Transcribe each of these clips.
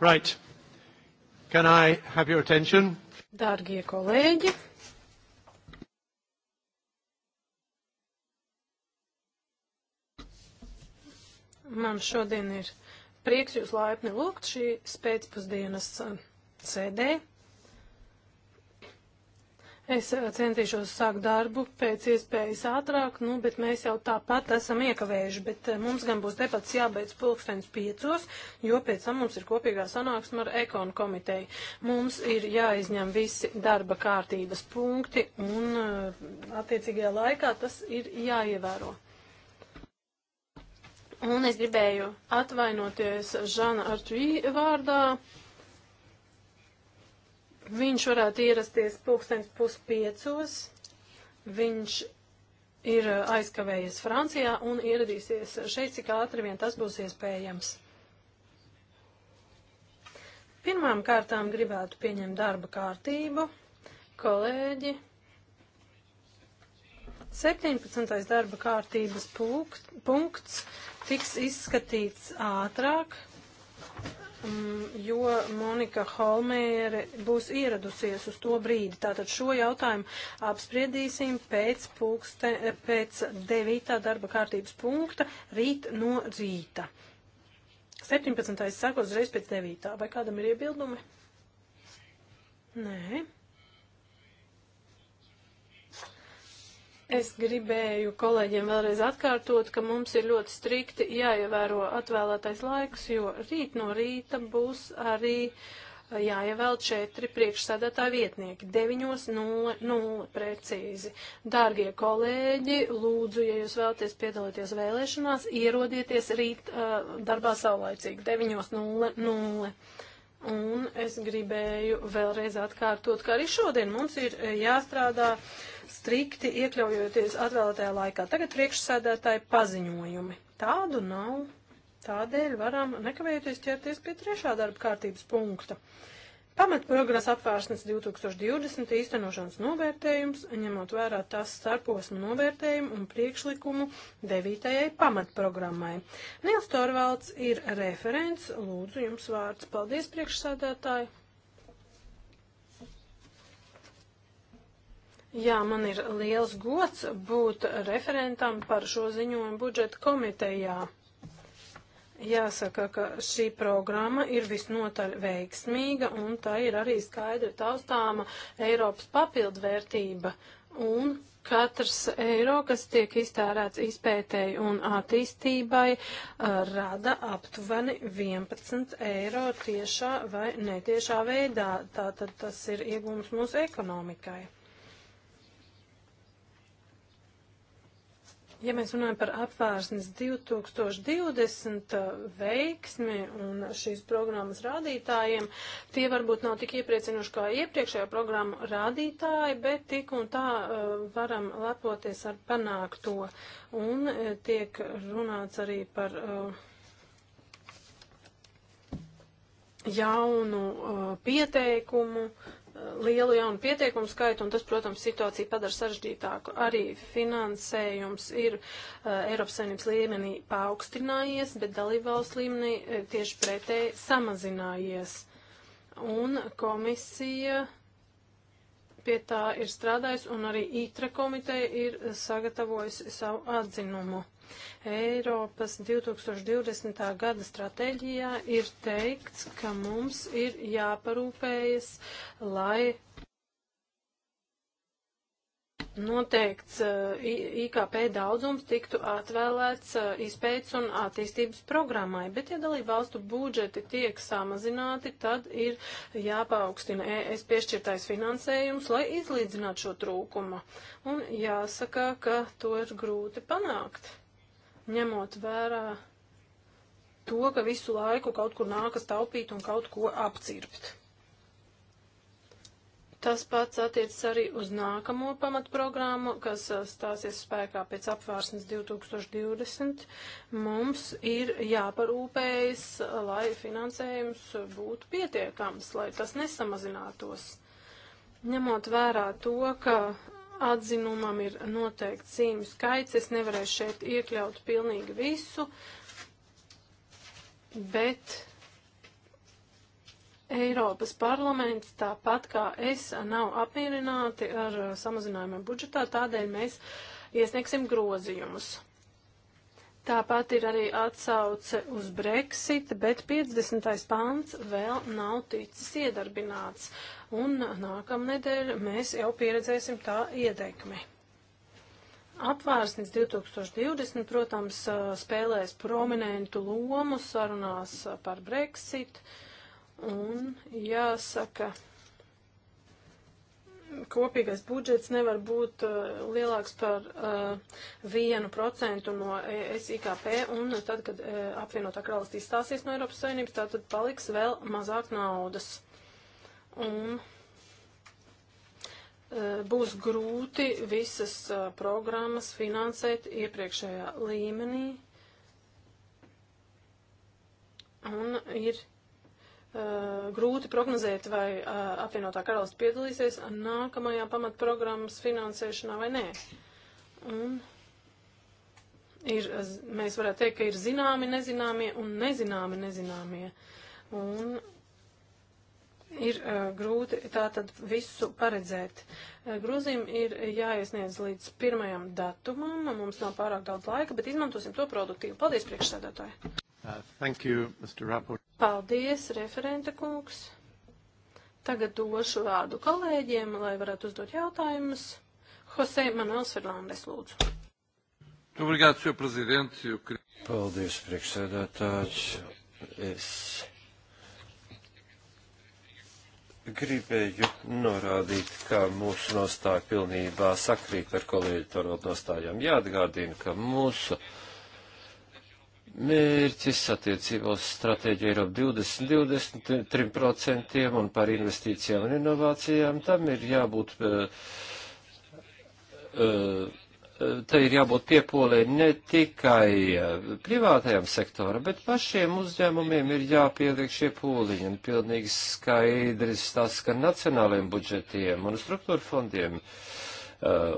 Right. Can I have your attention? Dārgie kolēģi, man šodien ir prieks jūs laipni lūgt šī pēcpusdienas uh, sēdē. Es eh, centīšos sākt darbu pēc iespējas ātrāk, nu, bet mēs jau tāpat esam iekavējuši, bet eh, mums gan būs debats jābeidz pulkstens piecos, jo pēc tam mums ir kopīgā sanāksme ar ekonu komiteju. Mums ir jāizņem visi darba kārtības punkti un eh, attiecīgajā laikā tas ir jāievēro. Un es gribēju atvainoties Žana Artvī vārdā. Viņš varētu ierasties pulkstens puspiecos. Viņš ir eh, aizkavējies Francijā un ieradīsies šeit, cik ātri vien tas būs iespējams. Pirmām kārtām gribētu pieņemt darba kārtību. Kolēģi, 17. darba kārtības punkts tiks izskatīts ātrāk. Mm, jo Monika Holmēra būs ieradusies uz to brīdi. Tātad šo jautājumu apspriedīsim pēc, pulkste, pēc 9. darba kārtības punkta rīt no rīta. 17. sākos uzreiz pēc 9. Vai kādam ir iebildumi? Nē. Es gribēju kolēģiem vēlreiz atkārtot, ka mums ir ļoti strikti jāievēro atvēlētais laiks, jo rīt no rīta būs arī uh, jāievēl četri priekšsēdētāji vietnieki. 9.00 precīzi. Dārgie kolēģi, lūdzu, ja jūs vēlaties piedalīties vēlēšanās, ierodieties rīt uh, darbā saulaicīgi. 9.00. Un es gribēju vēlreiz atkārtot, ka arī šodien mums ir uh, jāstrādā. Uh, strikti iekļaujoties atvēlētajā laikā. Tagad priekšsēdētāji paziņojumi. Tādu nav. Tādēļ varam nekavējoties ķerties pie trešā darba kārtības punkta. Pamatprogresa apvārsnes 2020 īstenošanas novērtējums, ņemot vērā tās starposmu novērtējumu un priekšlikumu devītajai pamatprogrammai. Nils Torvalds ir referents. Lūdzu, jums vārds. Paldies, priekšsēdētāji! Jā, man ir liels gods būt referentam par šo ziņojumu budžeta komitejā. Jāsaka, ka šī programma ir visnotaļ veiksmīga un tā ir arī skaidri taustāma Eiropas papildvērtība un katrs eiro, kas tiek iztērēts izpētēji un attīstībai, rada aptuveni 11 eiro tiešā vai netiešā veidā. Tātad tas ir iegūms mūsu ekonomikai. Ja mēs runājam par apvērsnes 2020 uh, veiksmi un šīs programmas rādītājiem, tie varbūt nav tik iepriecinoši kā iepriekšējā programma rādītāji, bet tik un tā uh, varam lepoties ar panākto. Un uh, tiek runāts arī par jaunu pieteikumu lielu jaunu pieteikumu skaitu, un tas, protams, situāciju padara sarežģītāku. Arī finansējums ir uh, Eiropas Savienības līmenī paaugstinājies, bet dalībvalsts līmenī uh, tieši pretēji samazinājies. Un komisija pie tā ir strādājusi, un arī ITRA komiteja ir sagatavojusi savu atzinumu. Eiropas 2020. gada stratēģijā ir teikts, ka mums ir jāparūpējas, lai noteikts uh, IKP daudzums tiktu atvēlēts uh, izpētes un attīstības programmai, bet ja dalību valstu budžeti tiek samazināti, tad ir jāpaukstina ES piešķirtais finansējums, lai izlīdzinātu šo trūkumu. Un jāsaka, ka to ir grūti panākt ņemot vērā to, ka visu laiku kaut kur nākas taupīt un kaut ko apcirpt. Tas pats attiecas arī uz nākamo pamatprogrammu, kas uh, stāsies spēkā pēc apvārsnes 2020. Mums ir jāparūpējas, uh, lai finansējums būtu pietiekams, lai tas nesamazinātos. Ņemot vērā to, ka Atzinumam ir noteikts zīmju skaits. Es nevarēšu šeit iekļaut pilnīgi visu, bet Eiropas parlaments, tāpat kā es, nav apmierināti ar samazinājumiem budžetā, tādēļ mēs iesniegsim grozījumus. Tāpat ir arī atsauce uz Brexit, bet 50. pāns vēl nav ticis iedarbināts, un nākamnedēļ mēs jau pieredzēsim tā iedekmi. Apvērsnis 2020, protams, spēlēs prominentu lomu sarunās par Brexit, un jāsaka, kopīgais budžets nevar būt uh, lielāks par uh, vienu uh, procentu no e SIKP, un tad, kad uh, apvienotā kralistī stāsies no Eiropas Savienības, tā tad paliks vēl mazāk naudas. Un uh, būs grūti visas uh, programmas finansēt iepriekšējā līmenī. Un ir Eh, grūti prognozēt, vai eh, apvienotā karalista piedalīsies nākamajā pamatprogrammas finansēšanā vai nē. Un ir, mēs varētu teikt, ka ir zināmi nezināmie un nezināmi nezināmie. Un ir uh, grūti tā tad visu paredzēt. Grūzīm ir jāiesniedz līdz pirmajam datumam, mums nav pārāk daudz laika, bet izmantosim to produktīvi. Paldies priekšsēdētāji! Uh, thank you, Mr. Rapport. Paldies, referenta kungs. Tagad došu vārdu kolēģiem, lai varētu uzdot jautājumus. Jose Manuels Fernandes, lūdzu. Obrigado, Sr. Presidente. Eu queria... Paldies, priekšsēdētājs. Es gribēju norādīt, ka mūsu nostāja pilnībā sakrīt ar kolēģi Toronto nostājām. Jāatgādina, ka mūsu uh, mērķis attiecībā uz stratēģiju Eiropa 2020, 3% un par investīcijām un inovācijām, tam ir jābūt, eh, eh, tai ir jābūt piepolē ne tikai privātajam sektoram, bet pašiem uzņēmumiem ir jāpieliek šie pūliņi un pilnīgi skaidrs tas, ka nacionāliem budžetiem un struktūra fondiem eh,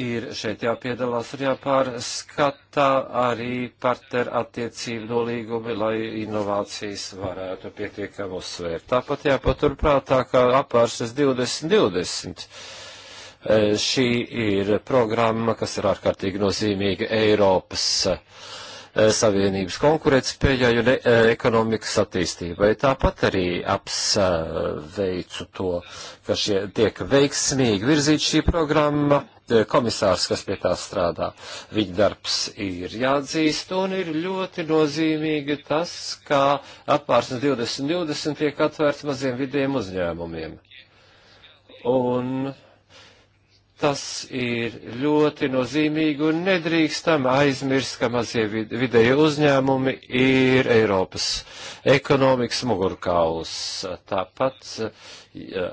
ir šeit jāpiedalās un jāpārskatā arī partneru attiecību nolīgumi, lai inovācijas varētu pietiekam uzsvērt. Tāpat jāpaturprātā, ka apārses 2020. Eh, šī ir programma, kas ir ārkārtīgi nozīmīga Eiropas uh, Eh, savienības konkurētspējai un eh, ekonomikas attīstībai. Tāpat arī apsveicu to, ka šie tiek veiksmīgi virzīt šī programma. Eh, komisārs, kas pie tā strādā, viņa darbs ir jāatzīst un ir ļoti nozīmīgi tas, kā apvārsnes 2020 tiek atvērts maziem vidiem uzņēmumiem. Un Tas ir ļoti nozīmīgi un nedrīkstam aizmirst, ka mazie vidēji uzņēmumi ir Eiropas ekonomikas mugurkauls. Tāpat ja,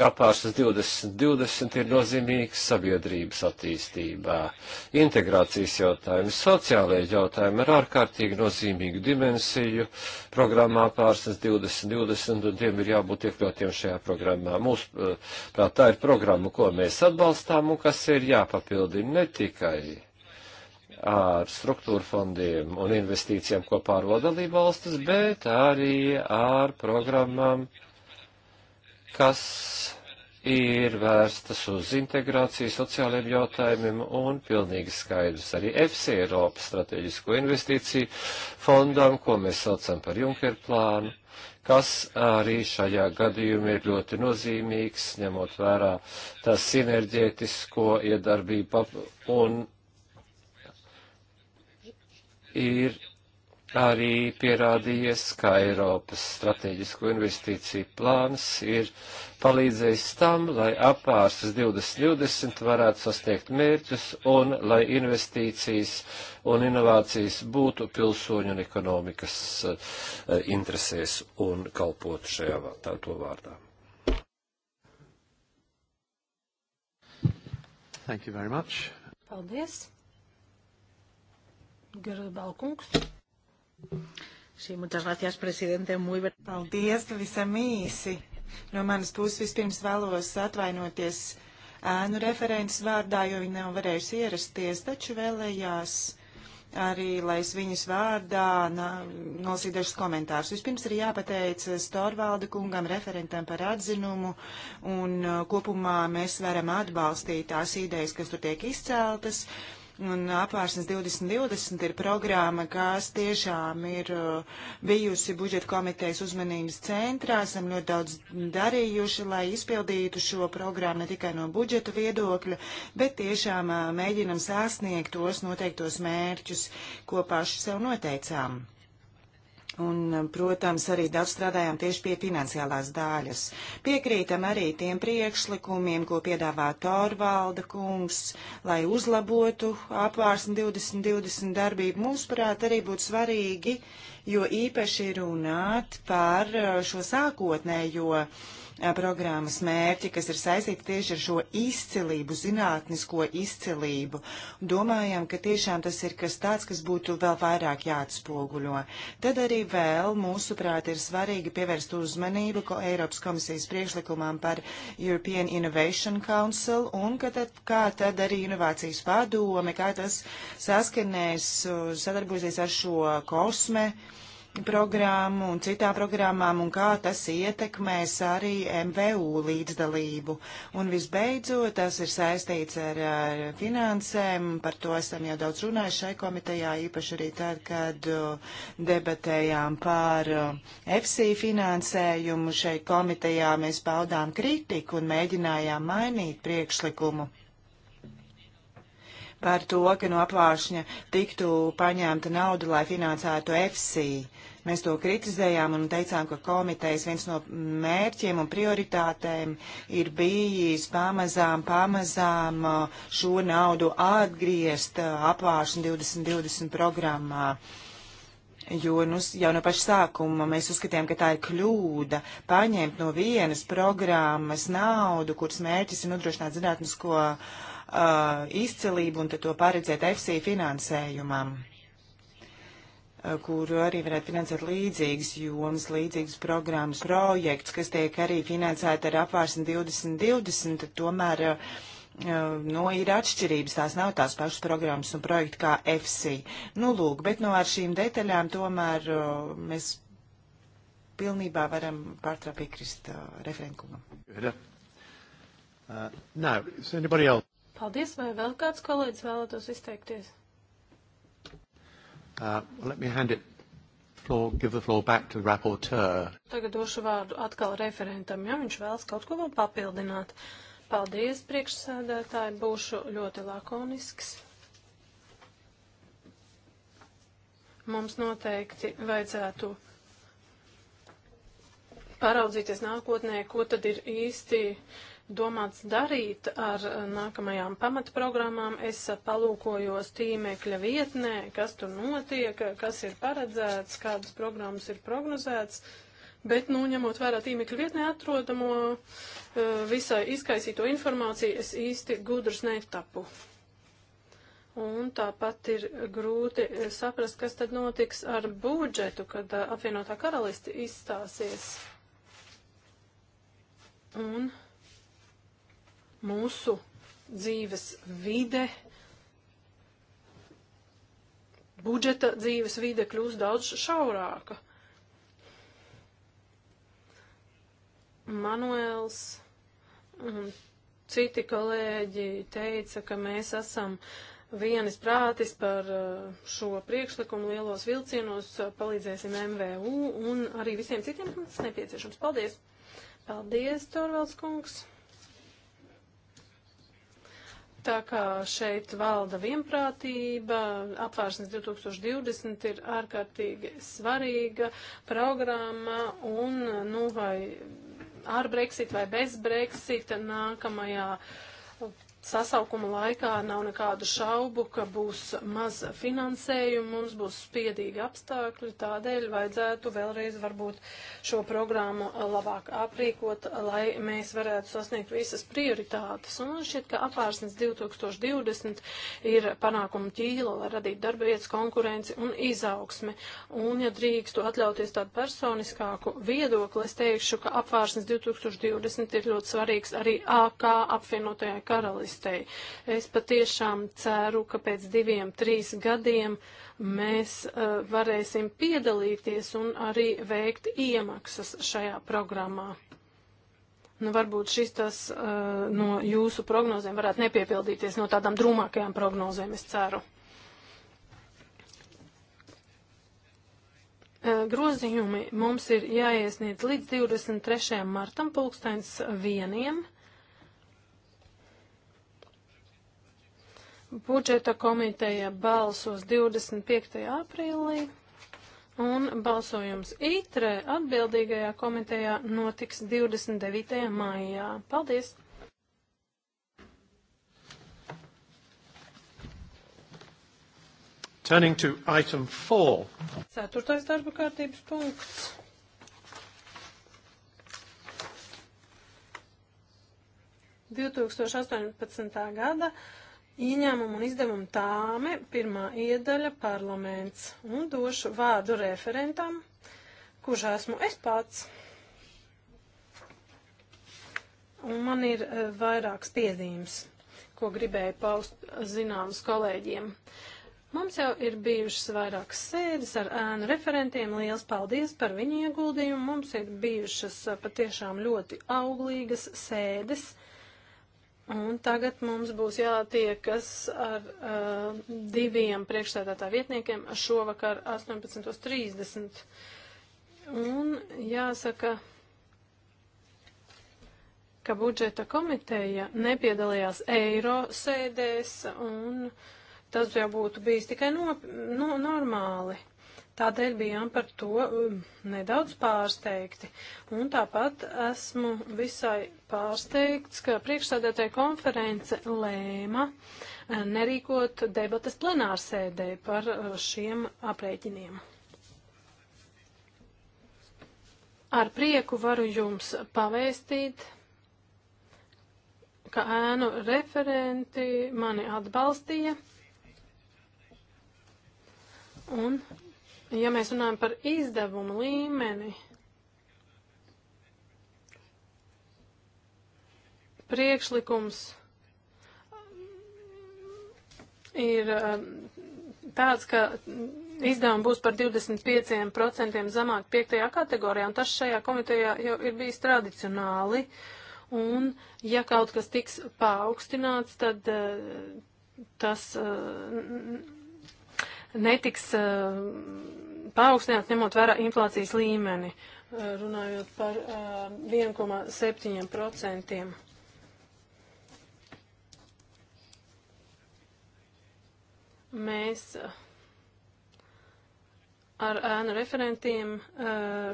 apārsts 2020 ir nozīmīgs sabiedrības attīstībā. Integrācijas jautājumi, sociālajie jautājumi ir ārkārtīgi nozīmīgu dimensiju programmā pārsnes 2020, un tiem ir jābūt iekļautiem šajā programmā. Mūs, prāt, tā ir programma, ko mēs atbalstām un kas ir jāpapildina ne tikai ar struktūra fondiem un investīcijām, ko pārvalda dalībvalstis, bet arī ar programmām kas ir vērstas uz integrāciju sociālajiem jautājumiem un pilnīgi skaidrs arī EFSI Eiropas strateģisko investīciju fondam, ko mēs saucam par Junker plānu, kas arī šajā gadījumā ir ļoti nozīmīgs, ņemot vērā tā sinerģētisko iedarbību un ir arī pierādījies, ka Eiropas strateģisko investīciju plāns ir palīdzējis tam, lai apārsas 2020 varētu sasniegt mērķus un lai investīcijas un inovācijas būtu pilsoņu un ekonomikas eh, interesēs un kalpotu šajā tā, to vārdā. Thank you very much. Paldies. Garbalkungs. Sí, muchas gracias, presidente. Muy... Paldies, pavisam īsi. No manas puses vispirms vēlos atvainoties ēnu referents vārdā, jo viņi nav varējuši ierasties, taču vēlējās arī, lai es viņas vārdā nolasīju dažus komentārus. Vispirms ir jāpateic Storvalda kungam, referentam par atzinumu, un uh, kopumā mēs varam atbalstīt tās idejas, kas tur tiek izceltas. Uh, Un apvārsnes 2020 ir programma, kas tiešām ir uh, bijusi budžeta komitejas uzmanības centrā. Esam ļoti daudz darījuši, lai izpildītu šo programmu ne tikai no budžeta viedokļa, bet tiešām uh, mēģinam sasniegt tos noteiktos mērķus, ko paši sev noteicām. Un, um, protams, arī daudz strādājām tieši pie finansiālās daļas. Piekrītam arī tiem priekšlikumiem, ko piedāvā Torvalda kungs, lai uzlabotu apvārsni 2020 darbību. Mūsuprāt, arī būtu svarīgi, jo īpaši runāt par uh, šo sākotnējo. jo programmas mērķi, kas ir saistīti tieši ar šo izcilību, zinātnisko izcilību. Domājam, ka tiešām tas ir kas tāds, kas būtu vēl vairāk jāatspoguļo. Tad arī vēl, mūsuprāt, ir svarīgi pievērst uzmanību ko Eiropas komisijas priekšlikumām par European Innovation Council un ka tad, kā tad arī inovācijas padome, kā tas saskanēs, sadarbosies ar šo kosme. Uh, programmu un citām programmām un kā tas ietekmēs arī MVU līdzdalību. Un visbeidzot, tas ir saistīts ar, ar finansēm, par to esam jau daudz runājuši šai komitejā, īpaši arī tad, kad uh, debatējām par uh, FC finansējumu šai komitejā, mēs paudām kritiku un mēģinājām mainīt priekšlikumu par to, ka no apvāršņa tiktu paņemta nauda, lai finansētu EFSI. Mēs to kritizējām un teicām, ka komitejas viens no mērķiem un prioritātēm ir bijis pamazām, pamazām uh, šo naudu atgriezt uh, apvāršana 2020 programmā. Jo nu, jau no paša sākuma mēs uzskatījām, ka tā ir kļūda paņemt no vienas programmas naudu, kuras mērķis ir nodrošināt zinātnisko uh, izcelību un to paredzēt FCI finansējumam. Eh, kuru arī varētu finansēt līdzīgas jomas, līdzīgas programmas, projekts, kas tiek arī finansēta ar apvārsni 2020, tad tomēr nu, ir atšķirības, tās nav tās pašas programmas un projekti kā FC. Nu, lūk, bet no nu, ar šīm detaļām tomēr mēs pilnībā varam pārtrā piekrist referenkumam. Uh, Paldies, vai vēl kāds kolēģis vēlētos izteikties? Uh, let me hand it floor, give the floor back to rapporteur. Tagad došu vārdu atkal referentam, ja viņš vēlas kaut ko vēl papildināt. Paldies, priekšsēdētāji, būšu ļoti lakonisks. Mums noteikti vajadzētu paraudzīties nākotnē, ko tad ir īsti uh, domāts darīt ar eh, nākamajām pamatprogrammām. Es eh, palūkojos tīmekļa vietnē, kas tur notiek, eh, kas ir paredzēts, kādas programmas ir prognozētas. Bet, nu, ņemot vērā tīmekļa vietnē atrodamo visai izkaisīto informāciju, es īsti gudrs netapu. Un tāpat ir grūti saprast, kas tad notiks ar budžetu, kad apvienotā karalisti izstāsies. Un mūsu dzīves vide, budžeta dzīves vide kļūst daudz šaurāka. Manuēls un citi kolēģi teica, ka mēs esam vienis prātis par uh, šo priekšlikumu lielos vilcienos, uh, palīdzēsim MVU un arī visiem citiem, kam tas nepieciešams. Paldies! Paldies, Torvalds kungs! Tā kā šeit valda vienprātība, apvārsnes 2020 ir ārkārtīgi svarīga programma un, nu, vai ar Brexit vai bez Brexit nākamajā uh, sasaukuma laikā nav nekādu šaubu, ka būs maz finansējumu, mums būs spiedīgi apstākļi, tādēļ vajadzētu vēlreiz varbūt šo programmu labāk aprīkot, lai mēs varētu sasniegt visas prioritātes. Un man šķiet, ka apārsnes 2020 ir panākuma ķīla, lai radītu darba vietas konkurenci un izaugsmi. Un, ja drīkstu atļauties tādu personiskāku viedokli, es teikšu, ka apārsnes 2020 ir ļoti svarīgs arī AK apvienotajai karalistē sasaistei. Es patiešām ceru, ka pēc diviem, trīs gadiem mēs uh, varēsim piedalīties un arī veikt iemaksas šajā programmā. Nu, varbūt šis tas uh, no jūsu prognozēm varētu nepiepildīties no tādām drūmākajām prognozēm, es ceru. Uh, grozījumi mums ir jāiesniedz līdz 23. martam pulkstens vieniem. Uh, Budžeta komiteja balsos 25. aprīlī un balsojums ITRE atbildīgajā komitejā notiks 29. maijā. Paldies! Turning to item 4. Ceturtais darba kārtības punkts. Divtūkstoš gada Ieņēmumu un izdevumu tāme, pirmā iedaļa parlaments. Un došu vārdu referentam, kurš esmu es pats. Un man ir eh, vairākas piezīmes, ko gribēju paust zināmus kolēģiem. Mums jau ir bijušas vairākas sēdes ar ēnu referentiem. Liels paldies par viņu ieguldījumu. Mums ir bijušas eh, patiešām ļoti auglīgas sēdes. Uh, Un tagad mums būs jātiekas ar uh, diviem priekšsēdētā vietniekiem šovakar 18.30. Un jāsaka, ka budžeta komiteja nepiedalījās eiro sēdēs, un tas jau būtu bijis tikai no, no, nu, normāli. Tādēļ bijām par to um, nedaudz pārsteigti. Un tāpat esmu visai pārsteigts, ka priekšsēdētāja konference lēma eh, nerīkot debatas plenārsēdē par eh, šiem aprēķiniem. Ar prieku varu jums pavēstīt, ka ēnu referenti mani atbalstīja un Ja mēs runājam par izdevumu līmeni, priekšlikums ir um, tāds, ka izdevumi būs par 25% zemāk piektajā kategorijā, un tas šajā komitejā jau ir bijis tradicionāli. Un, ja kaut kas tiks paaugstināts, tad uh, tas uh, netiks uh, eh, paaugstināt, ņemot vērā inflācijas līmeni, uh, runājot par uh, eh, 1,7%. Mēs ar ēnu referentiem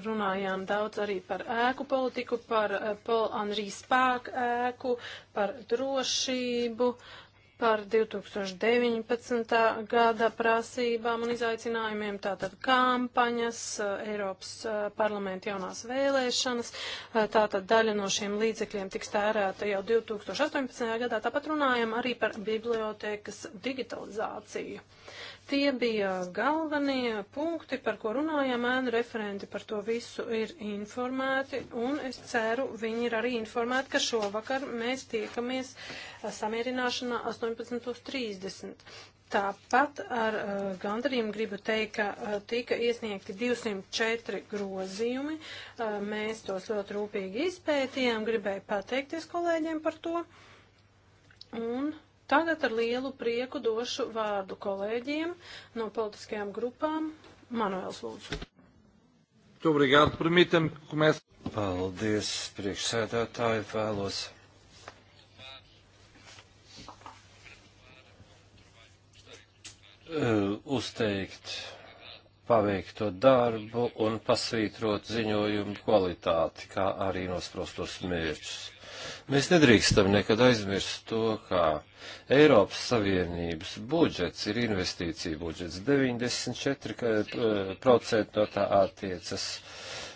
runājām daudz arī par ēku politiku, par Paul Henri Spāk ēku, par drošību, uh, par 2019. gada prasībām un izaicinājumiem, tātad kampaņas, eh, Eiropas eh, parlamenta jaunās vēlēšanas, eh, tātad daļa no šiem līdzekļiem tiks tērēta jau 2018. gadā. Tāpat runājam arī par bibliotekas digitalizāciju. Tie bija galvenie punkti, par ko runājām, ēnu referenti par to visu ir informēti, un es ceru, viņi ir arī informēti, ka šovakar mēs tiekamies samierināšanā 18.30. Tāpat ar uh, gandarījumu gribu teikt, ka uh, tika iesniegti 204 grozījumi. Uh, mēs tos ļoti rūpīgi izpētījām, gribēju pateikties kolēģiem par to. Un Tagad ar lielu prieku došu vārdu kolēģiem no politiskajām grupām. Manuēls Lūdzu. Obrigado, permitam, mēs... Paldies, priekšsēdētāji, vēlos eh, uzteikt paveikto darbu un pasvītrot ziņojumu kvalitāti, kā arī nosprostos mērķus. Mēs nedrīkstam nekad aizmirst to, ka Eiropas Savienības budžets ir investīcija budžets. 94% no tā attiecas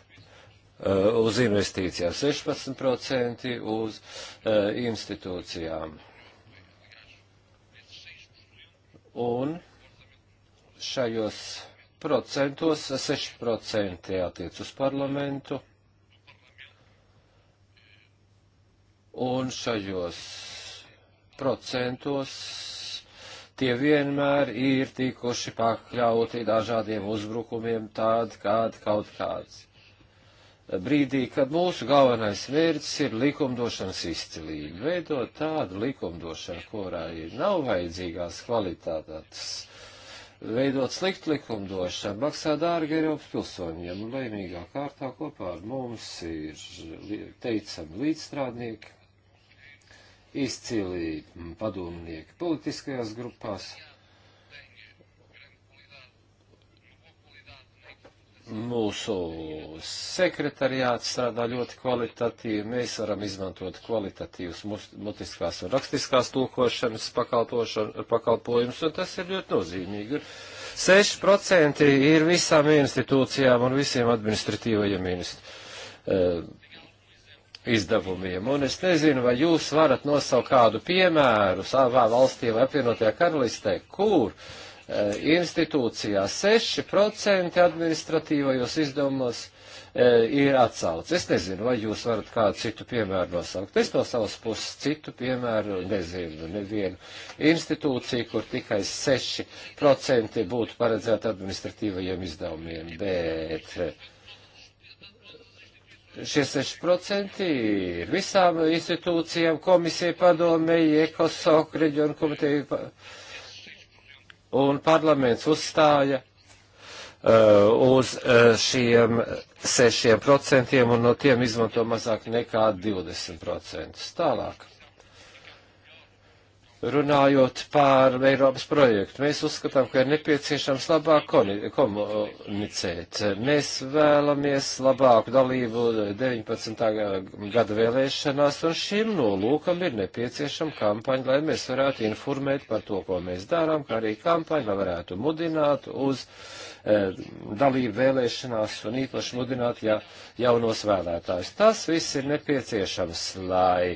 uh, uz investīcijām, 16% uz uh, institūcijām. Un šajos procentos 6% attiec uz parlamentu un šajos procentos tie vienmēr ir tikuši pakļauti dažādiem uzbrukumiem tādi kādi kaut kāds. Brīdī, kad mūsu galvenais mērķis ir likumdošanas izcilība, veidot tādu likumdošanu, kurā ir nav vajadzīgās kvalitātes, veidot sliktu likumdošanu, maksā dārgi Eiropas pilsoņiem, un laimīgā kārtā kopā ar mums ir teicami līdzstrādnieki, izcili padomnieki politiskajās grupās. Mūsu sekretariāts strādā ļoti kvalitatīvi, mēs varam izmantot kvalitatīvas mutiskās un rakstiskās tulkošanas pakalpojumus, un tas ir ļoti nozīmīgi. 6% ir visām institūcijām un visiem administratīvajiem ministriem eh, izdevumiem. Un es nezinu, vai jūs varat nosaukt kādu piemēru savā valstī vai apvienotajā karalistē, kur e, institūcijā 6% administratīvajos izdevumos e, ir atsaucis. Es nezinu, vai jūs varat kādu citu piemēru nosaukt. Es no savas puses citu piemēru nezinu. Nevienu institūciju, kur tikai 6% būtu paredzēta administratīvajiem izdevumiem. Bet e, Šie 6% ir visām institūcijām, komisija padomēji, ECOSOC, reģionu komiteju un parlaments uzstāja uh, uz uh, šiem 6% un no tiem izmanto mazāk nekā 20%. Tālāk. Runājot par Eiropas projektu, mēs uzskatām, ka ir nepieciešams labāk komunicēt. Mēs vēlamies labāku dalību 19. gada vēlēšanās, un šim nolūkam ir nepieciešama kampaņa, lai mēs varētu informēt par to, ko mēs darām, kā arī kampaņa, lai varētu mudināt uz uh, E, dalību vēlēšanās un īpaši mudināt ja, jaunos vēlētājus. Tas viss ir nepieciešams, lai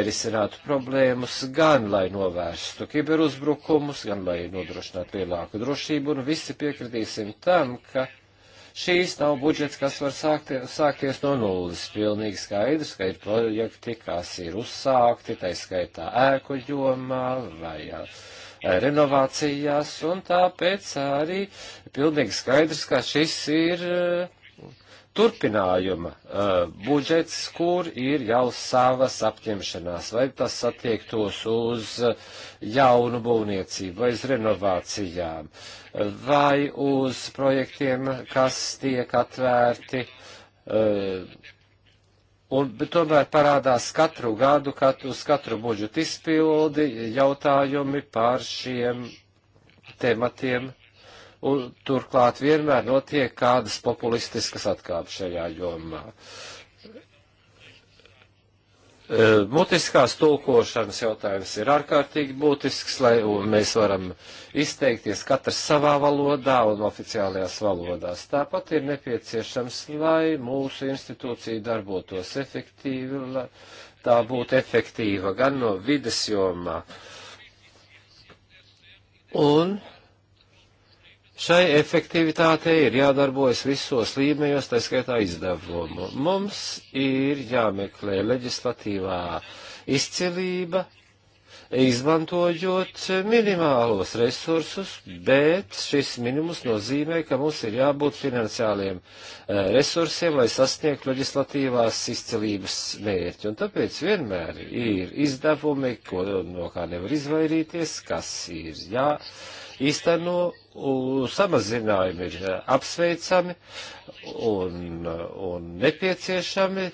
risinātu problēmas, gan lai novērstu kiberuzbrukumus, gan lai nodrošinātu lielāku drošību, un visi piekritīsim tam, ka šīs nav budžets, kas var sākti, sākties no nulles. Pilnīgi skaidrs, ka ir projekti, kas ir uzsākti, tai skaitā ēku jomā vai renovācijās, un tāpēc arī pilnīgi skaidrs, ka šis ir eh, turpinājuma eh, budžets, kur ir jau savas apņemšanās, vai tas attiektos uz jaunu būvniecību, vai uz renovācijām, vai uz projektiem, kas tiek atvērti uh, Un tomēr parādās katru gadu, katru, uz katru budžetu izpildi jautājumi par šiem tematiem. Un turklāt vienmēr notiek kādas populistiskas atkāpes šajā jomā. Uh, Eh, mutiskās tulkošanas jautājums ir ārkārtīgi būtisks, lai mēs varam izteikties katrs savā valodā un oficiālajās valodās. Tāpat ir nepieciešams, lai mūsu institūcija darbotos efektīvi, lai tā būtu efektīva gan no vides jomā. Un Šai efektivitātei ir jādarbojas visos līmeņos, tā skaitā izdevumu. Mums ir jāmeklē leģislatīvā izcilība, izmantojot minimālos resursus, bet šis minimums nozīmē, ka mums ir jābūt finansiāliem eh, resursiem, lai sasniegtu leģislatīvās izcilības mērķi. Un tāpēc vienmēr ir izdevumi, ko, no kā nevar izvairīties, kas ir jā. Īsteno samazinājumi ir eh, apsveicami un, un nepieciešami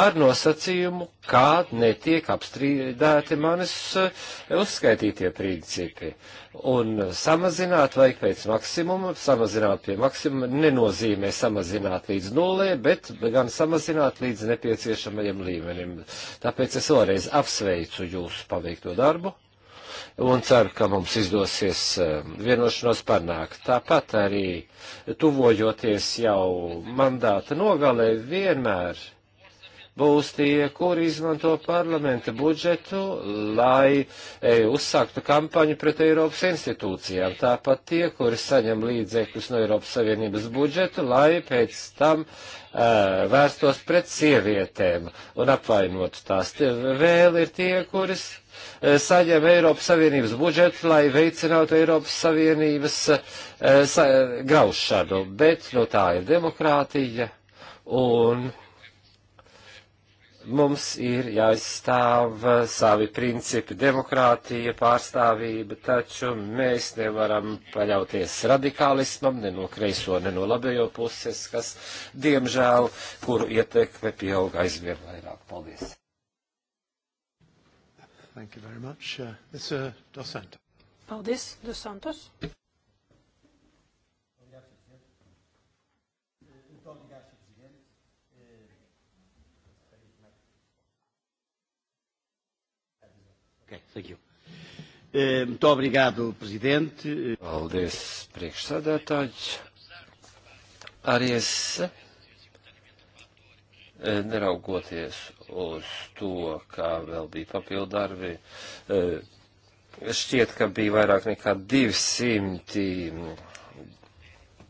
ar nosacījumu, kā netiek apstrīdēti manis eh, uzskaitītie principi. Un samazināt vajag pēc maksimuma, samazināt pie maksimuma nenozīmē samazināt līdz nulē, bet gan samazināt līdz nepieciešamajam līmenim. Tāpēc es vēlreiz apsveicu jūsu paveikto darbu un ceru, ka mums izdosies eh, vienošanos panākt. Tāpat arī tuvojoties jau mandāta nogalē vienmēr būs tie, kuri izmanto parlamenta budžetu, lai e, uzsāktu kampaņu pret Eiropas institūcijām. Tāpat tie, kuri saņem līdzekļus no Eiropas Savienības budžetu, lai pēc tam e, vērstos pret sievietēm un apvainotu tās. Tie vēl ir tie, kuris Eh, saņem Eiropas Savienības budžetu, lai veicinātu Eiropas Savienības eh, sa graušanu, bet no nu, tā ir demokrātija un mums ir jāizstāv eh, savi principi demokrātija, pārstāvība, taču mēs nevaram paļauties radikālismam, ne no kreiso, ne no labējo puses, kas, diemžēl, kuru ietekme pieauga aizvien vairāk. Paldies! Thank you very much. Uh, Mr. Dos Santos. Paldies, Dos Santos. Okay, thank you. Eh, muito obrigado, Presidente. Paldies, priekšsēdētāji. Arī es E, neraugoties uz to, kā vēl bija papildu darbi, e, šķiet, ka bija vairāk nekā 200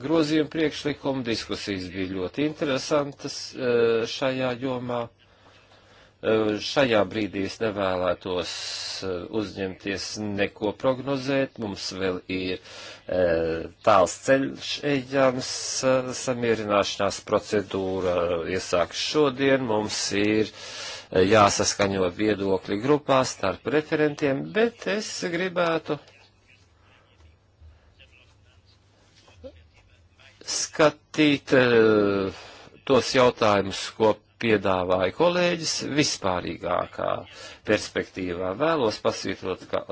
grozījumu priekšlikumu, diskusijas bija ļoti interesantas e, šajā jomā. Eh, šajā brīdī es nevēlētos eh, uzņemties neko prognozēt, mums vēl ir eh, tāls ceļš ejams, samierināšanās procedūra iesāks šodien, mums ir jāsaskaņo viedokļi grupās starp referentiem, bet es gribētu skatīt tos jautājumus, ko piedāvāja kolēģis vispārīgākā perspektīvā. Vēlos pasvītrot, ka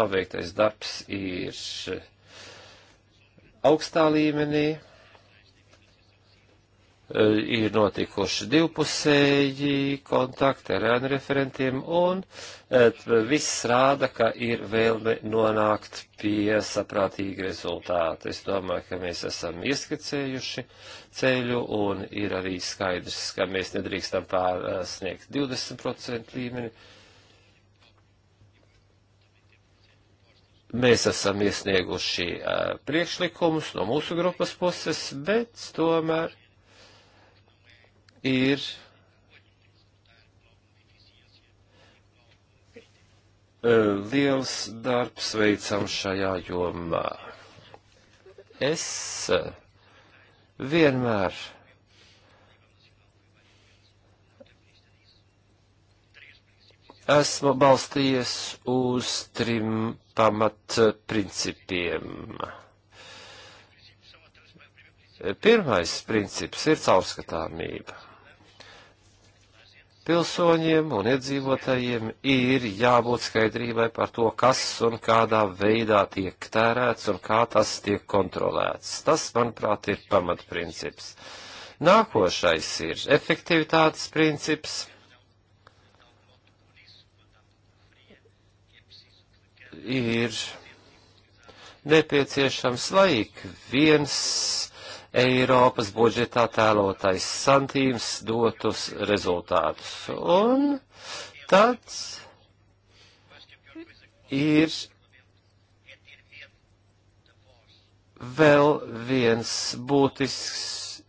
paveiktais darbs ir augstā līmenī, Eh, ir notikuši divpusēji kontakti ar ēnu referentiem, un eh, viss rāda, ka ir vēlme nonākt pie saprātīga rezultāta. Es domāju, ka mēs esam ieskicējuši ceļu, un ir arī skaidrs, ka mēs nedrīkstam pārsniegt 20% līmeni. Mēs esam iesnieguši eh, priekšlikumus no mūsu grupas puses, bet tomēr ir e, liels darbs veicams šajā jomā. Es e, vienmēr esmu balstījies uz trim pamat principiem. Pirmais princips ir caurskatāmība pilsoņiem un iedzīvotājiem ir jābūt skaidrībai par to, kas un kādā veidā tiek tērēts un kā tas tiek kontrolēts. Tas, manuprāt, ir pamatprincips. Nākošais ir efektivitātes princips. Ir nepieciešams, lai ik viens Eiropas budžetā tēlotais santīms dotus rezultātus. Un tad ir vēl viens būtisks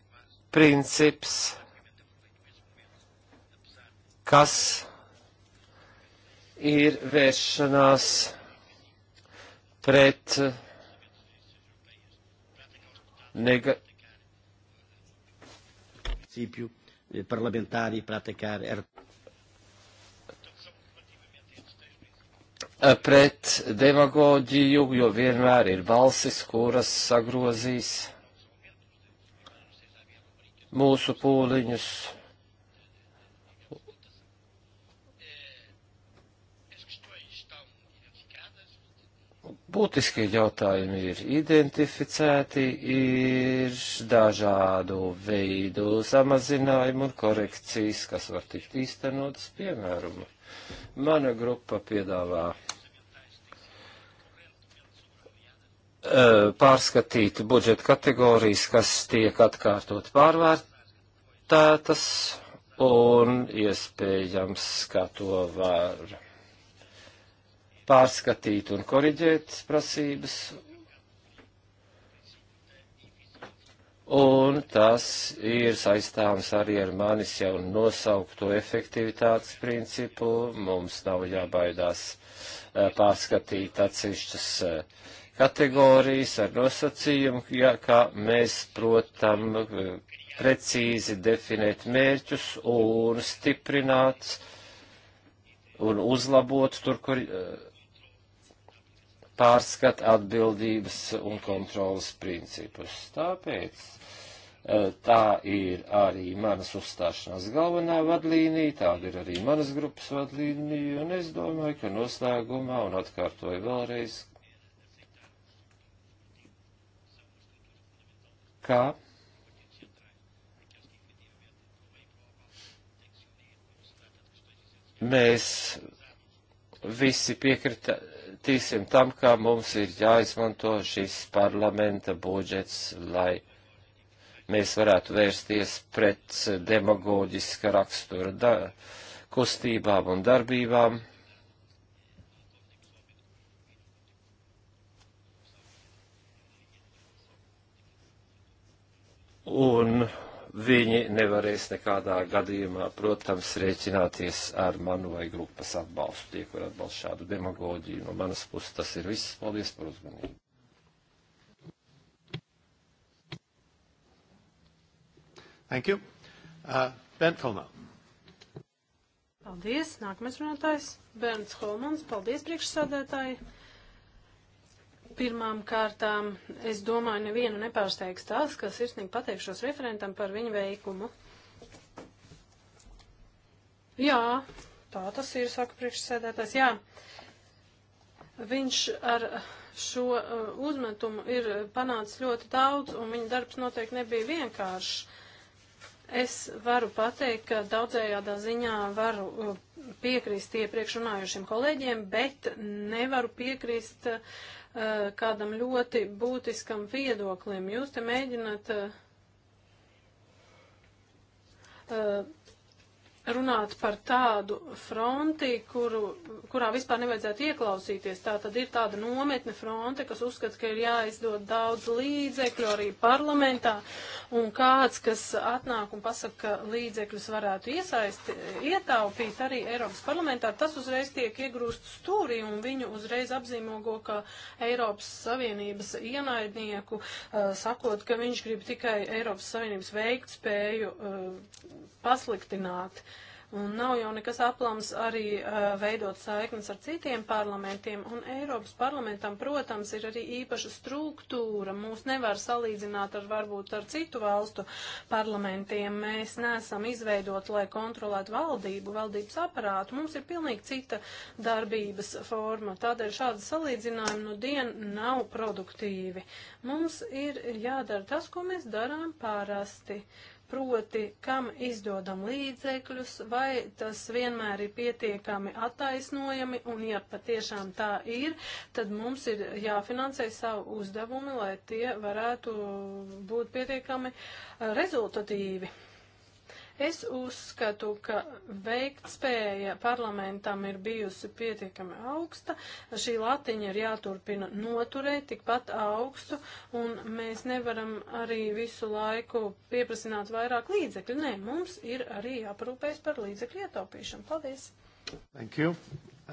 princips, kas ir vēršanās pret nega princípio parlamentar e para atacar pret demagoģiju, jo vienmēr ir balsis, kuras sagrozīs mūsu pūliņus Būtiskie jautājumi ir identificēti, ir dažādu veidu samazinājumu un korekcijas, kas var tikt īstenotas, piemēram, mana grupa piedāvā e, pārskatīt budžeta kategorijas, kas tiek atkārtot pārvērtētas un iespējams, kā to var pārskatīt un koriģēt prasības. Un tas ir saistāms arī ar manis jau nosaukto efektivitātes principu. Mums nav jābaidās eh, pārskatīt atsevišķas eh, kategorijas ar nosacījumu, ja kā mēs, protam, eh, precīzi definēt mērķus un stiprināt un uzlabot tur, kur pārskata atbildības un kontrolas principus. Tāpēc e, tā ir arī manas uzstāšanās galvenā vadlīnija, tāda ir arī manas grupas vadlīnija, un es domāju, ka noslēgumā, un atkārtoju vēlreiz, kā mēs visi piekrita, piekritīsim tam, kā mums ir jāizmanto šis parlamenta budžets, lai mēs varētu vērsties pret demagoģiska rakstura da kustībām un darbībām. Un viņi nevarēs nekādā gadījumā, protams, rēķināties ar manu vai grupas atbalstu. Tie, kur atbalst šādu demagoģiju no manas puses, tas ir viss. Paldies par uzmanību. Thank you. Uh, Bent Holmā. Paldies. Nākamais runātājs. Bērns Holmans. Paldies, priekšsādētāji. Pirmām kārtām, es domāju, nevienu nepārsteigts tas, ka sirsnīgi pateikšos referentam par viņu veikumu. Jā, tā tas ir, saka priekšsēdētājs, jā. Viņš ar šo uh, uzmetumu ir panācis ļoti daudz, un viņa darbs noteikti nebija vienkāršs. Es varu pateikt, ka daudzējādā ziņā varu uh, piekrist iepriekš runājušiem kolēģiem, bet nevaru piekrist uh, Eh, kādam ļoti būtiskam viedoklim. Jūs te mēģināt eh, eh, runāt par tādu fronti, kuru, kurā vispār nevajadzētu ieklausīties. Tā tad ir tāda nometne fronte, kas uzskata, ka ir jāizdod daudz līdzekļu arī parlamentā, un kāds, kas atnāk un pasaka, ka līdzekļus varētu iesaisti, ietaupīt arī Eiropas parlamentā, tas uzreiz tiek iegrūst stūrī, un viņu uzreiz apzīmogo, ka Eiropas Savienības ienaidnieku, uh, sakot, ka viņš grib tikai Eiropas Savienības veiktspēju uh, pasliktināt. Un nav jau nekas aplams arī uh, veidot saiknes ar citiem parlamentiem. Un Eiropas parlamentam, protams, ir arī īpaša struktūra. Mūs nevar salīdzināt ar varbūt ar citu valstu parlamentiem. Mēs neesam izveidoti, lai kontrolētu valdību, valdības aparātu. Mums ir pilnīgi cita darbības forma. Tādēļ šādi salīdzinājumi nu dien nav produktīvi. Mums ir jādara tas, ko mēs darām parasti. Uh, proti, kam izdodam līdzekļus, vai tas vienmēr ir pietiekami attaisnojami, un ja patiešām tā ir, tad mums ir jāfinansē savu uzdevumu, lai tie varētu būt pietiekami eh, rezultatīvi. Es uzskatu, ka veiktspēja parlamentam ir bijusi pietiekami augsta. Šī latiņa ir jāturpina noturēt tikpat augstu, un mēs nevaram arī visu laiku pieprasināt vairāk līdzekļu. Nē, mums ir arī jāparūpējas par līdzekļu ietaupīšanu. Paldies! Thank you.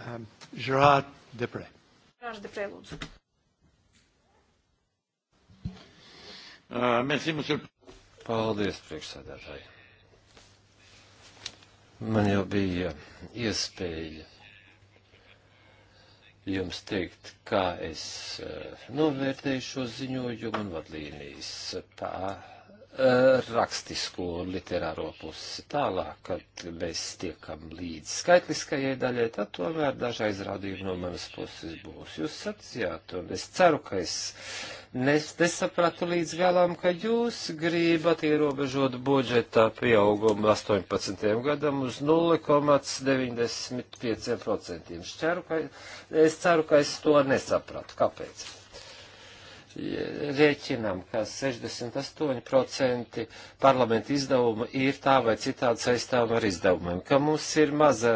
Um, Gerard Depré. Gerard Depré, lūdzu. Uh, merci, monsieur. Paldies, priekšsēdētāji. Man jau bija iespēja jums teikt, kā es eh, novērtēju šo ziņojumu un vadlīnijas. Pār rakstisko un literāro pusi. Tālāk, kad mēs tiekam līdz skaitliskajai daļai, tad tomēr daži aizrādījumi no manas puses būs. Jūs sacījāt, un es ceru, ka es nes, nesapratu līdz galam, ka jūs gribat ierobežot budžetā pieaugumu 18. gadam uz 0,95%. Šķeru, ka, es ceru, ka es to nesapratu. Kāpēc? rēķinam, ka 68% parlamenta izdevuma ir tā vai citādi saistām ar izdevumiem, ka mums ir maza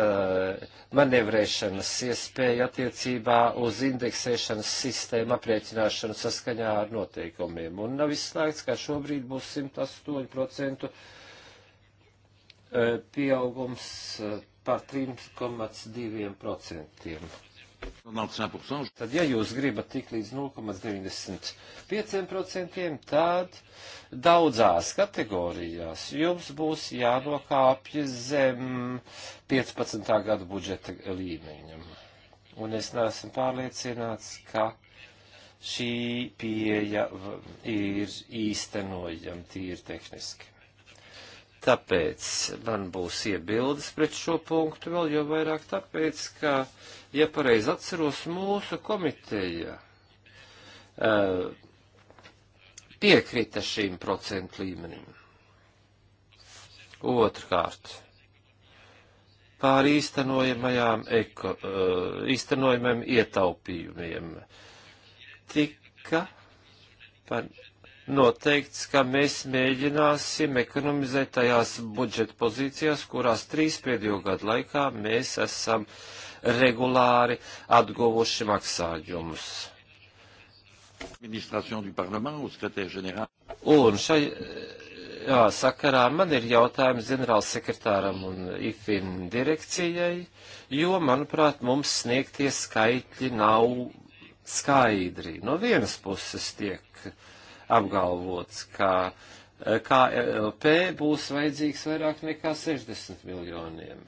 manevrēšanas iespēja attiecībā uz indeksēšanas sistēmu aprēķināšanu saskaņā ar noteikumiem. Un nav izslēgts, ka šobrīd būs 108% eh, pieaugums eh, par 3,2%. Tad, ja jūs gribat tik līdz 0,95%, tad daudzās kategorijās jums būs jānokāpj zem 15. gada budžeta līmeņa. Un es neesmu pārliecināts, ka šī pieeja ir īstenojama tīri tehniski. Tāpēc man būs iebildes pret šo punktu vēl jau vairāk tāpēc, ka, ja pareizi atceros, mūsu komiteja uh, piekrita šīm procentu līmenim. Otrkārt, pār īstenojamajām eko, uh, eh, īstenojamajiem ietaupījumiem tika par noteikts, ka mēs mēģināsim ekonomizēt tajās budžeta pozīcijās, kurās trīs pēdējo gadu laikā mēs esam regulāri atguvuši maksājumus. Un šajā sakarā man ir jautājums ģenerālsekretāram un IFIN direkcijai, jo, manuprāt, mums sniegtie skaitļi nav skaidri. No vienas puses tiek uh, apgalvots, ka eh, KLP būs vajadzīgs vairāk nekā 60 miljoniem.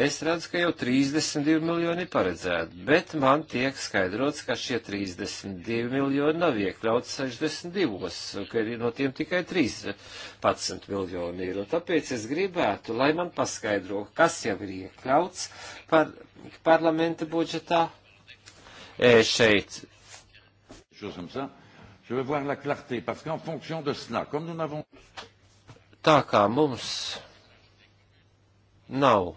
Es redzu, ka jau 32 miljoni paredzēti, bet man tiek skaidrots, ka šie 32 miljoni nav iekļauts 62, ka ir no tiem tikai 13 miljoni ir. Un tāpēc es gribētu, lai man paskaidro, kas jau ir iekļauts par parlamenta budžetā. E, šeit. Šo samsā. Je veux voir la clarté, parce qu'en fonction de cela, comme nous n'avons. Tā kā mums nav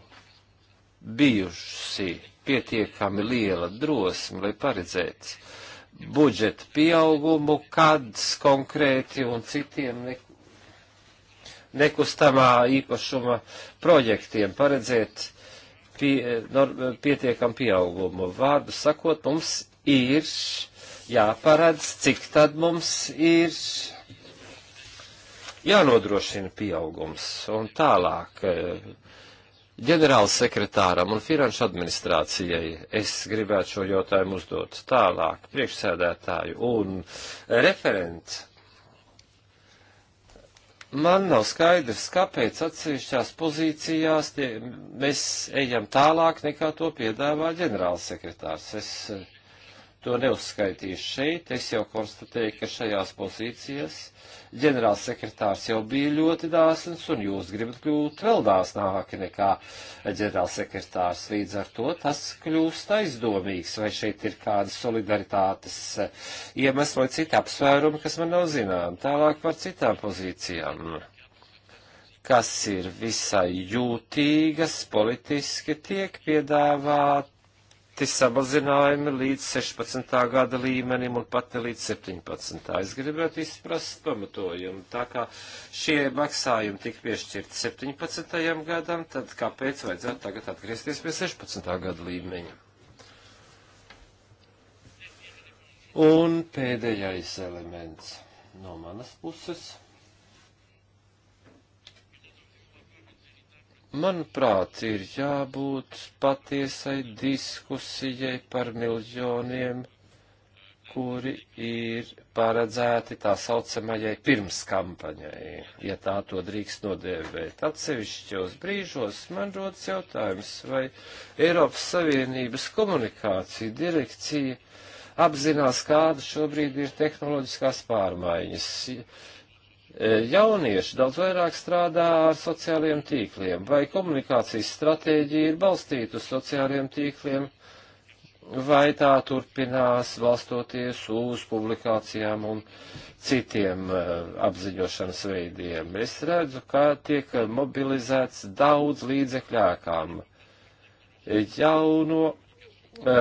bijusi pietiekami liela drosme, lai paredzētu budžeta pieaugumu, kad konkrēti un citiem ne, nekustamā īpašuma projektiem paredzēt pie, no, pietiekam pieaugumu. Vārdu sakot, mums ir jāparedz, cik tad mums ir jānodrošina pieaugums un tālāk. Eh, Ģenerāla sekretāram un finanšu administrācijai es gribētu šo jautājumu uzdot tālāk priekšsēdētāju un referentu. Man nav skaidrs, kāpēc atsevišķās pozīcijās tie, mēs ejam tālāk nekā to piedāvā ģenerālsekretārs. Es eh, to neuzskaitīšu šeit. Es jau konstatēju, ka šajās pozīcijās ģenerālsekretārs jau bija ļoti dāsns, un jūs gribat kļūt vēl dāsnāki nekā ģenerālsekretārs. Līdz ar to tas kļūst aizdomīgs, vai šeit ir kāda solidaritātes eh, iemesla vai cita apsvēruma, kas man nav zinām. Tālāk par citām pozīcijām kas ir visai jūtīgas, politiski tiek piedāvāt veikti samazinājumi līdz 16. gada līmenim un pat ne līdz 17. Es gribētu izprast pamatojumu. Tā kā šie maksājumi tika piešķirti 17. gadam, tad kāpēc vajadzētu tagad atgriezties pie 16. gada līmeņa? Un pēdējais elements no manas puses. manuprāt, ir jābūt patiesai diskusijai par miljoniem, kuri ir paredzēti tā saucamajai pirmskampaņai, ja tā to drīkst nodēvēt. Atsevišķos brīžos man rodas jautājums, vai Eiropas Savienības komunikācija direkcija apzinās, kāda šobrīd ir tehnoloģiskās pārmaiņas E, jaunieši daudz vairāk strādā ar sociālajiem tīkliem, vai komunikācijas stratēģija ir balstīta uz sociālajiem tīkliem, vai tā turpinās valstoties uz publikācijām un citiem e, apziņošanas veidiem. Es redzu, kā tiek mobilizēts daudz līdzekļākām jauno eh,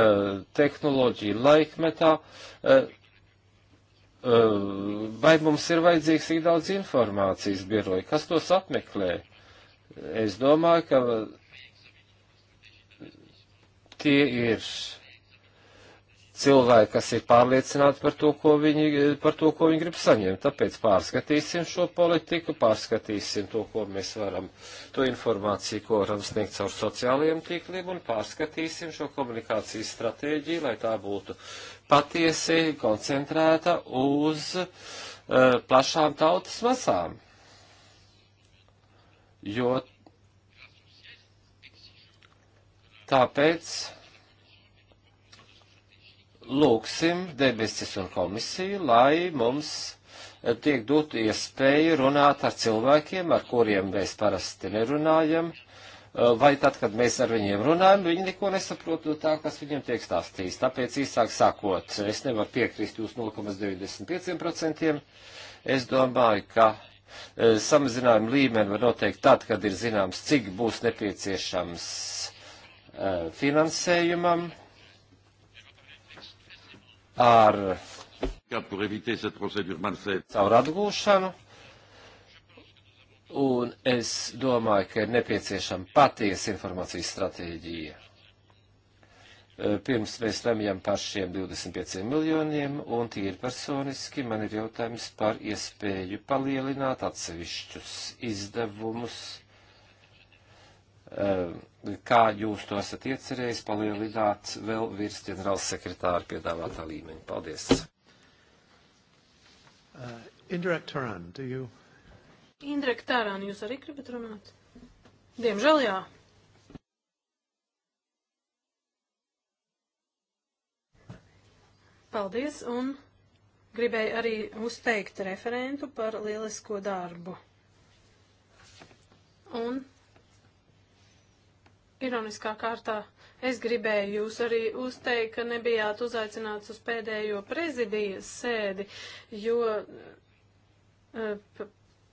tehnoloģiju laikmetā. Eh, vai mums ir vajadzīgs tik daudz informācijas biroja, kas tos apmeklē. Es domāju, ka tie ir cilvēki, kas ir pārliecināti par to, ko viņi, par to, ko viņi grib saņemt. Tāpēc pārskatīsim šo politiku, pārskatīsim to, ko mēs varam, to informāciju, ko varam sniegt caur sociālajiem tīkliem un pārskatīsim šo komunikācijas stratēģiju, lai tā būtu patiesi koncentrēta uz uh, plašām tautas masām. Jo tāpēc lūksim debesis un komisiju, lai mums eh, tiek dot iespēju runāt ar cilvēkiem, ar kuriem mēs parasti nerunājam, uh, Eh, vai tad, kad mēs ar viņiem runājam, viņi neko nesaprot no tā, kas viņiem tiek stāstīts. Tāpēc īsāk sakot, es nevaru piekrist jūs 0,95%. Es domāju, ka e, eh, samazinājumu līmeni var noteikt tad, kad ir zināms, cik būs nepieciešams e, finansējumam ar caur atgūšanu un es domāju, ka ir nepieciešama patiesa informācijas stratēģija. E, pirms mēs lemjam par šiem 25 miljoniem, un tīri personiski man ir jautājums par iespēju palielināt atsevišķus izdevumus, e, kā jūs to esat iecerējis palielināt vēl virs ģenerāls sekretāra piedāvātā līmeņa. Paldies! Uh, Indirect Turan, do you Indrek Tārāni, jūs arī gribat runāt? Diemžēl jā. Paldies un gribēju arī uzteikt referentu par lielisko darbu. Un ironiskā kārtā es gribēju jūs arī uzteikt, ka nebijāt uzaicināts uz pēdējo prezidijas sēdi, jo eh,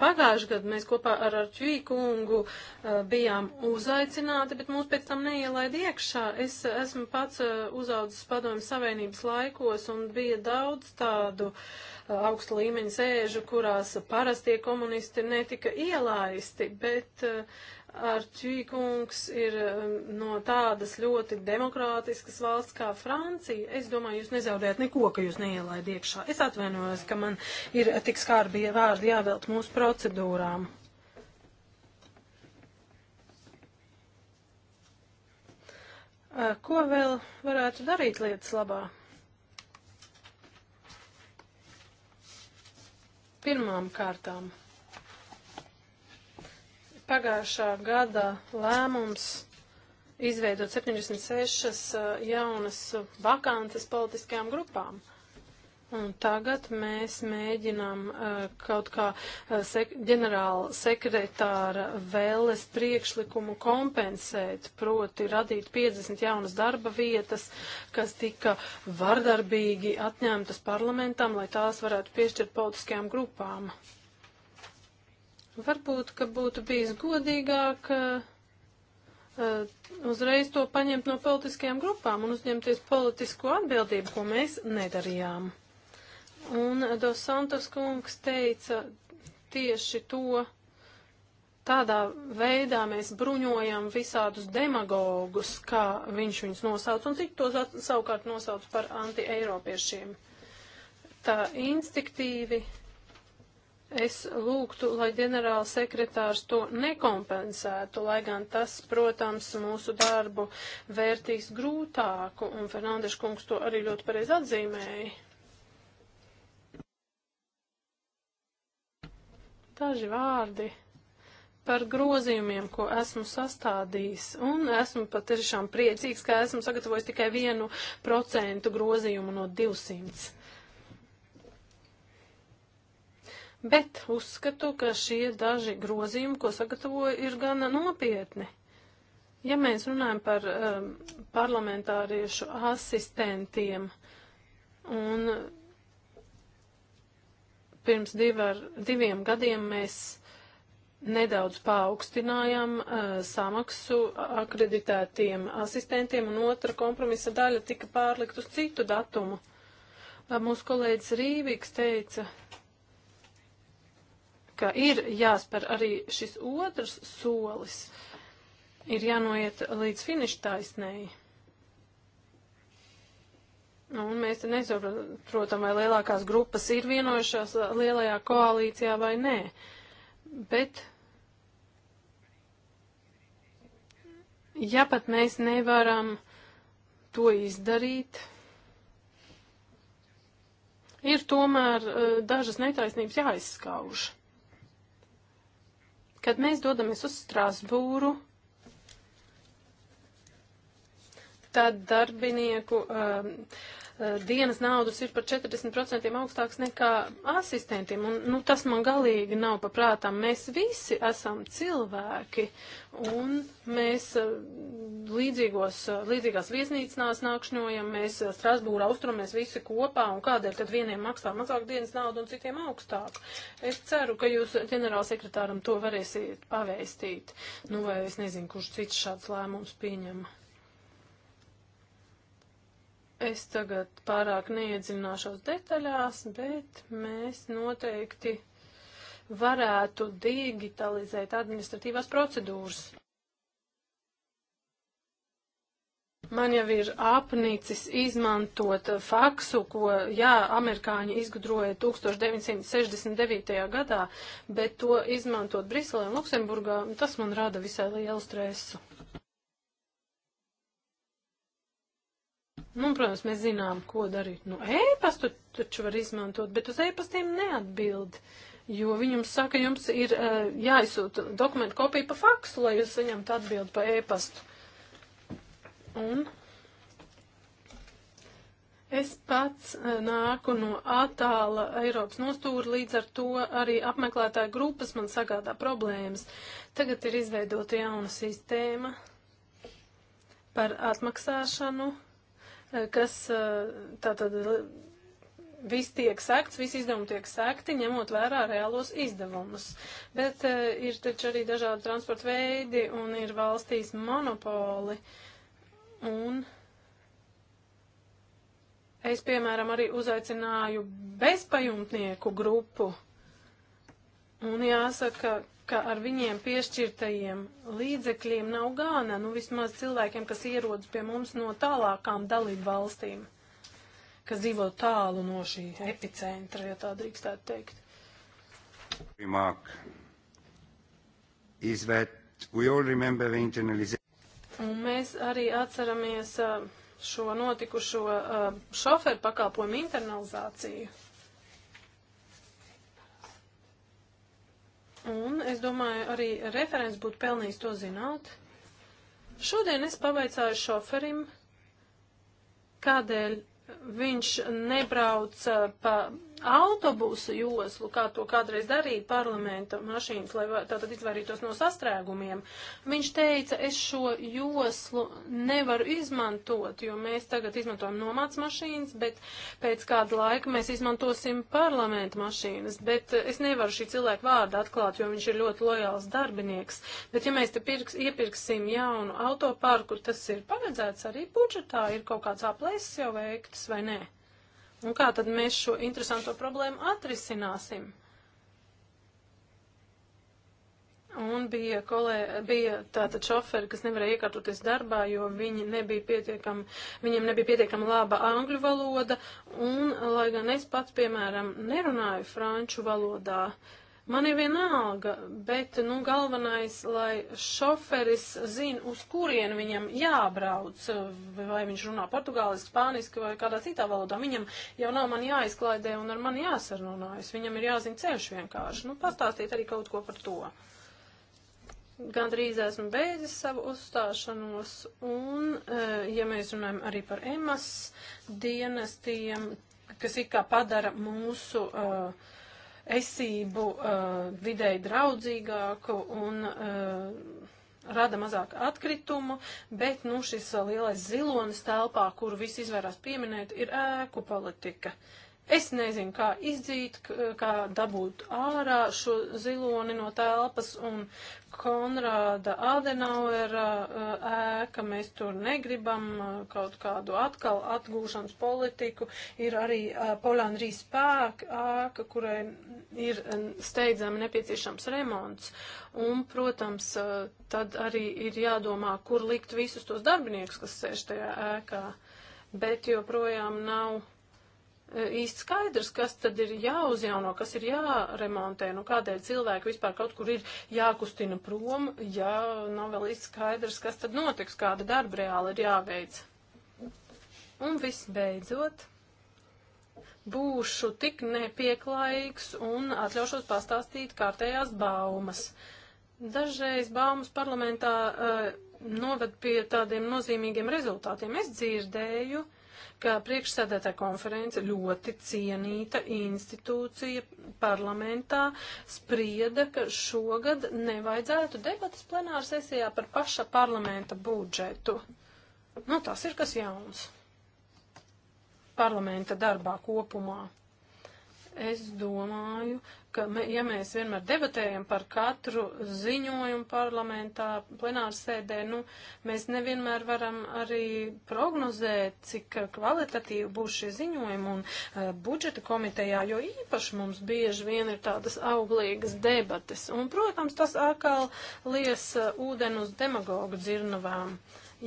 Pagājuši gadu mēs kopā ar Arčvī kungu uh, bijām uzaicināti, bet mūs pēc tam neielaid iekšā. Es esmu pats uh, uzaudzis padomju savienības laikos un bija daudz tādu uh, augsta līmeņa sēžu, kurās parastie komunisti netika ielaisti, bet uh, Arčīkungs ir um, no tādas ļoti demokrātiskas valsts kā Francija. Es domāju, jūs nezaudējat neko, ka jūs neielaid iekšā. Es atvainojos, ka man ir tik skārbi vārdi jāvelt mūsu procedūrām. Ko vēl varētu darīt lietas labā? Pirmām kārtām. Pagājušā gada lēmums izveidot 76 eh, jaunas vakances politiskajām grupām. Un tagad mēs mēģinām uh, kaut kā uh, sek ģenerāla sekretāra vēles priekšlikumu kompensēt, proti radīt 50 jaunas darba vietas, kas tika vardarbīgi atņemtas parlamentam, lai tās varētu piešķirt politiskajām grupām. Uh, Varbūt, ka būtu bijis godīgāk eh, eh, uzreiz to paņemt no politiskajām grupām un uzņemties politisko atbildību, ko mēs nedarījām. Un Dos Santos kungs teica tieši to, tādā veidā mēs bruņojam visādus demagogus, kā viņš viņus nosauc, un cik tos savukārt nosauc par anti-eiropiešiem. Tā instinktīvi Es lūgtu, lai ģenerāla sekretārs to nekompensētu, lai gan tas, protams, mūsu darbu vērtīs grūtāku, un Fernandeša kungs to arī ļoti pareizi atzīmēja. Daži vārdi par grozījumiem, ko esmu sastādījis, un esmu patiešām priecīgs, ka esmu sagatavojis tikai vienu procentu grozījumu no 200. bet uzskatu, ka šie daži grozījumi, ko sagatavoju, ir gana nopietni. Ja mēs runājam par um, parlamentāriešu asistentiem un pirms divar, diviem gadiem mēs nedaudz paaugstinājām uh, samaksu akreditētiem asistentiem, un otra kompromisa daļa tika pārlikt uz citu datumu. Uh, mūsu kolēģis Rīvīgs teica, ka ir jāspēr arī šis otrs solis, ir jānoiet līdz finiša taisnēji. Nu, un mēs nesaprotam, vai lielākās grupas ir vienojušās lielajā koalīcijā vai nē. Bet, ja pat mēs nevaram to izdarīt, ir tomēr eh, dažas netaisnības jāizskauž. Kad mēs dodamies uz Strasbūru, tad darbinieku um, Eh, dienas naudas ir par 40% augstāks nekā asistentiem. Un, nu, tas man galīgi nav paprātām. Mēs visi esam cilvēki un mēs eh, līdzīgos, eh, līdzīgās viesnīcinās nākšņojam, mēs Strasbūrā uzturamies visi kopā un kādēļ tad vieniem maksā mazāk dienas naudu un citiem augstāk. Es ceru, ka jūs ģenerālsekretāram to varēsiet pavēstīt. Nu, vai es nezinu, kurš cits šāds lēmums pieņem. Es tagad pārāk neiedzināšos detaļās, bet mēs noteikti varētu digitalizēt administratīvās procedūras. Man jau ir apnicis izmantot faksu, ko, jā, amerikāņi izgudroja 1969. gadā, bet to izmantot Briselē un Luksemburgā, tas man rada visai lielu stresu. Nu, protams, mēs zinām, ko darīt. Nu, ēpastu taču var izmantot, bet uz ēpastiem neatbild, jo viņam saka, jums ir uh, jāizsūta dokumentu kopija pa faksu, lai jūs saņemtu atbildi pa ēpastu. Un es pats uh, nāku no attāla Eiropas nostūra, līdz ar to arī apmeklētāju grupas man sagādā problēmas. Tagad ir izveidota jauna sistēma par atmaksāšanu kas tātad viss tiek sekts, visi izdevumi tiek sekti, ņemot vērā reālos izdevumus. Bet ir taču arī dažādi transporta veidi un ir valstīs monopoli. Un es, piemēram, arī uzaicināju bezpajumtnieku grupu. Un jāsaka, ka ar viņiem piešķirtajiem līdzekļiem nav gāna, nu vismaz cilvēkiem, kas ierodas pie mums no tālākām dalību valstīm, kas dzīvo tālu no šī epicentra, ja tā drīkstētu teikt. Remark is that we all remember the internalization. Un mēs arī atceramies uh, šo notikušo uh, šoferu pakalpojumu internalizāciju. Un es domāju, arī referents būtu pelnījis to zināt. Šodien es pavaicāju šoferim, kādēļ viņš nebrauc pa autobusu joslu, kā to kādreiz darīja parlamenta mašīnas, lai tātad izvairītos no sastrēgumiem. Viņš teica, es šo joslu nevaru izmantot, jo mēs tagad izmantojam nomāts mašīnas, bet pēc kāda laika mēs izmantosim parlamenta mašīnas. Bet eh, es nevaru šī cilvēka vārdu atklāt, jo viņš ir ļoti lojāls darbinieks. Bet ja mēs te pirks, iepirksim jaunu autoparku, tas ir paredzēts arī budžetā, ir kaut kāds aplēses jau veikts vai nē? Un kā tad mēs šo interesanto problēmu atrisināsim? Un bija, kolē, bija tātad šoferi, kas nevarēja iekārtoties darbā, jo viņi nebija pietiekami, viņiem nebija pietiekami laba angļu valoda, un, lai gan es pats, piemēram, nerunāju franču valodā, uh, Man ir vienalga, bet, nu, galvenais, lai šoferis zina, uz kurien viņam jābrauc, vai viņš runā portugāliski, spāniski vai kādā citā valodā. Viņam jau nav man jāizklaidē un ar mani jāsarunājas. Viņam ir jāzina ceļš vienkārši. Nu, pastāstiet arī kaut ko par to. Gandrīz esmu beidzis savu uzstāšanos, un, e, ja mēs runājam arī par emas dienestiem, kas it kā padara mūsu. Uh, esību uh, videi draudzīgāku un uh, rada mazāk atkritumu, bet nu, šis eh, lielais zilonis telpā, kuru visi izvērās pieminēt, ir ēku politika. Uh, Es nezinu, kā izdzīt, kā dabūt ārā šo ziloni no telpas un Konrāda Adenauera uh, ēka. Mēs tur negribam uh, kaut kādu atkal atgūšanas politiku. Ir arī uh, Polāna Rīspēka ēka, kurai ir steidzami nepieciešams remonts. Un, protams, tad arī ir jādomā, kur likt visus tos darbiniekus, kas sēž tajā ēkā. Bet joprojām nav E, īsti skaidrs, kas tad ir jāuzjauno, kas ir jāremontē, nu kādēļ cilvēki vispār kaut kur ir jākustina prom, ja nav vēl īsti skaidrs, kas tad notiks, kāda darba reāli ir jāveic. Un visbeidzot, būšu tik nepieklājīgs un atļaušos pastāstīt kārtējās baumas. Dažreiz baumas parlamentā uh, noved pie tādiem nozīmīgiem rezultātiem. Es dzirdēju, uh, kā priekšsēdētā konference ļoti cienīta institūcija parlamentā sprieda, ka šogad nevajadzētu debatas plenāra sesijā par paša parlamenta budžetu. Nu, tas ir kas jauns parlamenta darbā kopumā. Es domāju, ka me, ja mēs vienmēr debatējam par katru ziņojumu parlamentā, plenārsēdē, nu, mēs nevienmēr varam arī prognozēt, cik kvalitatīvi būs šie ziņojumi un uh, budžeta komitejā, jo īpaši mums bieži vien ir tādas auglīgas debates. Un, protams, tas atkal lies uh, ūdeni uz demagogu dzirnavām.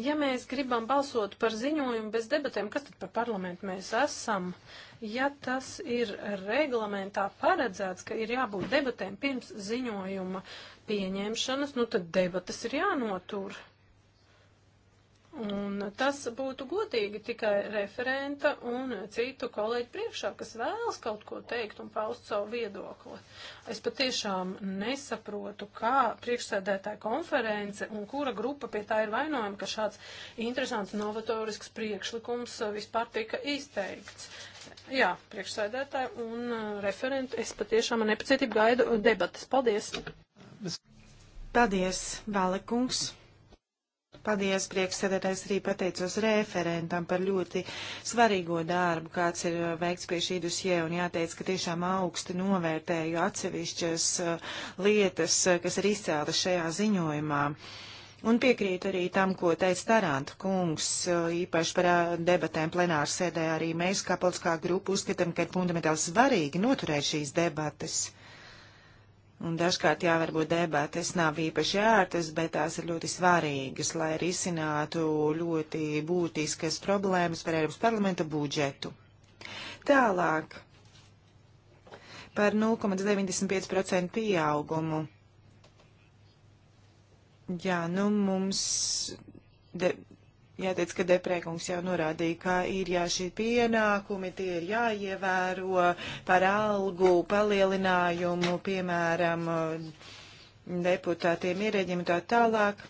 Ja mēs gribam balsot par ziņojumu bez debatēm, kas tad par parlamentu mēs esam? Uh, Ja tas ir reglamentā paredzēts, ka ir jābūt debatēm pirms ziņojuma pieņemšanas, nu tad debatas ir jānotur. Un tas būtu godīgi tikai referenta un citu kolēģu priekšā, kas vēlas kaut ko teikt un paust savu viedokli. Es patiešām nesaprotu, kā priekšsēdētāja konference un kura grupa pie tā ir vainojama, ka šāds interesants novatorisks priekšlikums vispār tika izteikts. Jā, priekšsēdētāji un uh, referenti, es patiešām ar nepacietību gaidu debatas. Paldies! Paldies, Valekungs! Paldies, priekšsēdētājs, arī pateicos referentam par ļoti svarīgo darbu, kāds ir uh, veikts pie šī dusjē, un jāteic, ka tiešām augsti novērtēju atsevišķas uh, lietas, kas ir izcēltas šajā ziņojumā. Uh, Un piekrītu arī tam, ko teica Taranta kungs, īpaši par debatēm plenāru sēdē arī mēs, kā politiskā grupa, uzskatām, ka ir fundamentāli svarīgi noturēt šīs debates. Un dažkārt, jā, varbūt debates nav īpaši ērtas, bet tās ir ļoti svarīgas, lai risinātu ļoti būtiskas problēmas par Eiropas parlamenta budžetu. Tālāk par 0,95% pieaugumu Jā, nu mums. De... Jāteic, ka deprēkungs jau norādīja, ka ir jā šī pienākumi, tie ir jāievēro par algu palielinājumu, piemēram, deputātiem ierēģiem un tā tālāk.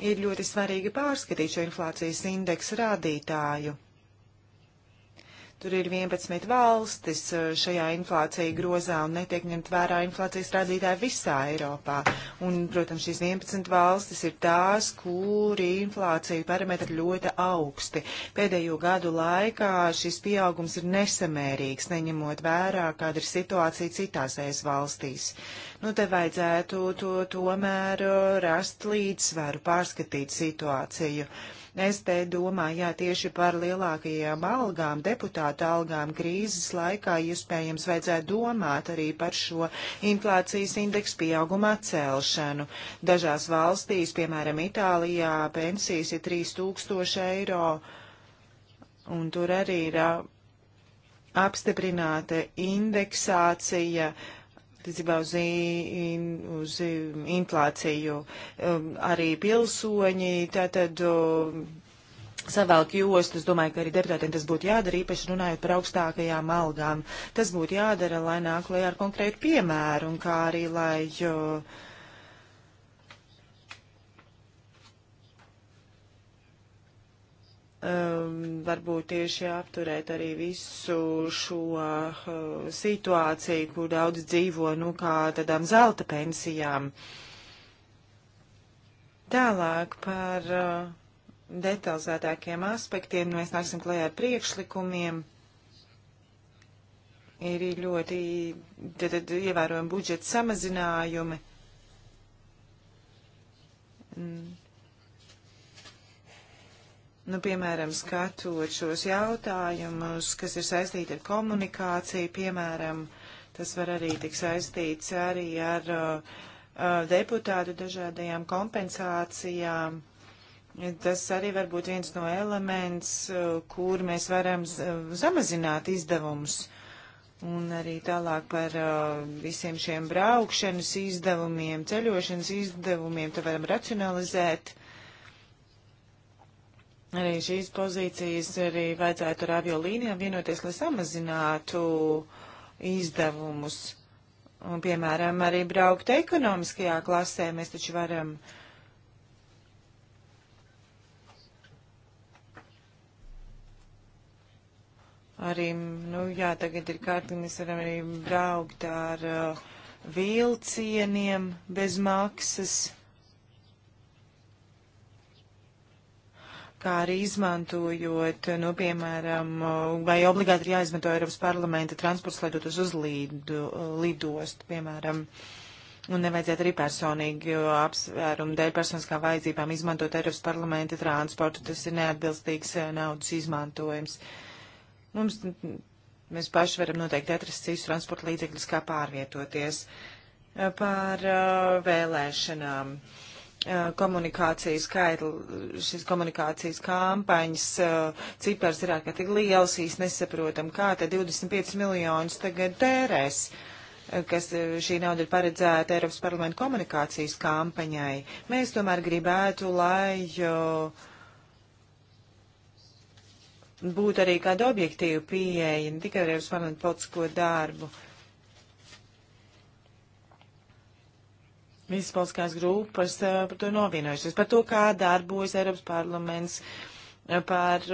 Ir ļoti svarīgi pārskatīt šo inflācijas indeksu rādītāju. Tur ir 11 valstis eh, šajā inflācija grozā un netiek ņemt vērā inflācijas rādītāji visā Eiropā. Un, protams, šīs 11 valstis ir tās, kuri inflācija parametri ļoti augsti. Pēdējo gadu laikā šis pieaugums ir nesamērīgs, neņemot vērā, kāda ir situācija citās ES valstīs. Nu, te vajadzētu to tomēr eh, rast līdzsvaru, pārskatīt situāciju. Uh, Es te domāju, jā, tieši par lielākajām algām, deputāta algām krīzes laikā iespējams vajadzētu domāt arī par šo inflācijas indeksu pieauguma atcelšanu. Dažās valstīs, piemēram, Itālijā, pensijas ir 3000 eiro, un tur arī ir apstiprināta indeksācija. Uh, Ticībā uz, in, uz inflāciju um, arī pilsoņi, tātad um, savelk jostas. Domāju, ka arī deputātiem tas būtu jādara, īpaši runājot par augstākajām algām. Tas būtu jādara, lai nāk lai ar konkrētu piemēru un kā arī, lai. Uh, um, varbūt tieši apturēt arī visu šo uh, situāciju, kur daudz dzīvo, nu, kā tādām zelta pensijām. Tālāk par uh, detalizētākiem aspektiem nu, mēs nāksim klajā ar priekšlikumiem. Ir ļoti tad, tad, ievērojami budžeta samazinājumi. Mm nu, piemēram, skatot šos jautājumus, kas ir saistīti ar komunikāciju, piemēram, tas var arī tik saistīts arī ar uh, uh deputātu dažādajām kompensācijām. Tas arī var būt viens no elements, uh, kur mēs varam uh, samazināt izdevumus. Un arī tālāk par uh, visiem šiem braukšanas izdevumiem, ceļošanas izdevumiem, to varam racionalizēt. Uh, arī šīs pozīcijas arī vajadzētu ar aviolīnijām vienoties, lai samazinātu izdevumus. Un, piemēram, arī braukt ekonomiskajā klasē mēs taču varam uh, arī, nu jā, tagad ir kārtīgi, mēs varam arī braukt ar uh, vilcieniem bez maksas. kā arī izmantojot, nu, piemēram, vai obligāti ir jāizmanto Eiropas parlamenta transports, lai dotos uz lidu, lidostu, piemēram. Un nevajadzētu arī personīgi apsvērumu dēļ personiskām vajadzībām izmantot Eiropas parlamenta transportu. Tas ir neatbilstīgs eh, naudas izmantojums. Mums, mēs paši varam noteikti atrast citus transporta līdzekļus, kā pārvietoties eh, par uh, vēlēšanām. Uh, Eh, komunikācijas skaitli, šis komunikācijas kampaņas eh, cipars ir ārkārtīgi liels, īsti nesaprotam, kā te 25 miljonus tagad tērēs eh, kas šī nauda ir paredzēta Eiropas parlamenta komunikācijas kampaņai. Mēs tomēr gribētu, lai būtu arī kāda objektīva pieeja, ne tikai Eiropas parlamenta politisko darbu. Uh, visas politiskās grupas par to novienojušies, par to, kā darbojas Eiropas parlaments, par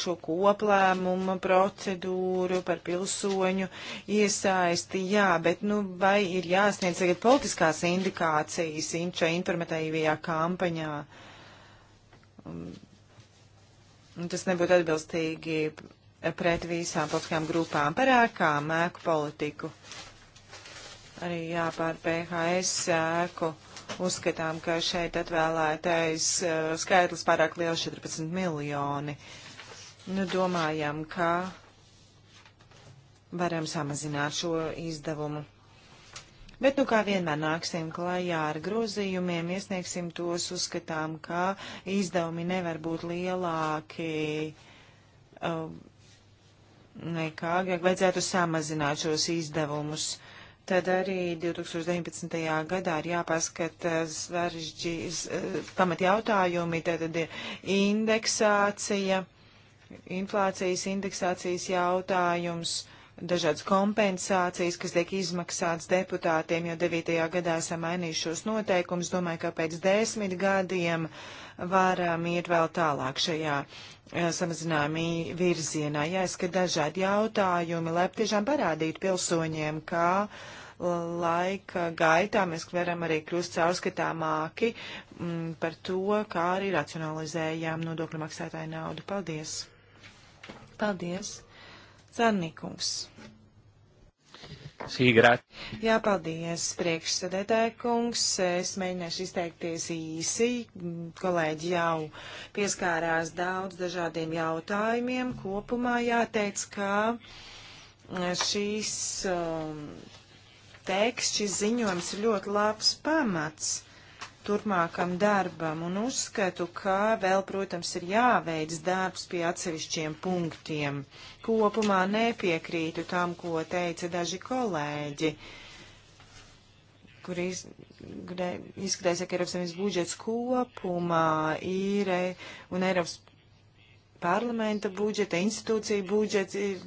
šo koplēmumu procedūru, par pilsoņu iesaisti, jā, bet nu, vai ir jāsniedz tagad politiskās indikācijas šajā informatīvajā kampaņā? Tas nebūtu atbilstīgi pret visām politiskām grupām par ēkām, ēku politiku. Uh, arī jā, par PHS sēku. Uzskatām, ka šeit atvēlētais eh, skaitlis pārāk liels - 14 miljoni. Nu, domājam, ka varam samazināt šo izdevumu. Bet, nu, kā vienmēr nāksim klajā ar grozījumiem, iesniegsim tos, uzskatām, ka izdevumi nevar būt lielāki uh, nekā, ja vajadzētu samazināt šos izdevumus. Uh, tad arī 2019. gadā ir jāpaskata eh, svarīgs eh, pamatjautājumi, tad indeksācija, inflācijas indeksācijas jautājums dažādas kompensācijas, kas tiek izmaksātas deputātiem, jo 9. gadā esam mainījuši šos noteikumus. Domāju, ka pēc desmit gadiem varam iet vēl tālāk šajā Eh, samazinājumi virzienā. Jāizskat dažādi jautājumi, lai tiešām parādītu pilsoņiem, kā laika gaitā mēs varam arī kļūst caurskatāmāki m, mm, par to, kā arī racionalizējām nodokļu maksātāju naudu. Paldies! Paldies! Cernīkums! Sīgrāt. Jā, paldies, priekšsēdētāja kungs. Es mēģināšu izteikties īsi. Kolēģi jau pieskārās daudz dažādiem jautājumiem. Kopumā jāteic, ka šīs um, teksts, šis ziņojums ir ļoti labs pamats turpmākam darbam un uzskatu, ka vēl, protams, ir jāveic darbs pie atsevišķiem punktiem. Kopumā nepiekrītu tam, ko teica daži kolēģi, kur iz, izskatās, ka Eiropas Savienības budžets kopumā ir e, un Eiropas parlamenta budžeta, institūcija budžets ir,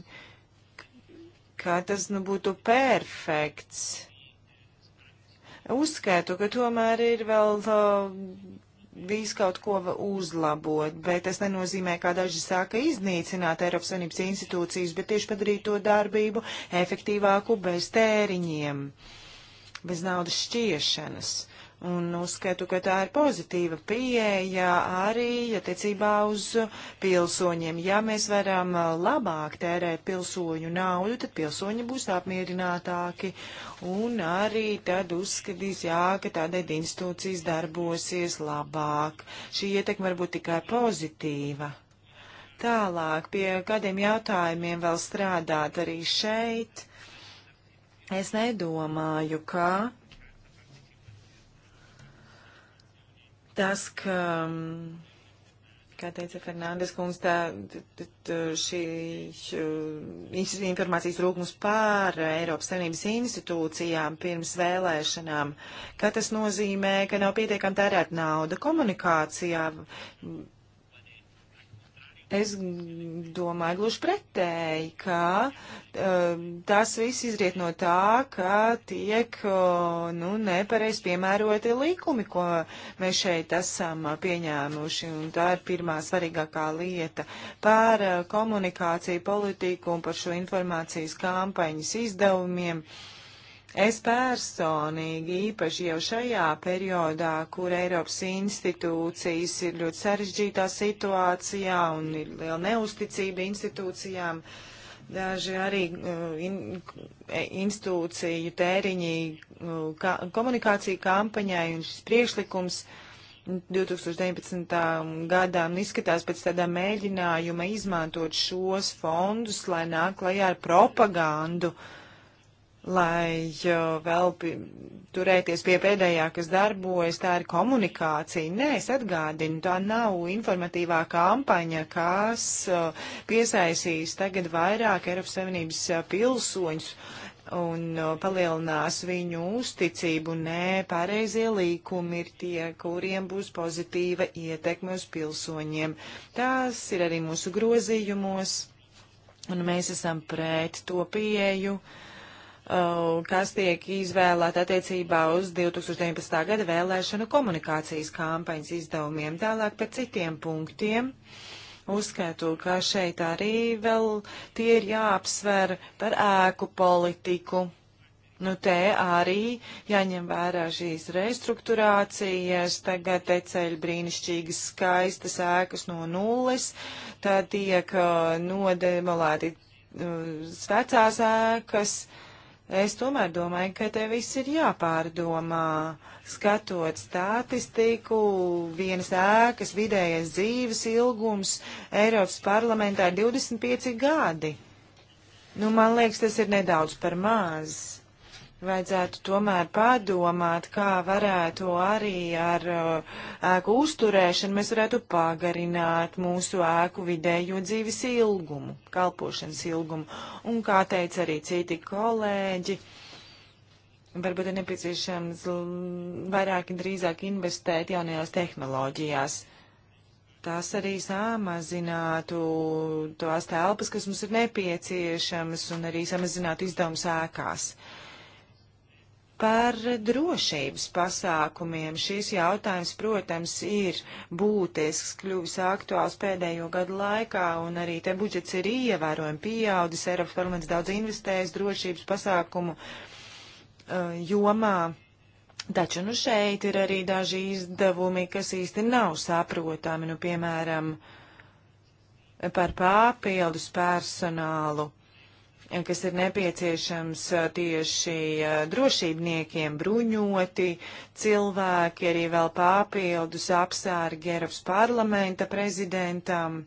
kā tas nu būtu perfekts Uzskatu, ka tomēr ir vēl visu uh, kaut ko uzlabot, bet tas nenozīmē, kā daži saka, iznīcināt Eiropas Savienības institūcijas, bet tieši padarīt to darbību efektīvāku bez tēriņiem, bez naudas šķiešanas. Un uzskatu, ka tā ir pozitīva pieeja arī attiecībā uz pilsoņiem. Ja mēs varam uh, labāk tērēt pilsoņu naudu, tad pilsoņi būs apmierinātāki un arī tad uzskatīs, jā, ka tādēļ institūcijas darbosies labāk. Šī ietekme var būt tikai pozitīva. Tālāk pie kādiem jautājumiem vēl strādāt arī šeit. Es nedomāju, ka tas, ka, mm, kā teica Fernandes kungs, tā, tā, tā šī, šī informācijas trūkums pār Eiropas Savienības institūcijām pirms vēlēšanām, ka tas nozīmē, ka nav pietiekami tērēt nauda komunikācijā Es domāju gluži pretēji, ka uh, tas viss izriet no tā, ka tiek uh, nu, nepareiz piemēroti likumi, ko mēs šeit esam eh, pieņēmuši. Un tā ir pirmā svarīgākā lieta par uh, komunikāciju politiku un par šo informācijas kampaņas izdevumiem. Uh, Es personīgi, īpaši jau šajā periodā, kur Eiropas institūcijas ir ļoti sarežģītā situācijā un ir liela neusticība institūcijām, daži arī uh, in, e, institūciju tēriņi uh, ka, komunikāciju kampaņai un šis priekšlikums. 2019. gadām izskatās pēc tādā mēģinājuma izmantot šos fondus, lai nāk klajā ar propagandu uh, lai vēl turēties pie pēdējā, kas darbojas, tā ir komunikācija. Nē, es atgādinu, tā nav informatīvā kampaņa, kas piesaistīs tagad vairāk Eiropas Savienības pilsoņus un palielinās viņu uzticību. Nē, pareizie līkumi ir tie, kuriem būs pozitīva ietekme uz pilsoņiem. Tās ir arī mūsu grozījumos, un mēs esam pret to pieeju. Uh, Uh, kas tiek izvēlēta attiecībā uz 2019. gada vēlēšanu komunikācijas kampaņas izdevumiem. Tālāk par citiem punktiem. Uzskatu, ka šeit arī vēl tie ir jāapsver par ēku politiku. Nu, te arī jāņem vērā šīs restruktūrācijas, tagad te ceļ brīnišķīgas skaistas ēkas no nulles, tad tiek uh, nodemolēti uh, vecās ēkas. Uh, Es tomēr domāju, ka te viss ir jāpārdomā. Skatot statistiku, vienas ēkas vidējais dzīves ilgums Eiropas parlamentā ir 25 gadi. Nu, man liekas, tas ir nedaudz par maz vajadzētu tomēr padomāt, kā varētu arī ar uh, ēku uzturēšanu mēs varētu pagarināt mūsu ēku vidējo dzīves ilgumu, kalpošanas ilgumu. Un kā teica arī citi kolēģi, varbūt ir nepieciešams vairāk un drīzāk investēt jaunajās tehnoloģijās. Tās arī samazinātu tās telpas, kas mums ir nepieciešamas, un arī samazinātu izdevumus ēkās. Uh, Par drošības pasākumiem šīs jautājums, protams, ir būtisks, kļuvis aktuāls pēdējo gadu laikā, un arī te budžets ir ievērojami pieaudzis. Eiropas parlaments daudz investējis drošības pasākumu uh, jomā. Taču nu šeit ir arī daži izdevumi, kas īsti nav saprotami, nu piemēram, par papildus personālu kas ir nepieciešams tieši drošībniekiem, bruņoti cilvēki, arī vēl papildus apsārgi Eiropas parlamenta prezidentam.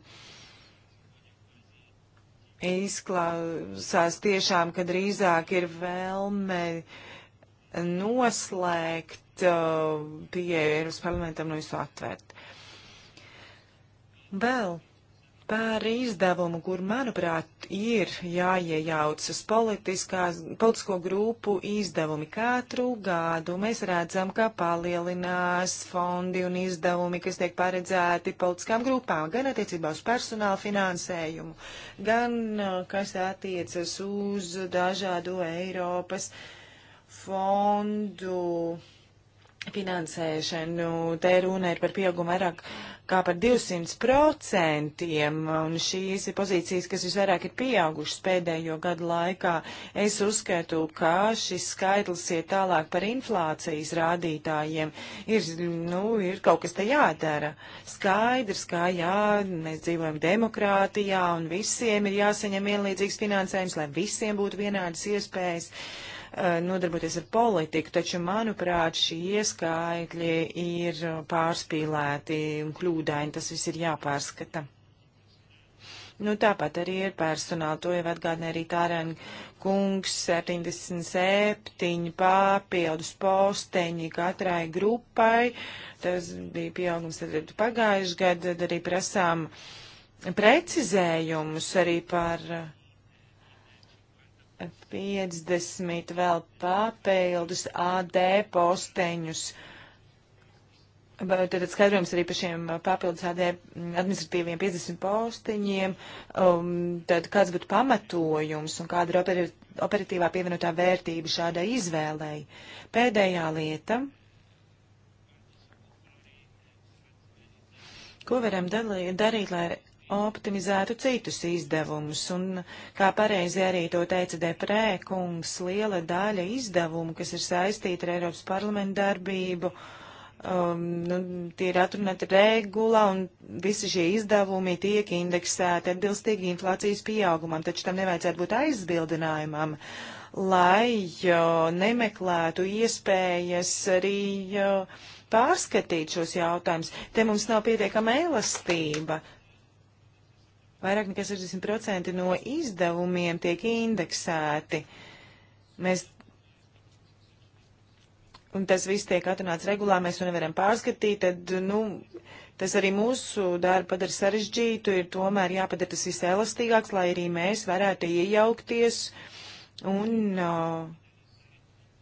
Izklausās tiešām, ka drīzāk ir vēlme noslēgt pieeja Eiropas parlamentam, nu visu atvērt. Vēl. Well par izdevumu, kur, manuprāt, ir jāiejaucas politisko grupu izdevumi. Katru gadu mēs redzam, ka palielinās fondi un izdevumi, kas tiek paredzēti politiskām grupām, gan attiecībā uz personāla finansējumu, gan uh, kas attiecas uz dažādu Eiropas fondu finansēšanu. Te runa ir par pieaugumu vairāk kā par 200%, un šīs ir pozīcijas, kas visvairāk ir pieaugušas pēdējo gadu laikā. Es uzskatu, ka šis skaitlis iet tālāk par inflācijas rādītājiem. Ir, nu, ir kaut kas te jādara. Skaidrs, kā jā, mēs dzīvojam demokrātijā, un visiem ir jāsaņem vienlīdzīgs finansējums, lai visiem būtu vienādas iespējas. Uh, Uh, nodarboties ar politiku, taču, manuprāt, šie ieskaitļi ir pārspīlēti un kļūdaini, tas viss ir jāpārskata. Nu, tāpat arī ir personāli, to jau atgādināja arī Tārēna kungs, 77 papildus posteņi katrai grupai, tas bija pieaugums tad pagājuši gadu, tad arī prasām precizējumus arī par uh, 50 vēl papildus AD posteņus. Tātad skaidrojums arī par šiem papildus AD administratīviem 50 posteņiem. Um, tad kāds būtu pamatojums un kāda ir operi operatīvā pievienotā vērtība šādai izvēlei? Pēdējā lieta. Ko varam darīt, lai optimizētu citus izdevumus. Un, kā pareizi arī to teica Deprē kungs, liela daļa izdevumu, kas ir saistīta ar Eiropas parlamentu darbību, um, nu, tie ir atrunāti regulā, un visi šie izdevumi tiek indeksēti atbilstīgi inflācijas pieaugumam, taču tam nevajadzētu būt aizbildinājumam lai jo, nemeklētu iespējas arī jo, pārskatīt šos jautājumus. Te mums nav pietiekama elastība, Vairāk nekā 60% no izdevumiem tiek indeksēti. Mēs un tas viss tiek atrunāts regulā, mēs to nevaram pārskatīt, tad, nu, tas arī mūsu darbu padara sarežģītu, ir tomēr jāpadara tas viss elastīgāks, lai arī mēs varētu iejaukties un uh,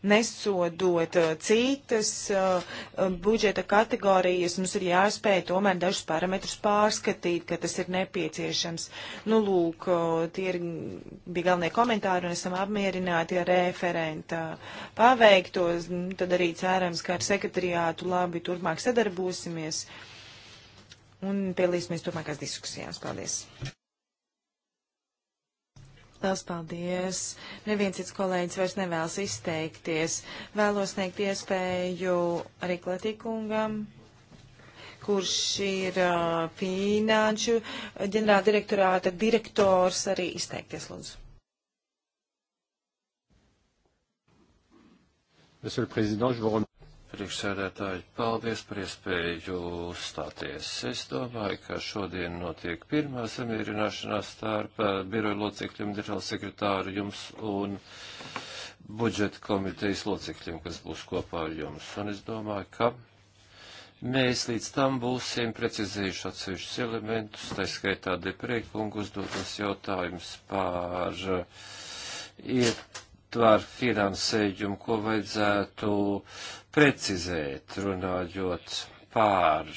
nesodot uh, citas uh, uh, budžeta kategorijas, mums ir jāspēj tomēr dažus parametrus pārskatīt, ka tas ir nepieciešams. Nu, lūk, tie ir, bija galvenie komentāri un esam apmierināti ar referenta paveiktos. Nu, tad arī cerams, ka ar sekretariātu labi turpmāk sadarbosimies un piedalīsimies turpmākās diskusijās. Paldies! Lielas paldies! Neviens cits kolēģis vairs nevēlas izteikties. Vēlos sniegt iespēju arī Klatīkungam kurš ir uh, finanšu ģenerāldirektorāta direktors, arī izteikties, lūdzu. Monsieur le Président, je vous remercie priekšsēdētāji, paldies par iespēju uzstāties. Es domāju, ka šodien notiek pirmā samierināšanās starp eh, biroju locekļiem, ģenerāla sekretāru jums un budžeta komitejas locekļiem, kas būs kopā ar jums. Un es domāju, ka mēs līdz tam būsim precizējuši atsevišķus elementus, tā skaitā deprēkungu uzdotos jautājums par eh, iet aptver finansējumu, ko vajadzētu precizēt, runājot pār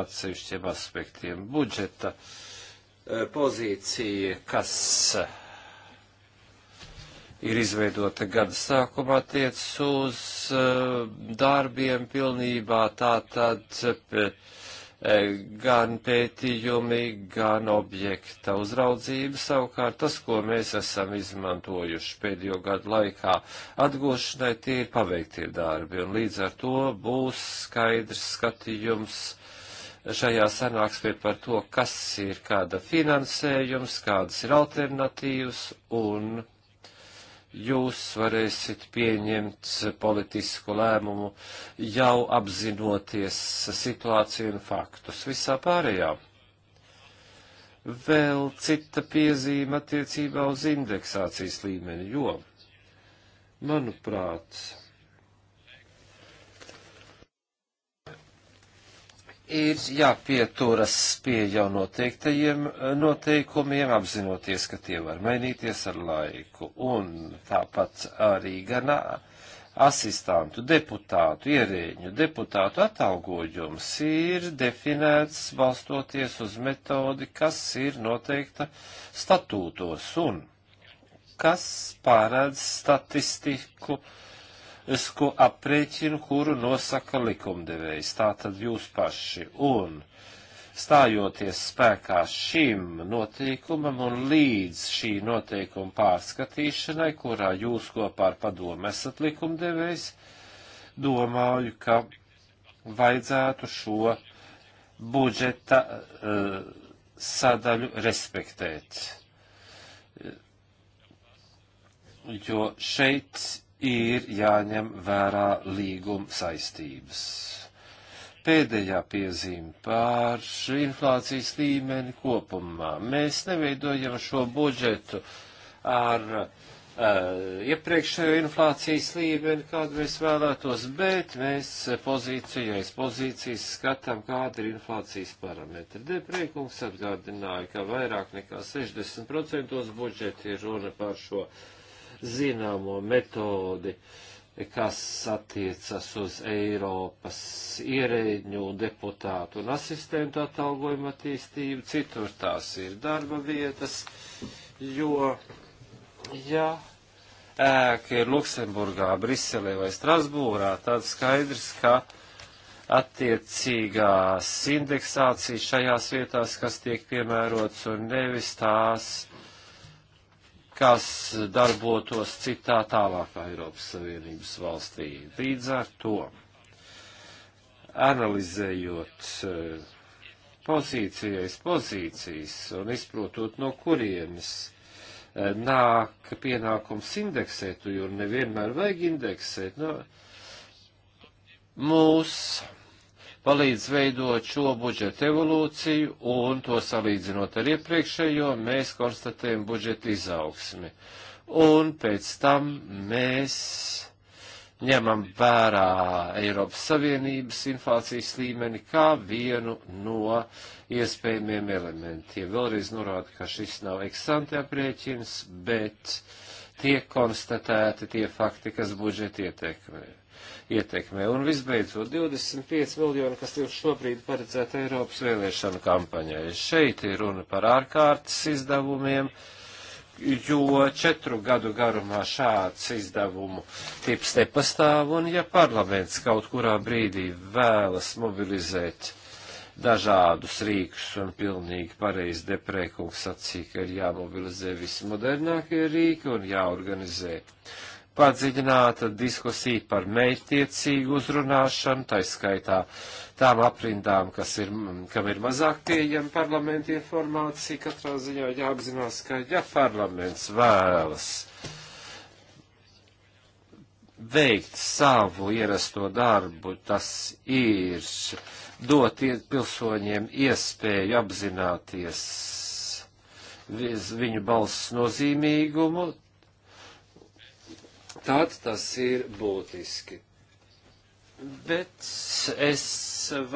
atsevišķiem aspektiem budžeta eh, pozīcija, kas eh, ir izveidota gada sākumā, tiec uz eh, darbiem pilnībā, tā tad E, gan pētījumi, gan objekta uzraudzība. Savukārt tas, ko mēs esam izmantojuši pēdējo gadu laikā atgūšanai, tie ir paveiktie darbi, un līdz ar to būs skaidrs skatījums šajā sanāksmē par to, kas ir kāda finansējums, kādas ir alternatīvas un jūs varēsiet pieņemt politisku lēmumu jau apzinoties situāciju un faktus visā pārējā. Vēl cita piezīme attiecībā uz indeksācijas līmeni, jo, manuprāt, ir jāpieturas pie jau noteiktajiem eh, noteikumiem, apzinoties, ka tie var mainīties ar laiku. Un tāpat arī gan asistantu, deputātu, ierēģu, deputātu atalgojums ir definēts balstoties uz metodi, kas ir noteikta statūtos un kas pārēdz statistiku uh, ko aprēķinu, kuru nosaka likumdevējs, tātad jūs paši. Un stājoties spēkā šim noteikumam un līdz šī noteikuma pārskatīšanai, kurā jūs kopā ar padomu esat likumdevējs, domāju, ka vajadzētu šo budžeta uh, sadaļu respektēt. Jo šeit ir jāņem vērā līguma saistības. Pēdējā piezīme par inflācijas līmeni kopumā. Mēs neveidojam šo budžetu ar uh, iepriekšējo inflācijas līmeni, kādu mēs vēlētos, bet mēs pozīciju aiz pozīcijas skatām, kāda ir inflācijas parametri. Deprēkungs atgādināja, ka vairāk nekā 60% budžeti ir runa par šo uh, zināmo metodi, kas attiecas uz Eiropas ierēģņu, deputātu un asistentu atalgojumu attīstību, citur tās ir darba vietas, jo, ja ēka ir Luksemburgā, Briselē vai Strasbūrā, tad skaidrs, ka attiecīgās indeksācijas šajās vietās, kas tiek piemērots un nevis tās kas darbotos citā tālākā Eiropas Savienības valstī. Līdz ar to, analizējot eh, pozīcijas, pozīcijas un izprotot, no kurienes eh, nāk pienākums indeksēt, jo nevienmēr vajag indeksēt. No, mūs palīdz veidot šo budžeta evolūciju un to salīdzinot ar iepriekšējo, mēs konstatējam budžeta izaugsmi. Un pēc tam mēs ņemam vērā Eiropas Savienības inflācijas līmeni kā vienu no iespējamiem elementiem. Vēlreiz norāda, ka šis nav eksante aprēķins, bet uh, tiek konstatēti tie fakti, kas budžeti ietekmē. ietekmē. Un visbeidzot, 25 miljoni, kas jau šobrīd paredzēta Eiropas vēlēšanu kampaņai. Šeit ir runa par ārkārtas izdevumiem, jo četru gadu garumā šāds izdevumu tips nepastāv, un ja parlaments kaut kurā brīdī vēlas mobilizēt uh, dažādus rīkus un pilnīgi pareizi deprēkungs sacīja, ka ir jāmobilizē vismodernākie rīki un jāorganizē padziļināta diskusija par mērķtiecīgu uzrunāšanu, tā skaitā tām aprindām, kas ir, kam ir mazāk pieejama parlamenta informācija. Katrā ziņā jāapzinās, ka ja parlaments vēlas veikt savu ierasto darbu, tas ir uh, dot pilsoņiem iespēju apzināties viņu balss nozīmīgumu, tad tas ir būtiski. Bet es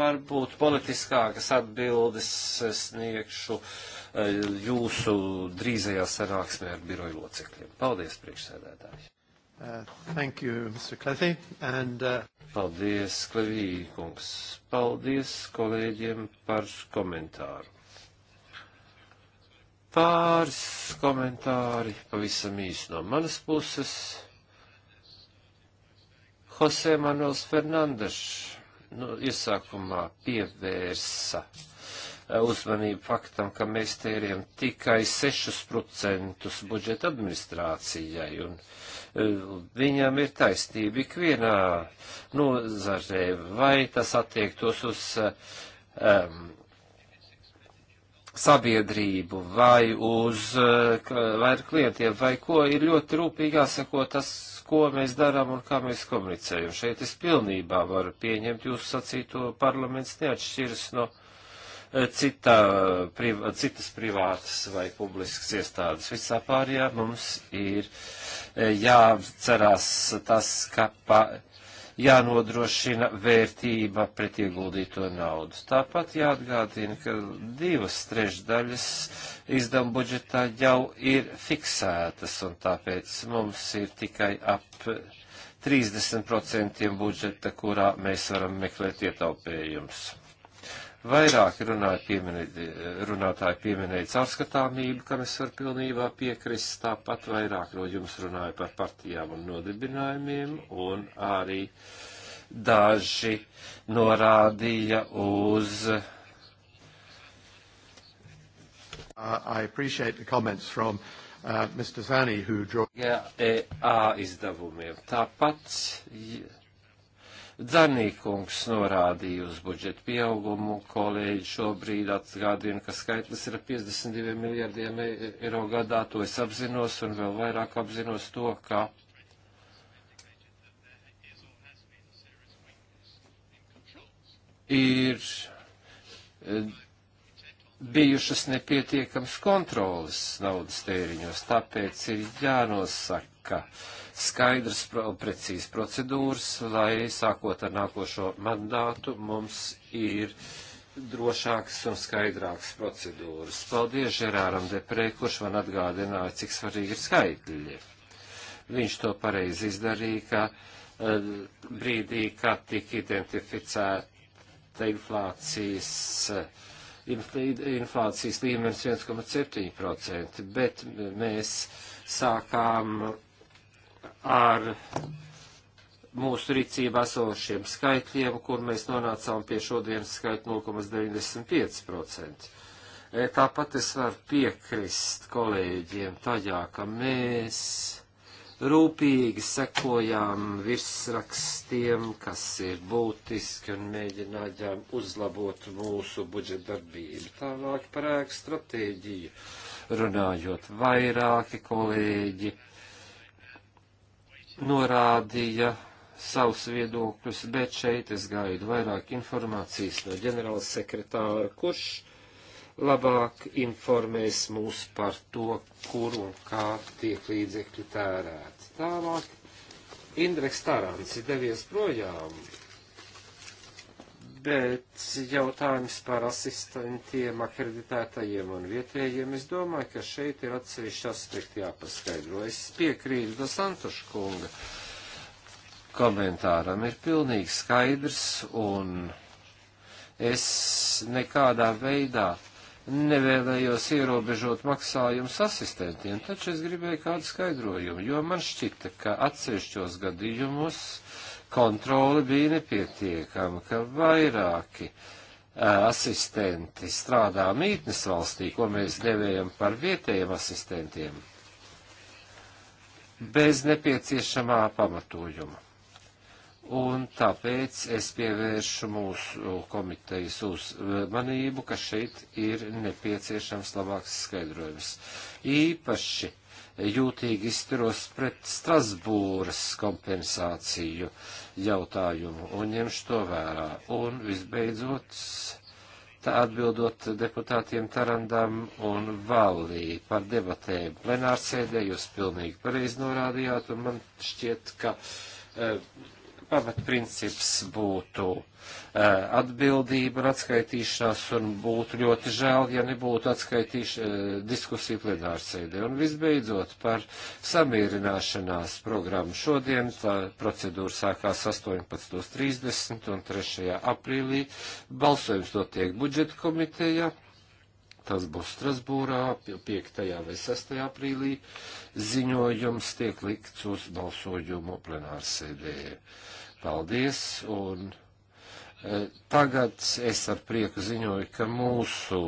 varbūt politiskākas atbildes sniegšu eh, jūsu drīzajā sanāksmē ar biroju locekļiem. Paldies, priekšsēdētāji! Uh, thank you, Mr. Clethy, and, uh... Paldies, Klevī kungs. Paldies kolēģiem par komentāru. Pāris komentāri pavisam īsi no manas puses. Jose Manuels Fernandešs nu, iesākumā pievērsa uh, uzmanību faktam, ka mēs tēriem tikai 6% budžeta administrācijai, un uh, viņam ir taisnība ikvienā nozarē, vai tas attiektos uz um, sabiedrību vai uz uh, vai klientiem vai ko, ir ļoti rūpīgi jāsako tas, ko mēs darām un kā mēs komunicējam. Šeit es pilnībā varu pieņemt jūsu sacīto, parlaments neatšķiras no citā, priv, citas privātas vai publiskas iestādes. Visā pārējā mums ir e, jācerās tas, ka pa, jānodrošina vērtība pret ieguldīto naudu. Tāpat jāatgādina, ka divas trešdaļas izdevuma budžetā jau ir fiksētas, un tāpēc mums ir tikai ap 30% budžeta, kurā mēs varam meklēt ietaupējumus. Vairāk runāja pieminēt, runātāji pieminēja caurskatāmību, kam es varu pilnībā piekrist, tāpat vairāk no jums runāja par partijām un nodibinājumiem, un arī daži norādīja uz. Uh, Uh, Mr. Zani, who drove... Jā, e, A izdevumiem. Tāpat Dzanīkungs norādīja uz budžetu pieaugumu, kolēģi šobrīd atgādina, ka skaitlis ir 52 miljardiem e, eiro gadā, to es apzinos un vēl vairāk apzinos to, ka ir e, bijušas nepietiekams kontrolas naudas tēriņos, tāpēc ir jānosaka skaidrs, precīzs procedūras, lai sākot ar nākošo mandātu mums ir drošāks un skaidrāks procedūras. Paldies Žerāram Deprē, kurš man atgādināja, cik svarīgi ir skaitļi. Viņš to pareizi izdarīja, ka eh, brīdī, kad tika identificēta inflācijas eh, inflācijas līmenis 1,7%, bet mēs sākām ar mūsu rīcībā esošiem skaitļiem, kur mēs nonācām pie šodienas skaita 0,95%. E, tāpat es varu piekrist kolēģiem tajā, ka mēs rūpīgi sekojām virsrakstiem, kas ir būtiski un mēģinājām uzlabot mūsu budžeta darbību. Tālāk par ēku stratēģiju runājot vairāki kolēģi norādīja savus viedokļus, bet šeit es gaidu vairāk informācijas no ģenerāla sekretāra, kurš labāk informēs mūs par to, kur un kā tiek līdzekļi tērēti. Tālāk Indreks Tarants ir devies projām Bet jautājums par asistentiem, akreditētajiem un vietējiem, es domāju, ka šeit ir atsevišķi aspekti jāpaskaidro. Es piekrītu Dasantoša kunga komentāram, ir pilnīgi skaidrs un es nekādā veidā nevēlējos ierobežot maksājumus asistentiem, taču es gribēju kādu skaidrojumu, jo man šķita, ka atsevišķos gadījumos kontrole bija nepietiekama, ka vairāki asistenti strādā mītnes valstī, ko mēs devējam par vietējiem asistentiem, bez nepieciešamā pamatojuma. Un tāpēc es pievēršu mūsu komitejas uzmanību, ka šeit ir nepieciešams labāks skaidrojums. Īpaši jūtīgi izturos pret Strasbūras kompensāciju jautājumu un ņemšu to vērā. Un visbeidzot, tā atbildot deputātiem Tarandam un Vallī par debatēm plenārsēdē, jūs pilnīgi pareizi norādījāt, un man šķiet, ka. Uh, pamatprincips būtu eh, atbildība un atskaitīšanās, un būtu ļoti žēl, ja nebūtu eh, diskusija plenārsēdē. Un visbeidzot par samierināšanās programmu šodien, tā procedūra sākās 18.30 un 3. aprīlī, balsojums notiek budžeta komitejā. Tas būs Strasbūrā 5. vai 6. aprīlī. Ziņojums tiek likts uz balsojumu plenārsēdē. Paldies! Un... E, tagad es ar prieku ziņoju, ka mūsu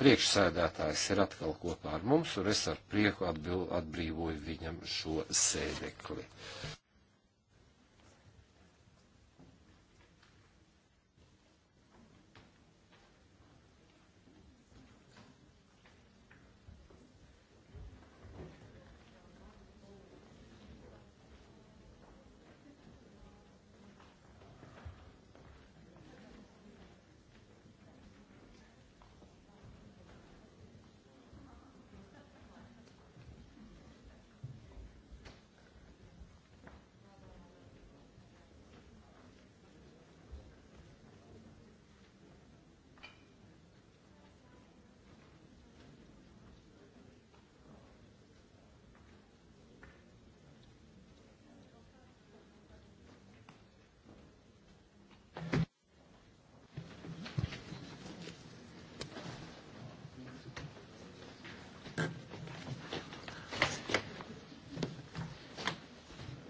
priekšsēdētājs ir atkal kopā ar mums, un es ar prieku atbrīvoju viņam šo sēdekli.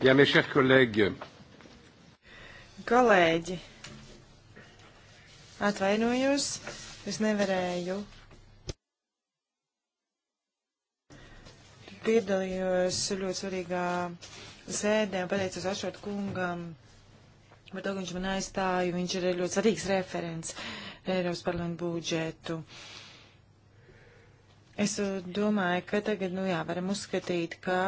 Bien, mes chers collègues. Kolēģi, atvainojos, es nevarēju. Piedalījos ļoti svarīgā sēdē un pateicos Ašot kungam par to, ka viņš man aizstāja. Viņš ir ļoti svarīgs referents Eiropas parlamentu budžetu. Es domāju, ka tagad, nu jā, varam uzskatīt, ka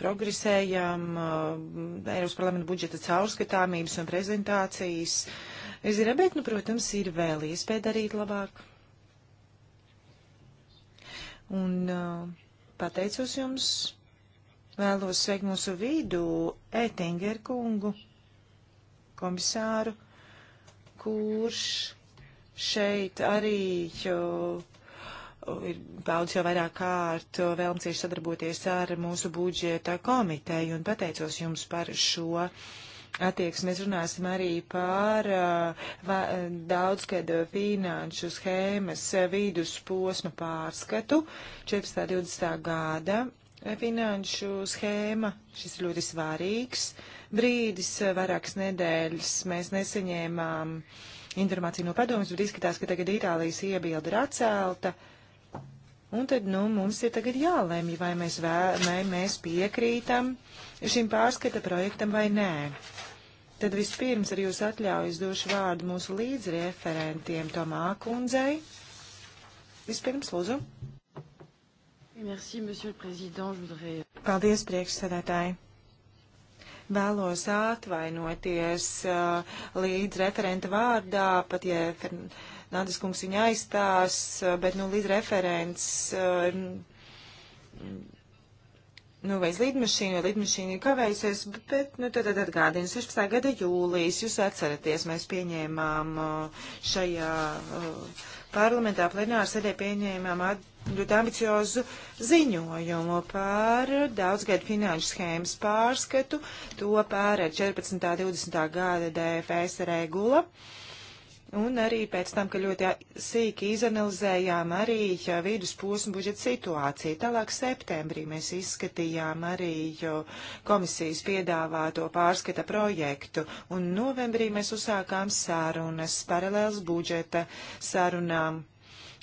progresējam, Eiropas parlamenta budžeta caurskatāmības un prezentācijas zira, bet, nu, protams, ir vēl iespēja darīt labāk. Un pateicos jums, vēlos sveikt mūsu vidu Ētingeru kungu, komisāru, kurš šeit arī jau ir paudz jau vairāk kārt vēlams ir sadarboties ar mūsu budžeta komiteju un pateicos jums par šo attieksmi. Mēs runāsim arī par uh, daudzgada finanšu schēmas vidusposma pārskatu 14. 20. gada. Finanšu schēma, šis ļoti svarīgs brīdis, vairākas nedēļas mēs nesaņēmām informāciju no padomjas, bet izskatās, ka tagad Itālijas iebilda ir atcelta. Uh, Un tad, nu, mums ir tagad jālēmj, vai mēs, vēl, vai mēs piekrītam šim pārskata projektam vai nē. Tad vispirms ar jūs atļaujas došu vārdu mūsu līdzreferentiem Tomā kundzei. Vispirms, lūdzu. Merci, monsieur le président. Je voudrais... Paldies, priekšsēdētāji vēlos atvainoties uh, līdz referenta vārdā, pat ja Nādas kungs viņu aizstās, eh, bet, nu, līdz referents. Eh, mm, nu, vai līdmašīna, vai līdmašīna ir kavējusies, bet, nu, tad, tad atgādina 16. gada jūlijas, jūs atceraties, mēs pieņēmām eh, šajā parlamentā plenāru sēdē pieņēmām ļoti ambiciozu ziņojumu par daudzgadu finanšu schēmas pārskatu, to pārēd 14. 20. gada DFS regula. Uh, Un arī pēc tam, ka ļoti sīki izanalizējām arī vidusposmu budžeta situāciju. Tālāk septembrī mēs izskatījām arī komisijas piedāvāto pārskata projektu, un novembrī mēs uzsākām sarunas paralēls budžeta sarunām.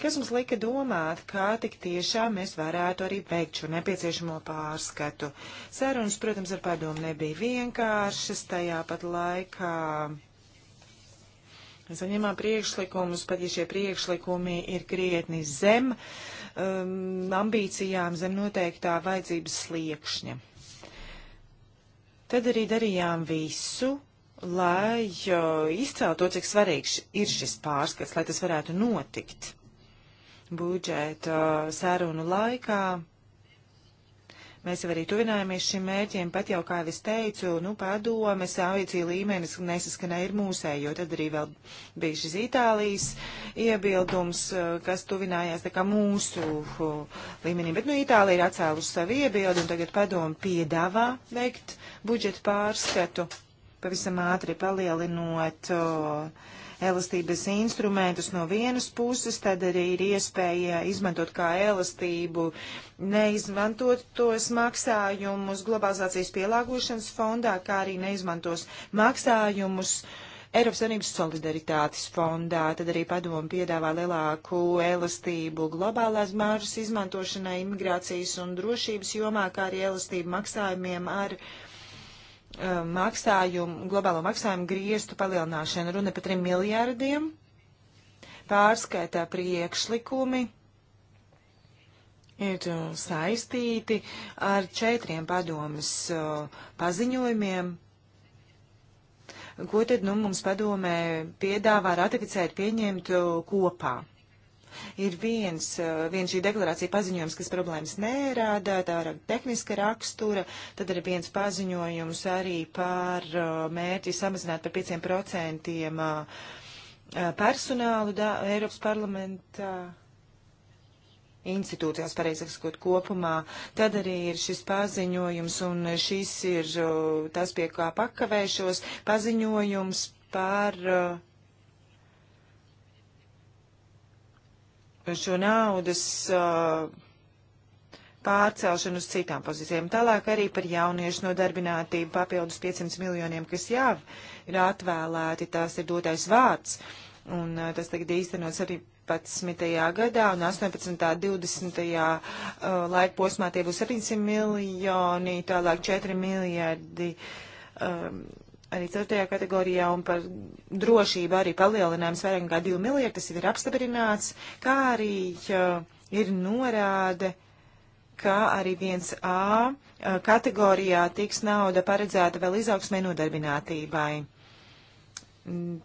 Kas mums lika domāt, kā tik tiešām mēs varētu arī veikt šo nepieciešamo pārskatu? Sarunas, protams, ar padomu nebija vienkāršas, tajā pat laikā saņemam priekšlikumus, pat ja šie priekšlikumi ir krietni zem um, ambīcijām, zem noteiktā vajadzības sliekšņa. Tad arī darījām visu, lai izcēltu to, cik svarīgs ir šis pārskats, lai tas varētu notikt budžeta uh, sarunu laikā Mēs jau arī tuvinājāmies šim mērķiem, pat jau, kā es teicu, nu, padomes ambīcija līmenis nesaskanē ir mūsējo. Tad arī vēl bija šis Itālijas iebildums, eh, kas tuvinājās tā kā mūsu līmenī. Bet, nu, Itālija ir atcēlusi savu iebildu un tagad padomu piedāvā veikt budžetu pārskatu, pavisam ātri palielinot. Uh, elastības instrumentus no vienas puses, tad arī ir iespēja izmantot kā elastību, neizmantot tos maksājumus globalizācijas pielāgošanas fondā, kā arī neizmantos maksājumus. Eiropas Savienības solidaritātes fondā, tad arī padomu piedāvā lielāku elastību globālās māržas izmantošanai imigrācijas un drošības jomā, kā arī elastību maksājumiem ar uh, Um, maksājumu, globālo maksājumu griestu palielināšanu. Runa par 3 miljārdiem. Pārskaitā priekšlikumi ir uh, saistīti ar četriem padomas uh, paziņojumiem, ko tad nu, mums padomē piedāvā ratificēt, pieņemt uh, kopā. Ir viens, eh, viens šī deklarācija paziņojums, kas problēmas nērādā, tā ir tehniska rakstura, tad ir viens paziņojums arī par eh, mērķi samazināt par 5% eh, personālu da, Eiropas parlamentā institūcijās, pareizāk sakot, kopumā. Tad arī ir šis paziņojums, un šis ir tas, pie kā pakavēšos, paziņojums par uh, šo naudas uh, pārcelšanu uz citām pozīcijām. Tālāk arī par jauniešu nodarbinātību papildus 500 miljoniem, kas jau ir atvēlēti, tās ir dotais vārds. Un uh, tas tagad īstenots arī 17. gadā un 18. 20. Uh, laika posmā tie būs 700 miljoni, tālāk 4 miljardi. Um, arī 4. kategorijā un par drošību arī palielinājums vairāk nekā 2 miljardi, tas ir apstiprināts, kā arī ir norāde, ka arī 1A kategorijā tiks nauda paredzēta vēl izaugsmē nodarbinātībai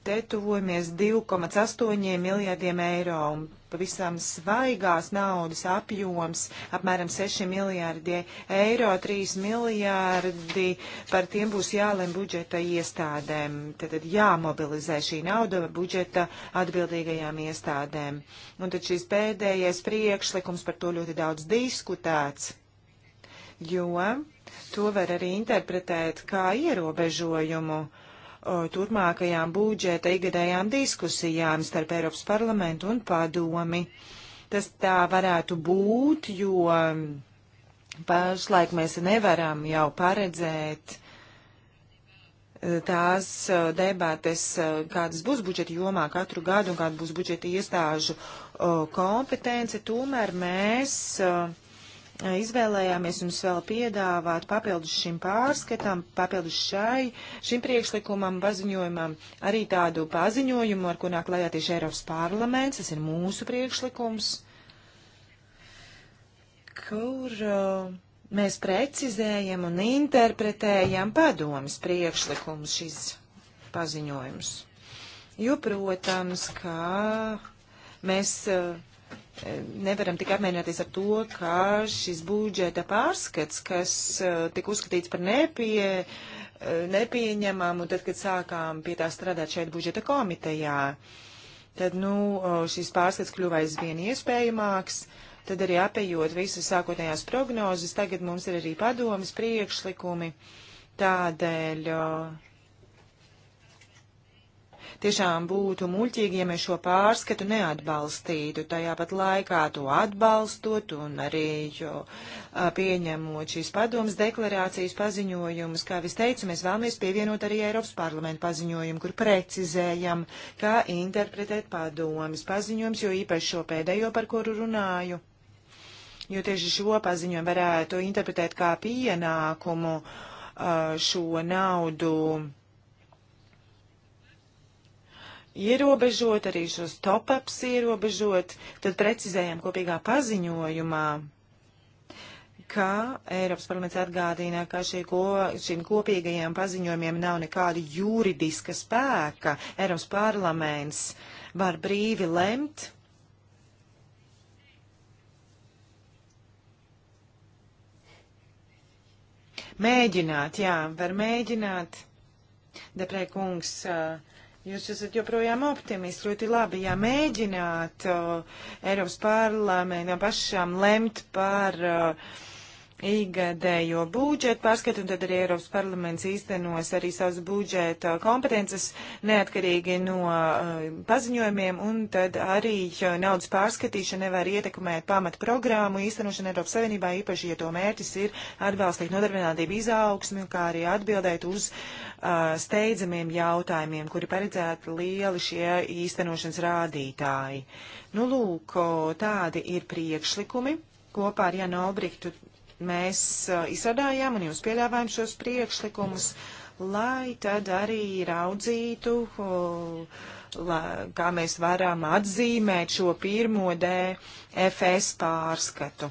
te tuvojamies 2,8 miljardiem eiro un pavisam svaigās naudas apjoms apmēram 6 miljārdi eiro, 3 miljārdi par tiem būs jālem budžeta iestādēm. Tad jāmobilizē šī nauda budžeta atbildīgajām iestādēm. Un tad šis pēdējais priekšlikums par to ļoti daudz diskutēts, jo to var arī interpretēt kā ierobežojumu turpmākajām budžeta ikgadējām diskusijām starp Eiropas parlamentu un padomi. Tas tā varētu būt, jo pašlaik mēs nevaram jau paredzēt e, tās e, debates, e, kādas būs budžeta jomā katru gadu un kāda būs budžeta iestāžu kompetence. Tomēr mēs uh, izvēlējāmies jums vēl piedāvāt papildus šim pārskatam, papildus šai, šim priekšlikumam, paziņojumam, arī tādu paziņojumu, ar ko nāk lajā tieši Eiropas parlaments, tas ir mūsu priekšlikums, kur uh, mēs precizējam un interpretējam padomas priekšlikumus šis paziņojums. Jo, protams, kā mēs uh, nevaram tik apmierināties ar to, ka šis budžeta pārskats, kas eh, tika uzskatīts par nepie, eh, nepieņemamu, tad, kad sākām pie tā strādāt šeit budžeta komitejā, tad, nu, eh, šis pārskats kļuva aizvien iespējamāks. Tad arī apējot visas sākotnējās prognozes, tagad mums ir arī padomas priekšlikumi. Tādēļ uh, Tiešām būtu muļķīgi, ja mēs šo pārskatu neatbalstītu, tajā pat laikā to atbalstot un arī jo, pieņemot šīs padomas deklarācijas paziņojumus. Kā es teicu, mēs vēlamies pievienot arī Eiropas parlamentu paziņojumu, kur precizējam, kā interpretēt padomas paziņojums, jo īpaši šo pēdējo, par kuru runāju jo tieši šo paziņojumu varētu interpretēt kā pienākumu šo naudu ierobežot, arī šos top-ups ierobežot, tad precizējam kopīgā paziņojumā, ka Eiropas parlaments atgādina, ka šī ko, šīm kopīgajiem paziņojumiem nav nekāda juridiska spēka. Eiropas parlaments var brīvi lemt. Mēģināt, jā, var mēģināt. Deprē kungs uh, Jūs esat joprojām optimisti, ļoti labi, ja mēģināt o, uh, Eiropas parlamentam pašām lemt par uh, igadējo budžetu pārskatu, un tad arī Eiropas parlaments īstenos arī savas budžeta kompetences neatkarīgi no uh, paziņojumiem, un tad arī eh, naudas pārskatīšana nevar ietekmēt pamata programmu īstenošanu Eiropas Savienībā, īpaši, ja to mērķis ir atbalstīt nodarbinātību izaugsmi, kā arī atbildēt uz uh, steidzamiem jautājumiem, kuri paredzēti lieli šie īstenošanas rādītāji. Nu, lūk, tādi ir priekšlikumi kopā ar Janu Obrihtu Mēs uh, izstrādājām un jums piedāvājam šos priekšlikumus, lai tad arī raudzītu, uh, lai, kā mēs varam atzīmēt šo pirmo DFS pārskatu.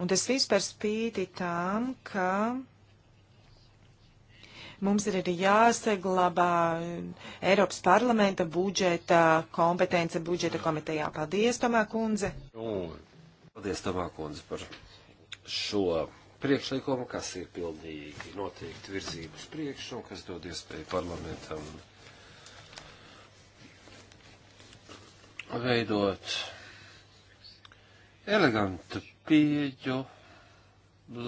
Un tas viss par spīti tām, ka mums ir arī jāsaglabā Eiropas parlamenta budžeta kompetence budžeta komitejā. Paldies, Tomā kundze! Jū. Paldies, Tomā Kundze, par šo priekšlikumu, kas ir pilnīgi noteikti virzību uz priekšu un kas dod iespēju parlamentam veidot elegantu pieeju,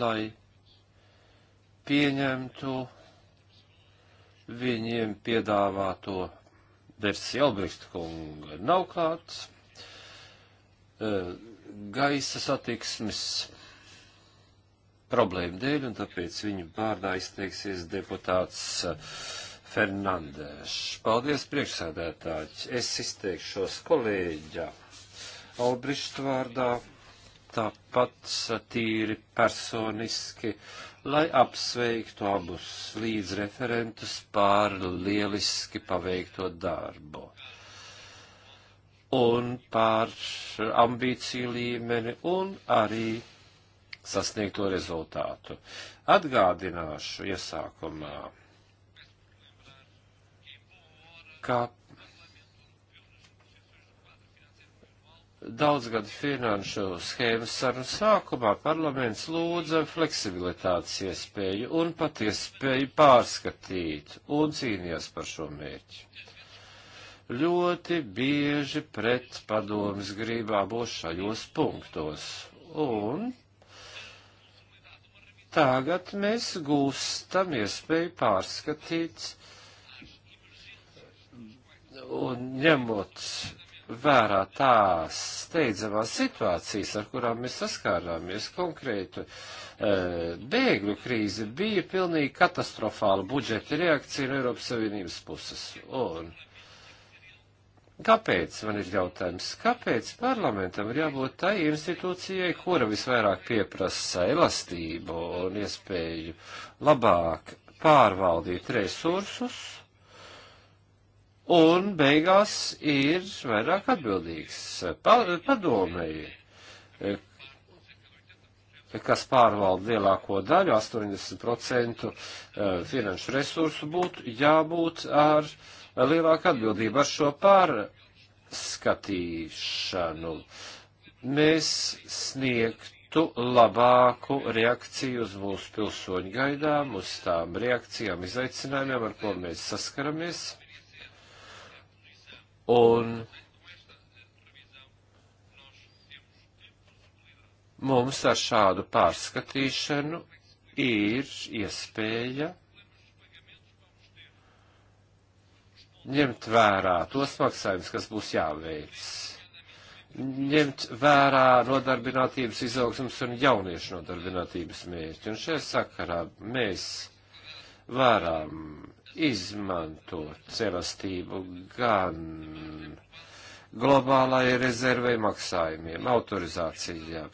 lai pieņemtu viņiem piedāvāto versiju. Albrihta kunga nav klāts. Uh, gaisa satiksmes problēmu dēļ, un tāpēc viņu pārdā izteiksies deputāts uh, Fernandešs. Paldies, priekšsēdētāji. Es izteikšos kolēģa Albrišta vārdā, tāpat uh, tīri personiski lai apsveiktu abus līdzreferentus pār lieliski paveikto darbu un par ambīciju līmeni un arī sasniegto rezultātu. Atgādināšu iesākumā, ka daudzgadu finanšu schēmas sarunu sākumā parlaments lūdza fleksibilitātes iespēju un pat iespēju pārskatīt un cīnījās par šo mērķi ļoti bieži pret padomas grībā būs šajos punktos. Un tagad mēs gūstam iespēju pārskatīt un ņemot vērā tās steidzamās situācijas, ar kurām mēs saskārāmies konkrētu e, bēgļu krīzi, bija pilnīgi katastrofāla budžeta reakcija no Eiropas Savienības puses. Un, uh, Kāpēc, man ir jautājums, kāpēc parlamentam ir jābūt tai institūcijai, kura visvairāk pieprasa elastību un iespēju labāk pārvaldīt resursus, un beigās ir vairāk atbildīgs pa, padomēji, kas pārvalda lielāko daļu, 80% eh, finanšu resursu, būtu jābūt ar. Uh, lielāka atbildība ar šo pārskatīšanu. Mēs sniegtu labāku reakciju uz mūsu pilsoņu gaidām, uz tām reakcijām, izaicinājumiem, ar ko mēs saskaramies. Un mums ar šādu pārskatīšanu ir iespēja ņemt vērā tos maksājumus, kas būs jāveic, ņemt vērā nodarbinātības izaugsmas un jauniešu nodarbinātības mērķi. Un šajā sakarā mēs varam izmantot celastību gan globālai rezervei maksājumiem, autorizācijām,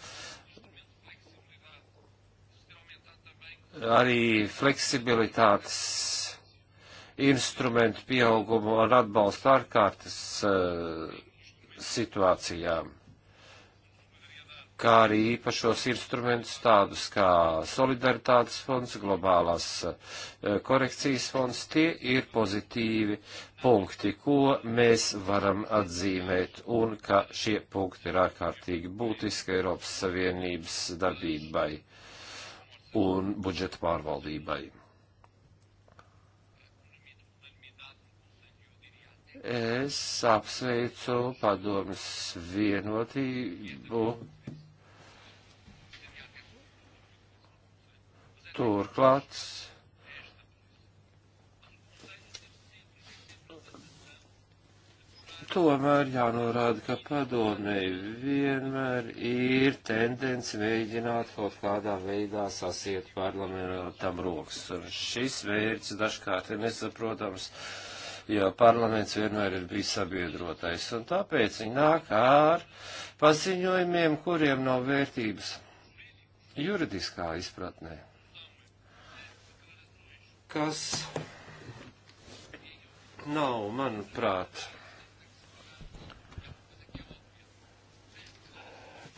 arī fleksibilitātes instrumentu pieaugumu un atbalstu ārkārtas uh, situācijām, kā arī īpašos instrumentus tādus kā solidaritātes fonds, globālās uh, korekcijas fonds, tie ir pozitīvi punkti, ko mēs varam atzīmēt un ka šie punkti ir ārkārtīgi būtiski Eiropas Savienības darbībai un budžeta pārvaldībai. Es apsveicu padomus vienotību. Turklāt tomēr jānorāda, ka padomēji vienmēr ir tendence mēģināt kaut kādā veidā sasiet parlamentam rokas. Un šis vērts dažkārt ir nesaprotams. Uh, jo parlaments vienmēr ir bijis sabiedrotais, un tāpēc viņi nāk ar paziņojumiem, kuriem nav vērtības juridiskā izpratnē. Kas nav, manuprāt,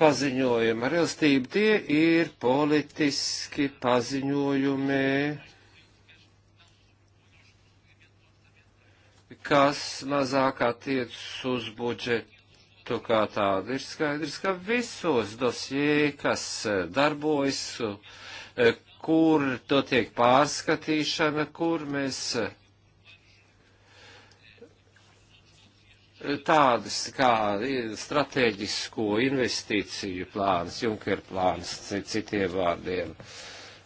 paziņojuma realistība, tie ir politiski paziņojumi kas mazāk attiec uz budžetu kā tādu. Ir skaidrs, ka visos dosjē, kas e, darbojas, e, kur to tiek pārskatīšana, kur mēs e, tādas kā strateģisko investīciju plāns, Junker plāns, citiem vārdiem. Uh,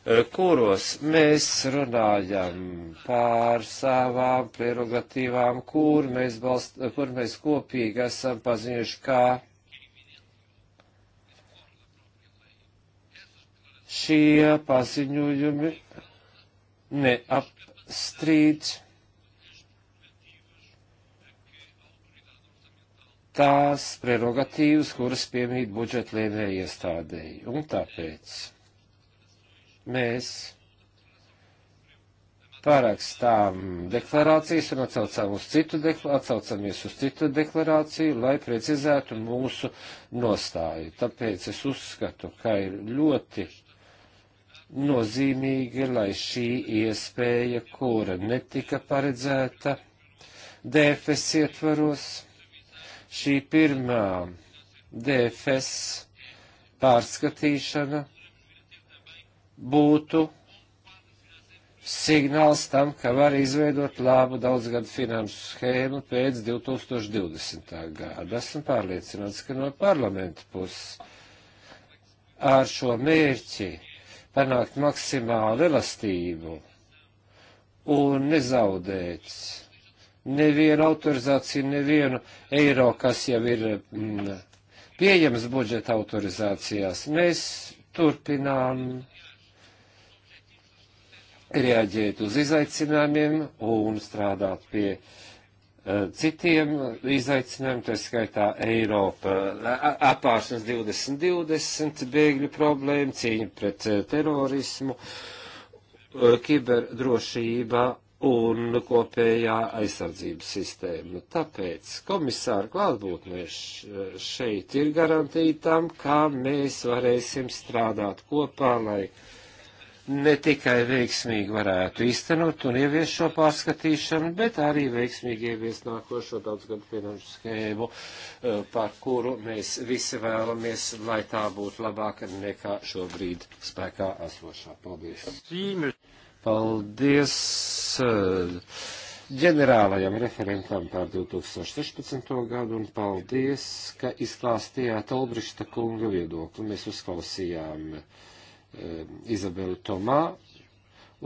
Eh, kuros mēs runājam pār savām prerogatīvām, kur mēs, balst, eh, kur mēs kopīgi esam paziņojuši, kā šie paziņojumi neapstrīd tās prerogatīvas, kuras piemīt budžetlēmē iestādēji. Un tāpēc mēs parakstām deklarācijas un atsaucām uz citu dekla, atsaucamies uz citu deklarāciju, lai precizētu mūsu nostāju. Tāpēc es uzskatu, ka ir ļoti nozīmīgi, lai šī iespēja, kura netika paredzēta DFS ietvaros, šī pirmā DFS pārskatīšana būtu signāls tam, ka var izveidot labu daudzgadu finanšu schēmu pēc 2020. gada. Esmu pārliecināts, ka no parlamenta puses ar šo mērķi panākt maksimālu elastību un nezaudēt nevienu autorizāciju, nevienu eiro, kas jau ir mm, pieejams budžeta autorizācijās. Mēs turpinām reaģēt uz izaicinājumiem un strādāt pie eh, citiem izaicinājumiem, tā skaitā Eiropa apāršanas 2020, bēgļu problēma, cīņa pret eh, terorismu, eh, kiberdrošība un kopējā aizsardzības sistēma. Tāpēc komisāra klātbūtnē šeit ir garantītām, kā mēs varēsim strādāt kopā, lai ne tikai veiksmīgi varētu iztenot un ievies šo pārskatīšanu, bet arī veiksmīgi ievies nākošo daudzgadu finanšu schēmu, eh, par kuru mēs visi vēlamies, lai tā būtu labāka nekā šobrīd spēkā esošā. Paldies! Paldies eh, ģenerālajam referentam par 2016. gadu un paldies, ka izklāstījāt Olbrišta kunga viedokli. Mēs uzklausījām. Eh, Izabelu Tomā.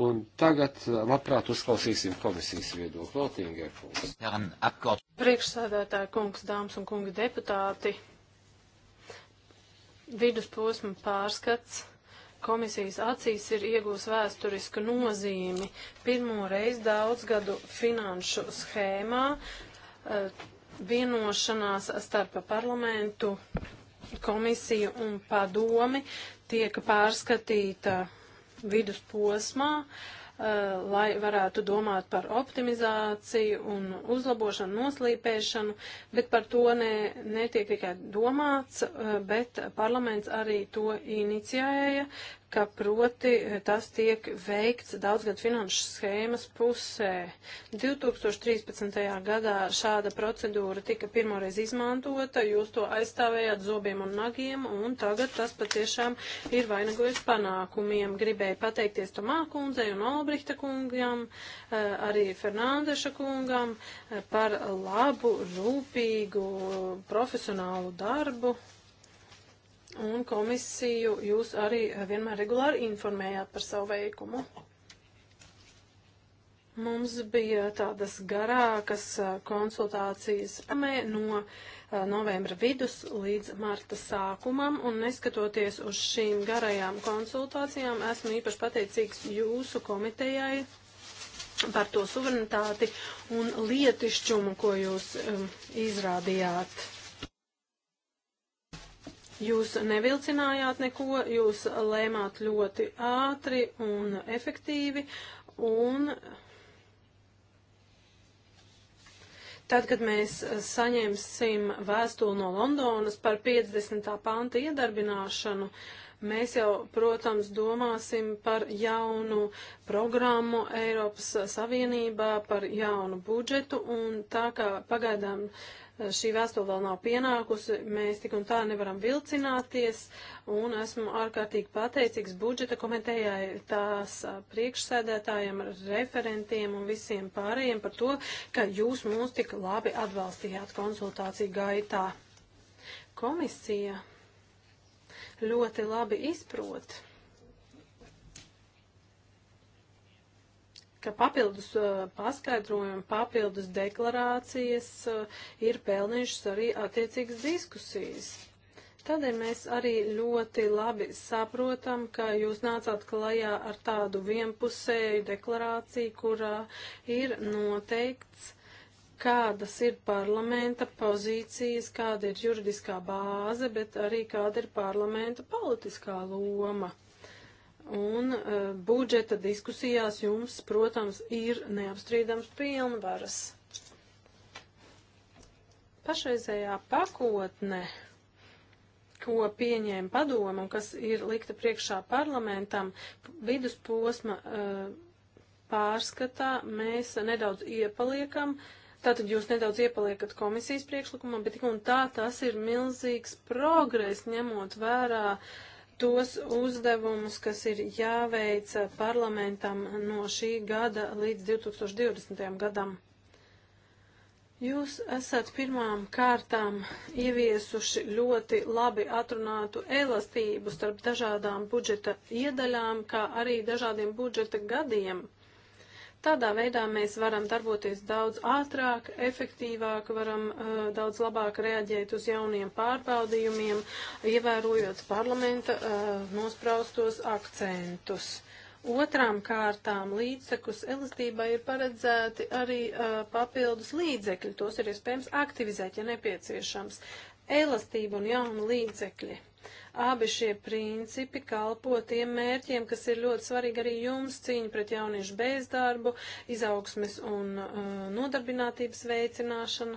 Un tagad eh, labprāt uzklausīsim komisijas viedokli. Lotīngai kungs. Priekšsēdētāji kungs, dāmas un kungi deputāti. Vidusposma pārskats komisijas acīs ir iegūs vēsturisku nozīmi. Pirmo reizi daudzgadu finanšu schēmā eh, vienošanās starp parlamentu komisiju un padomi tiek pārskatīta vidusposmā, eh, lai varētu domāt par optimizāciju un uzlabošanu, noslīpēšanu, bet par to ne, netiek tikai domāts, eh, bet parlaments arī to inicijēja, ka proti eh, tas tiek veikts daudzgad finanšu schēmas pusē. 2013. gadā šāda procedūra tika pirmoreiz izmantota, jūs to aizstāvējāt zobiem un nagiem, un tagad tas patiešām ir vainagojas panākumiem. Gribēju pateikties Tomā kundzei un Albrihta kungam, eh, arī Fernandeša kungam eh, par labu, rūpīgu, profesionālu darbu un komisiju jūs arī vienmēr regulāri informējāt par savu veikumu. Mums bija tādas garākas konsultācijas no novembra vidus līdz marta sākumam, un neskatoties uz šīm garajām konsultācijām, esmu īpaši pateicīgs jūsu komitejai par to suverenitāti un lietišķumu, ko jūs um, izrādījāt. Jūs nevilcinājāt neko, jūs lēmāt ļoti ātri un efektīvi, un Tad, kad mēs saņemsim vēstuli no Londonas par 50. panta iedarbināšanu, mēs jau, protams, domāsim par jaunu programmu Eiropas Savienībā, par jaunu budžetu, un tā kā pagaidām uh, šī vēstule vēl nav pienākusi, mēs tik un tā nevaram vilcināties, un esmu ārkārtīgi pateicīgs budžeta komitejai, tās priekšsēdētājiem, referentiem un visiem pārējiem par to, ka jūs mūs tik labi atbalstījāt konsultāciju gaitā. Komisija ļoti labi izprot ka papildus uh, paskaidrojumi, papildus deklarācijas uh, ir pelnījušas arī attiecīgas diskusijas. Tādēļ mēs arī ļoti labi saprotam, ka jūs nācāt klajā ar tādu vienpusēju deklarāciju, kurā ir noteikts, kādas ir parlamenta pozīcijas, kāda ir juridiskā bāze, bet arī kāda ir parlamenta politiskā loma. Un uh, budžeta diskusijās jums, protams, ir neapstrīdams pilnvaras. Pašreizējā pakotne, ko pieņēma padoma un kas ir likta priekšā parlamentam, vidusposma uh, pārskatā mēs nedaudz iepaliekam uh, Tātad jūs nedaudz iepaliekat komisijas priekšlikumam, bet tik un tā tas ir milzīgs progress, ņemot vērā uh, tos uzdevumus, kas ir jāveic parlamentam no šī gada līdz 2020. gadam. Jūs esat pirmām kārtām ieviesuši ļoti labi atrunātu elastību starp dažādām budžeta iedaļām, kā arī dažādiem budžeta gadiem. Tādā veidā mēs varam darboties daudz ātrāk, efektīvāk, varam uh, daudz labāk reaģēt uz jauniem pārbaudījumiem, ievērojot parlamenta uh, nospraustos akcentus. Otrām kārtām līdzsekus elastībai ir paredzēti arī uh, papildus līdzekļi. Tos ir iespējams aktivizēt, ja nepieciešams. Elastība un jauna līdzekļi. Abi šie principi kalpo tiem mērķiem, kas ir ļoti svarīgi arī jums - cīņa pret jauniešu bezdarbu, izaugsmes un uh, nodarbinātības veicināšana.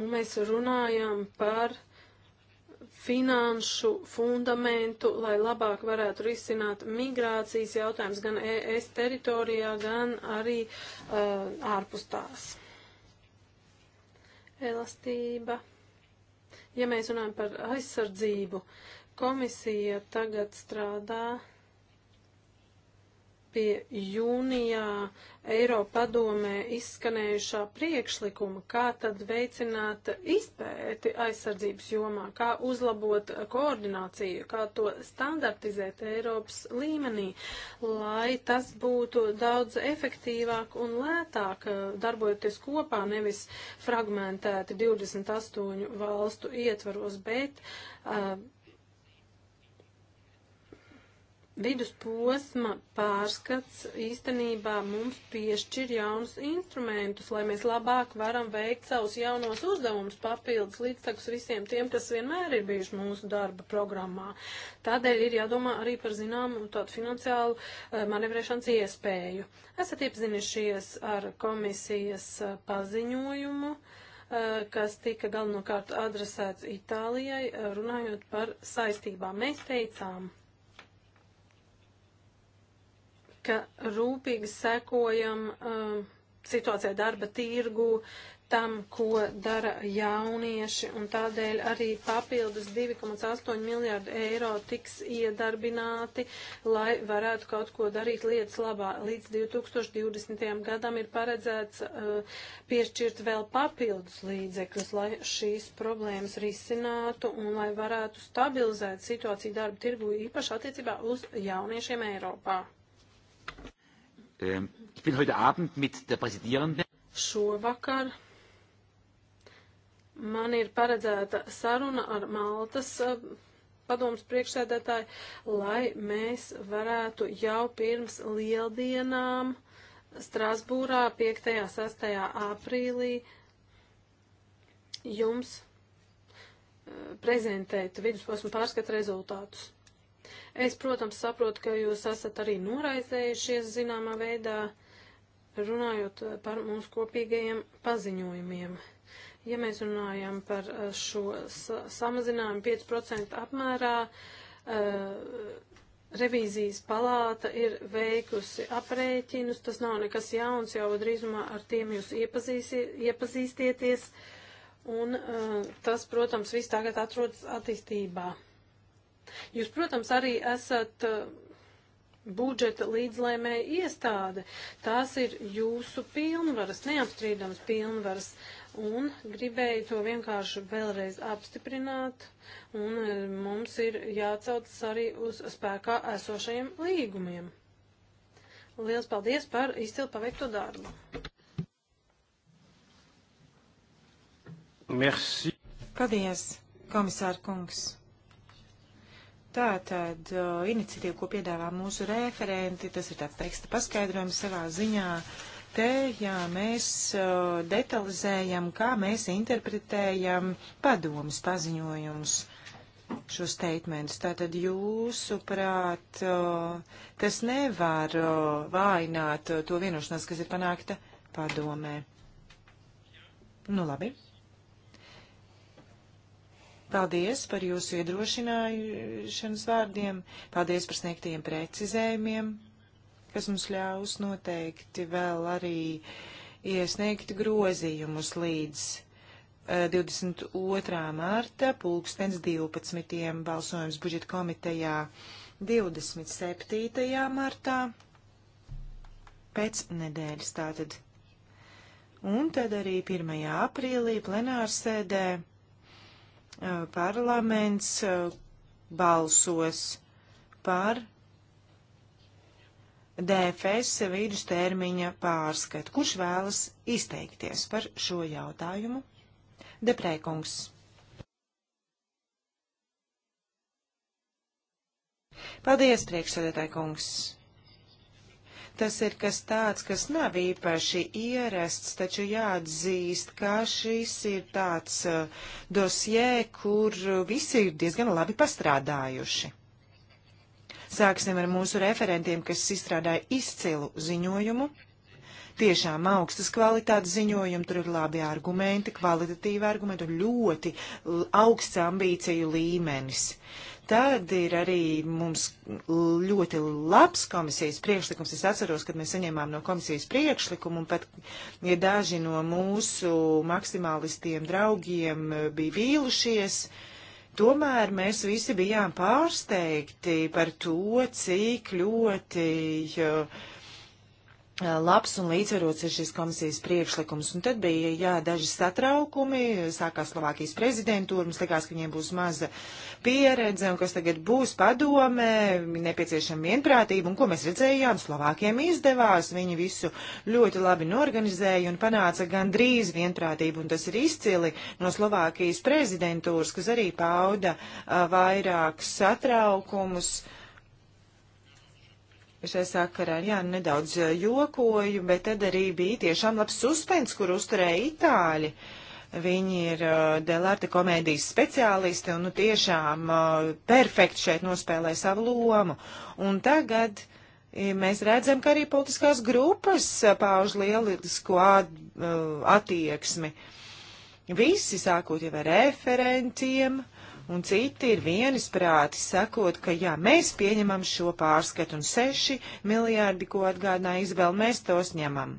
Un mēs runājam par finanšu fundamentu, lai labāk varētu risināt migrācijas jautājums gan ES teritorijā, gan arī uh, ārpus tās elastība. Ja mēs runājam par aizsardzību, komisija tagad strādā pie jūnijā Eiropadomē izskanējušā priekšlikuma, kā tad veicināt izpēti aizsardzības jomā, kā uzlabot koordināciju, kā to standartizēt Eiropas līmenī, lai tas būtu daudz efektīvāk un lētāk eh, darbojoties kopā, nevis fragmentēti 28 valstu ietvaros, bet uh, vidusposma pārskats īstenībā mums piešķir jaunus instrumentus, lai mēs labāk varam veikt savus jaunos uzdevumus papildus līdztekus visiem tiem, kas vienmēr ir bijuši mūsu darba programmā. Tādēļ ir jādomā arī par zināmu tādu finansiālu eh, manevrēšanas iespēju. Esat iepazinušies ar komisijas eh, paziņojumu eh, kas tika galvenokārt adresēts Itālijai, runājot par saistībām. Mēs teicām, ka rūpīgi sekojam uh, situācijai darba tirgu, tam, ko dara jaunieši, un tādēļ arī papildus 2,8 miljārdu eiro tiks iedarbināti, lai varētu kaut ko darīt lietas labā. Līdz 2020. gadam ir paredzēts uh, piešķirt vēl papildus līdzekļus, lai šīs problēmas risinātu un lai varētu stabilizēt situāciju darba tirgu īpaši attiecībā uz jauniešiem Eiropā. Ähm, ich bin heute Abend mit der Präsidierenden. Šovakar man ir paredzēta saruna ar Maltas äh, padomus priekšsēdētāju, lai mēs varētu jau pirms lieldienām Strasbūrā 5. 6. aprīlī jums äh, prezentēt vidusposmu pārskatu rezultātus. Es, protams, saprotu, ka jūs esat arī noraizējušies zināmā veidā, runājot eh, par mūsu kopīgajiem paziņojumiem. Ja mēs runājam par eh, šo sa samazinājumu 5% apmērā, uh, Revīzijas palāta ir veikusi aprēķinus, tas nav nekas jauns, jau drīzumā ar tiem jūs iepazīstieties, un uh, tas, protams, viss tagad atrodas attīstībā. Jūs, protams, arī esat uh, budžeta līdzlēmēja iestāde. Tās ir jūsu pilnvaras, neapstrīdams pilnvaras. Un gribēju to vienkārši vēlreiz apstiprināt. Un uh, mums ir jācaucas arī uz spēkā esošajiem līgumiem. Lielas paldies par izcilu paveikto darbu. Merci. Paldies, komisār kungs. Tā tad iniciatīva, ko piedāvā mūsu referenti, tas ir tāds teksta paskaidrojums savā ziņā. Te, jā, mēs detalizējam, kā mēs interpretējam padomus paziņojumus šo statementus. Tātad jūsuprāt, tas nevar vājināt to vienošanās, kas ir panākta padomē. Nu, labi. Paldies par jūsu iedrošināšanas vārdiem, paldies par sniegtajiem precizējumiem, kas mums ļaus noteikti vēl arī iesniegt grozījumus līdz 22. Eh, marta pulkstens 12. balsojums budžeta komitejā 27. martā pēc nedēļas tātad. Un tad arī 1. aprīlī plenārsēdē. Ar Eh, parlaments eh, balsos par DFS vidustermiņa pārskatu. Kurš vēlas izteikties par šo jautājumu? Deprēkungs. Paldies, priekšsēdētāji kungs. Tas ir kas tāds, kas nav īpaši ierasts, taču jāatzīst, ka šis ir tāds uh, dosjē, kur visi ir diezgan labi pastrādājuši. Sāksim ar mūsu referentiem, kas izstrādāja izcilu ziņojumu. Tiešām augstas kvalitātes ziņojumi, tur ir labi argumenti, kvalitatīvi argumenti un ļoti augsts ambīciju līmenis. Tad ir arī mums ļoti labs komisijas priekšlikums. Es atceros, kad mēs saņēmām no komisijas priekšlikumu, un pat ja daži no mūsu maksimālistiem draugiem bija vīlušies, tomēr mēs visi bijām pārsteigti par to, cik ļoti. Uh, Eh, labs un līdzsvarots ir šis komisijas priekšlikums. Un tad bija jā, daži satraukumi, sākās Slovākijas prezidentūra, mums likās, ka viņiem būs maza pieredze, un kas tagad būs padomē, nepieciešama vienprātība, un ko mēs redzējām, Slovākiem izdevās, viņi visu ļoti labi norganizēja un panāca gandrīz vienprātību, un tas ir izcili no Slovākijas prezidentūras, kas arī pauda a, eh, vairāk satraukumus. Uh, šai sakarā. Jā, nedaudz eh, jokoju, bet tad arī bija tiešām labs suspens, kur uzturēja itāļi. Viņi ir uh, eh, Delarte komēdijas speciālisti un nu, tiešām uh, perfekti šeit nospēlē savu lomu. Un tagad mēs redzam, ka arī politiskās grupas pauž lielisko at, uh, attieksmi. Visi sākot jau ar referentiem. Uh, un citi ir vienisprāti sakot, ka jā, mēs pieņemam šo pārskatu un seši miljārdi, ko atgādināja Izabela, mēs tos ņemam.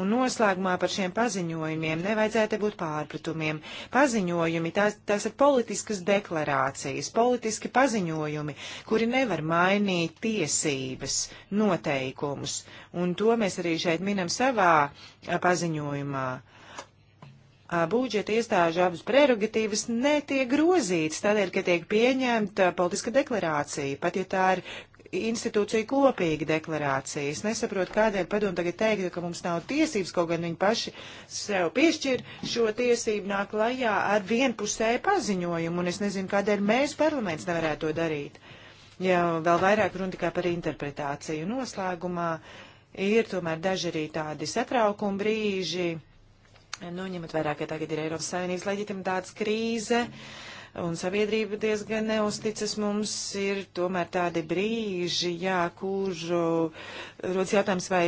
Un noslēgumā par šiem paziņojumiem nevajadzētu būt pārpratumiem. Paziņojumi, tās, tās ir politiskas deklarācijas, politiski paziņojumi, kuri nevar mainīt tiesības, noteikumus. Un to mēs arī šeit minam savā paziņojumā. Uh, budžeta iestāžu abas prerogatīvas netiek grozītas, tādēļ, ka tiek pieņemta politiska deklarācija, pat ja tā ir institūcija kopīga deklarācija. Es nesaprotu, kādēļ padomu tagad teikt, ka mums nav tiesības, kaut gan viņi paši sev piešķir šo tiesību nāk lajā ar vienpusēju paziņojumu, un es nezinu, kādēļ mēs parlaments nevarētu to darīt. Ja vēl vairāk runa tikai par interpretāciju noslēgumā, ir tomēr daži arī tādi satraukuma brīži Nu, ņemot vērā, ka tagad ir Eiropas Savienības leģitimitātes krīze un sabiedrība diezgan neusticas, mums ir tomēr tādi brīži, jā, kur rodas jautājums, vai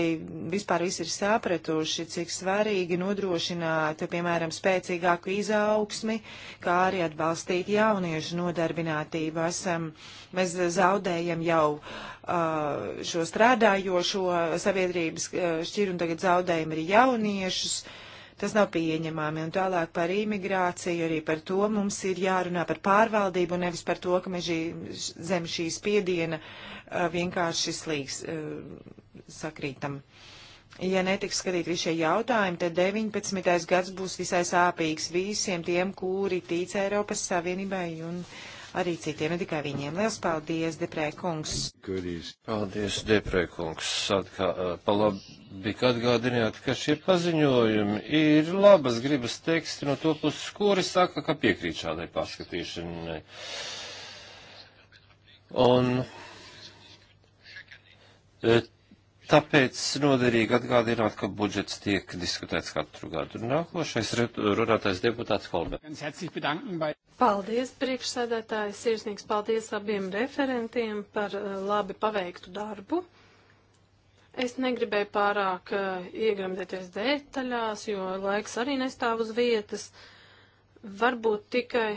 vispār visi ir sapratuši, cik svarīgi nodrošināt, piemēram, spēcīgāku izaugsmi, kā arī atbalstīt jauniešu nodarbinātību. Esam, mēs zaudējam jau uh, šo strādājošo sabiedrības uh, šķiru un tagad zaudējam arī jauniešus. Uh, Tas nav pieņemami. Un tālāk par imigrāciju, arī par to mums ir jārunā par pārvaldību, nevis par to, ka mēs žī, zem šī spiediena vienkārši slīgs sakrītam. Ja netiks skatīt visi šie jautājumi, tad 19. gads būs visai sāpīgs visiem tiem, kuri tic Eiropas Savienībai un. Uh, arī citiem, ne tikai viņiem. Liels paldies, Deprē kungs! Paldies, Deprē kungs! Atkā, palabi, ka atgādinājāt, ka šie paziņojumi ir labas gribas teksti no to puses, kuri saka, ka piekrīt šādai pārskatīšanai. Un, et, Tāpēc noderīgi atgādināt, ka budžets tiek diskutēts katru gadu. Nākošais runātais deputāts Kolbe. Paldies, priekšsēdētāji, sirsnīgs paldies abiem referentiem par eh, labi paveiktu darbu. Es negribēju pārāk eh, iegremdēties detaļās, jo laiks arī nestāv uz vietas. Varbūt tikai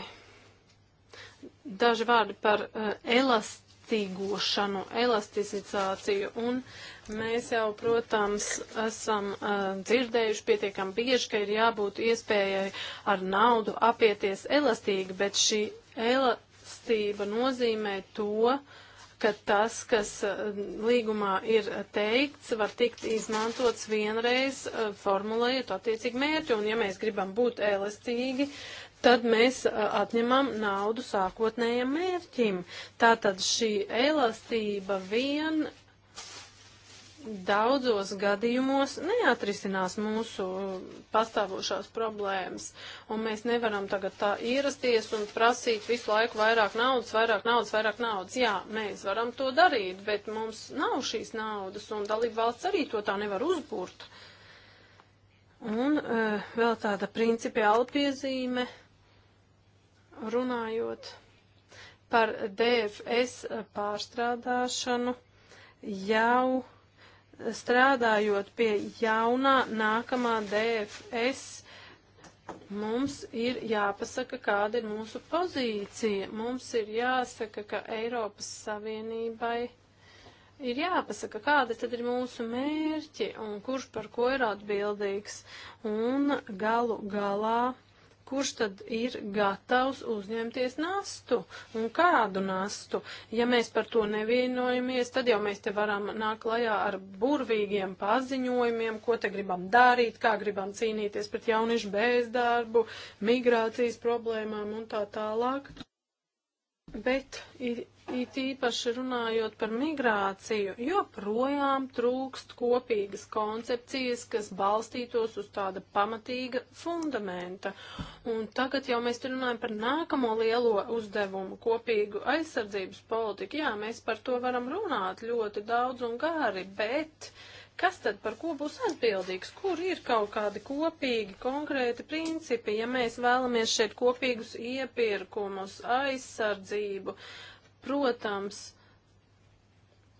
daži vārdi par eh, elastību elastīgošanu, elasticizāciju, un mēs jau, protams, esam uh, dzirdējuši pietiekam bieži, ka ir jābūt iespējai ar naudu apieties elastīgi, bet šī elastība nozīmē to, ka tas, kas uh, līgumā ir teikts, var tikt izmantots vienreiz, uh, formulējot attiecīgi mērķi, un ja mēs gribam būt elastīgi, uh, tad mēs atņemam naudu sākotnējam mērķim. Tātad šī elastība vien daudzos gadījumos neatrisinās mūsu pastāvošās problēmas, un mēs nevaram tagad tā ierasties un prasīt visu laiku vairāk naudas, vairāk naudas, vairāk naudas. Jā, mēs varam to darīt, bet mums nav šīs naudas, un dalība valsts arī to tā nevar uzburt. Un uh, vēl tāda principiāla piezīme. Uh, Runājot par DFS pārstrādāšanu, jau strādājot pie jaunā nākamā DFS mums ir jāpasaka, kāda ir mūsu pozīcija. Mums ir jāsaka, ka Eiropas Savienībai ir jāpasaka, kāda tad ir mūsu mērķi un kurš par ko ir atbildīgs. Un galu galā kurš tad ir gatavs uzņemties nastu un kādu nastu. Ja mēs par to nevienojamies, tad jau mēs te varam nākt klajā ar burvīgiem paziņojumiem, ko te gribam darīt, kā gribam cīnīties pret jauniešu bezdarbu, migrācijas problēmām un tā tālāk. Bet it īpaši runājot par migrāciju, joprojām trūkst kopīgas koncepcijas, kas balstītos uz tāda pamatīga fundamenta. Un tagad jau mēs runājam par nākamo lielo uzdevumu - kopīgu aizsardzības politiku. Jā, mēs par to varam runāt ļoti daudz un gāri, bet uh, Kas tad par ko būs atbildīgs? Kur ir kaut kādi kopīgi, konkrēti principi, ja mēs vēlamies šeit kopīgus iepirkumus, aizsardzību? Protams,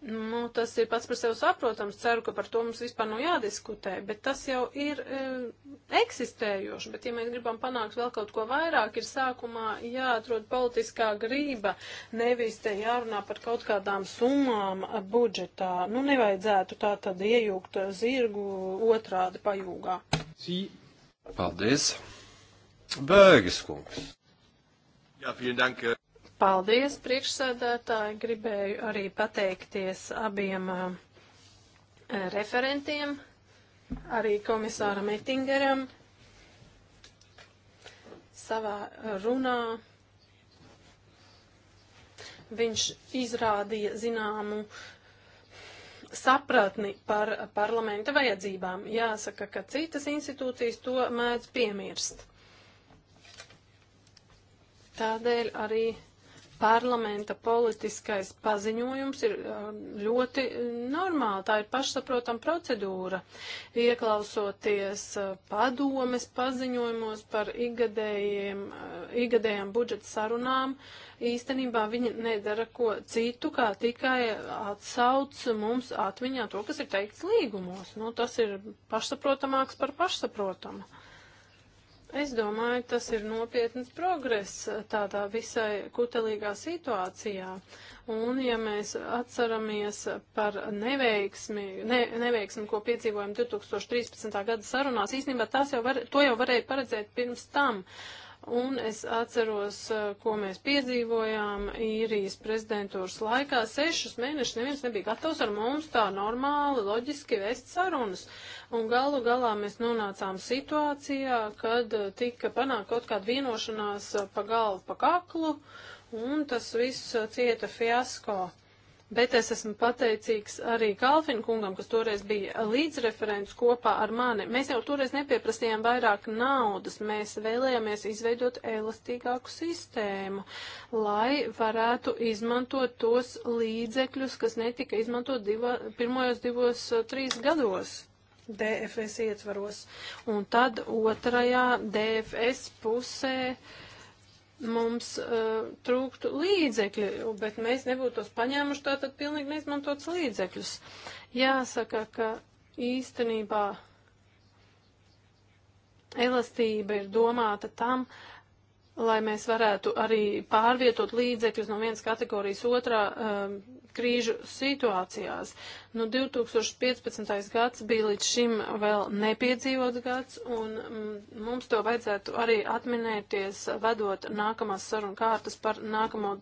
Nu, tas ir pats par sevi saprotams. Ceru, ka par to mums vispār nav jādiskutē, bet tas jau ir e, eksistējoši. Bet, ja mēs gribam panākt vēl kaut ko vairāk, ir sākumā jāatrod politiskā grība, nevis te jārunā par kaut kādām summām budžetā. Nu, nevajadzētu tā tad iejūgt zirgu otrādi pajūgā. Sī. Paldies. Bēgis kungs. Jā, vielen dank. Eh. Paldies, priekšsēdētāji. Gribēju arī pateikties abiem uh, referentiem, arī komisāram Ettingeram savā runā. Viņš izrādīja zināmu sapratni par parlamenta vajadzībām. Jāsaka, ka citas institūcijas to mēdz piemirst. Tādēļ arī parlamenta politiskais paziņojums ir uh, ļoti normāli. Tā ir pašsaprotama procedūra. Ieklausoties uh, padomes paziņojumos par ikgadējām uh, budžeta sarunām, īstenībā viņi nedara ko citu, kā tikai atsauc mums atmiņā to, kas ir teikts līgumos. Nu, tas ir pašsaprotamāks par pašsaprotamu. Es domāju, tas ir nopietnas progress tādā visai kutelīgā situācijā. Un ja mēs atceramies par neveiksmi, ne, neveiksmi ko piedzīvojam 2013. gada sarunās, īstenībā tas jau var, to jau varēja paredzēt pirms tam. Uh, Un es atceros, eh, ko mēs piedzīvojām īrijas prezidentūras laikā. Sešus mēnešus neviens nebija gatavs ar mums tā normāli, loģiski vest sarunas. Un galu galā mēs nonācām situācijā, kad eh, tika panākt kaut kāda vienošanās eh, pa galvu, pa kaklu, un tas viss cieta fiasko bet es esmu pateicīgs arī Kalfin kungam, kas toreiz bija līdzreferents kopā ar mani. Mēs jau toreiz nepieprasījām vairāk naudas, mēs vēlējāmies izveidot elastīgāku sistēmu, lai varētu izmantot tos līdzekļus, kas netika izmantot divā, pirmojos divos, eh, trīs gados. DFS ietvaros. Un tad otrajā DFS pusē uh, mums uh, trūktu līdzekļu, bet mēs nebūtu tos paņēmuši tātad pilnīgi neizmantots līdzekļus. Jāsaka, ka īstenībā elastība ir domāta tam, uh, lai mēs varētu arī pārvietot līdzekļus no vienas kategorijas otrā um, krīžu situācijās. Nu, 2015. gads bija līdz šim vēl nepiedzīvots gads, un mm, mums to vajadzētu arī atminēties, vedot nākamās sarunu kārtas par nākamo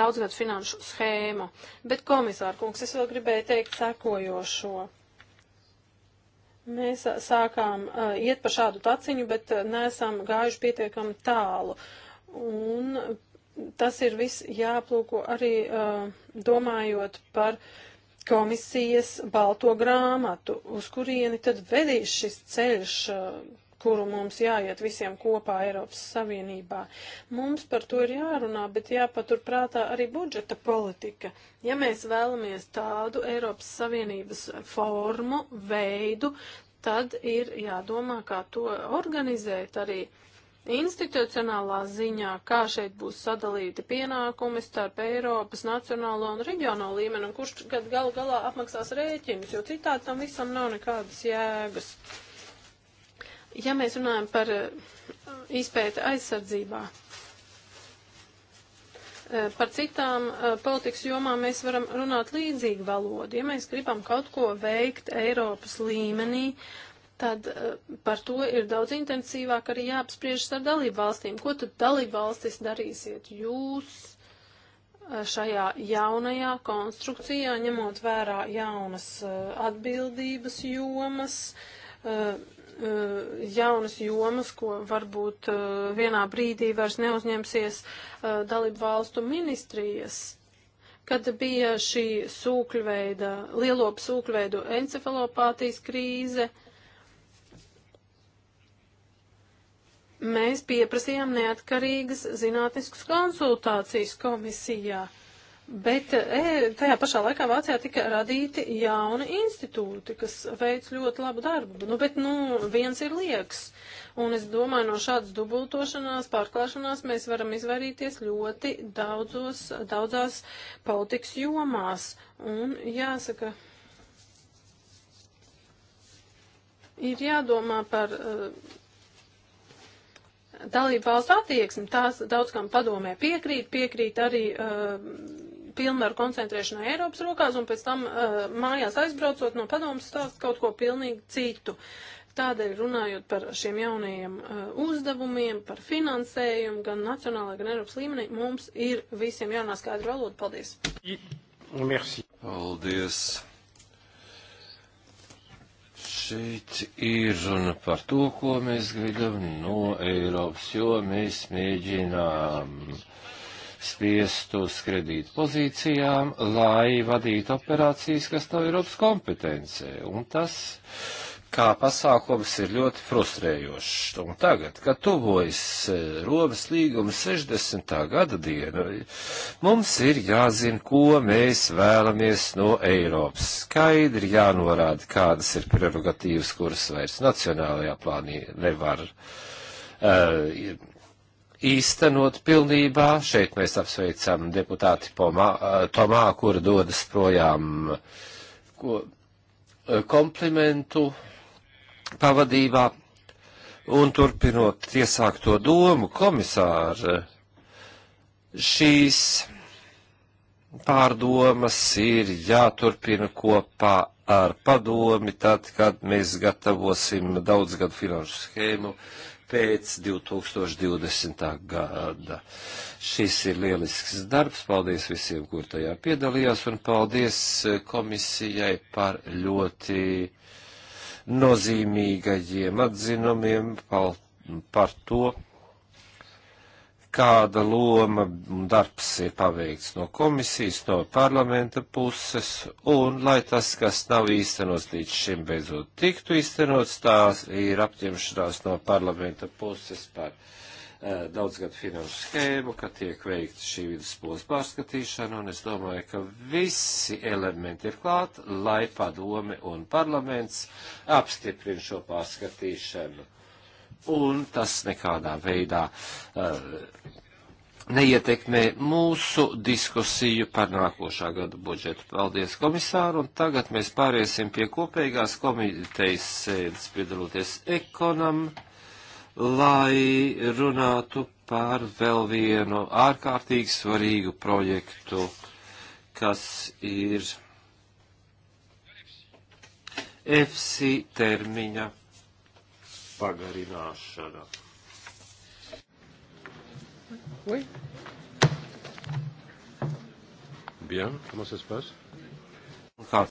daudzgadu finanšu schēmu. Bet komisāra kungs, es vēl gribēju teikt sekojošo. Mēs uh, sākām uh, iet pa šādu taciņu, bet uh, neesam gājuši pietiekami tālu. Un tas ir viss jāplūko arī uh, domājot par komisijas balto grāmatu, uz kurieni tad vedīs šis ceļš. Uh, kuru mums jāiet visiem kopā Eiropas Savienībā. Mums par to ir jārunā, bet jāpaturprātā arī budžeta politika. Ja mēs vēlamies tādu Eiropas Savienības formu, veidu, tad ir jādomā, kā to organizēt arī institucionālā ziņā, kā šeit būs sadalīti pienākumi starp Eiropas, nacionālo un reģionālo līmeni, un kurš gad galu galā apmaksās rēķinus, jo citādi tam visam nav nekādas jēgas. Ja mēs runājam par eh, izpēti aizsardzībā, eh, par citām eh, politikas jomām mēs varam runāt līdzīgu valodu. Ja mēs gribam kaut ko veikt Eiropas līmenī, tad par to ir daudz intensīvāk arī jāapspriežas ar dalību valstīm. Ko tad dalību valstis darīsiet jūs šajā jaunajā konstrukcijā, ņemot vērā jaunas atbildības jomas? Uh, Uh, uh, jaunas jomas, ko varbūt uh, vienā brīdī vairs neuzņemsies dalību valstu ministrijas. Kad bija šī sūkļveida, lielopu sūkļveidu encefalopātijas krīze, mēs pieprasījām neatkarīgas zinātniskas konsultācijas komisijā. Bet e, tajā pašā laikā Vācijā tika radīti jauni institūti, kas veic ļoti labu darbu. Nu, bet, nu, viens ir liekas. Un es domāju, no šādas dubultošanās, pārklāšanās mēs varam izvairīties ļoti daudzos, daudzās politikas jomās. Un jāsaka, ir jādomā par. Uh, e, Dalība valsts attieksme, tās daudz kam padomē piekrīt, piekrīt arī uh, pilnvaru koncentrēšanai Eiropas rokās un pēc tam uh, mājās aizbraucot no padomas stāst kaut ko pilnīgi citu. Tādēļ runājot par šiem jaunajiem uh, uzdevumiem, par finansējumu gan nacionālā, gan Eiropas līmenī, mums ir visiem jānāskaidro valoda. Paldies! Merci. Paldies! šeit ir runa par to, ko mēs gribam no Eiropas, jo mēs mēģinām spiestu uz kredītu pozīcijām, lai vadītu operācijas, kas nav Eiropas kompetencē. Un tas, kā pasākums, ir ļoti frustrējošs. Un tagad, kad tuvojas eh, Romas līguma 60. gada diena, mums ir jāzina, ko mēs vēlamies no Eiropas. Skaidri jānorāda, kādas ir prerogatīvas, kuras vairs nacionālajā plānī nevar. Uh, īstenot pilnībā. Šeit mēs apsveicam deputāti Pomā, eh, Tomā, kur dodas projām ko, eh, komplimentu pavadībā. Un turpinot iesākt to domu, komisāra, šīs pārdomas ir jāturpina kopā ar padomi, tad, kad mēs gatavosim daudzgadu finanšu schēmu. Uh, pēc 2020. gada. Šis ir lielisks darbs. Paldies visiem, kur tajā piedalījās, un paldies eh, komisijai par ļoti nozīmīgajiem atzinumiem par, par to, kāda loma un darbs ir paveikts no komisijas, no parlamenta puses, un lai tas, kas nav īstenots līdz šim, beidzot tiktu īstenots, tās ir apņemšanās no parlamenta puses par uh, eh, daudzgadu finanšu schēmu, ka tiek veikta šī viduspolas pārskatīšana, un es domāju, ka visi elementi ir klāt, lai padome un parlaments apstiprina šo pārskatīšanu un tas nekādā veidā uh, neietekmē mūsu diskusiju par nākošā gada budžetu. Paldies, komisāru, un tagad mēs pāriesim pie kopīgās komitejas sēdes piedaloties ekonomam lai runātu par vēl vienu ārkārtīgi svarīgu projektu, kas ir FC termiņa pagarināšana. Oui. Bien, comment ça se passe? Kā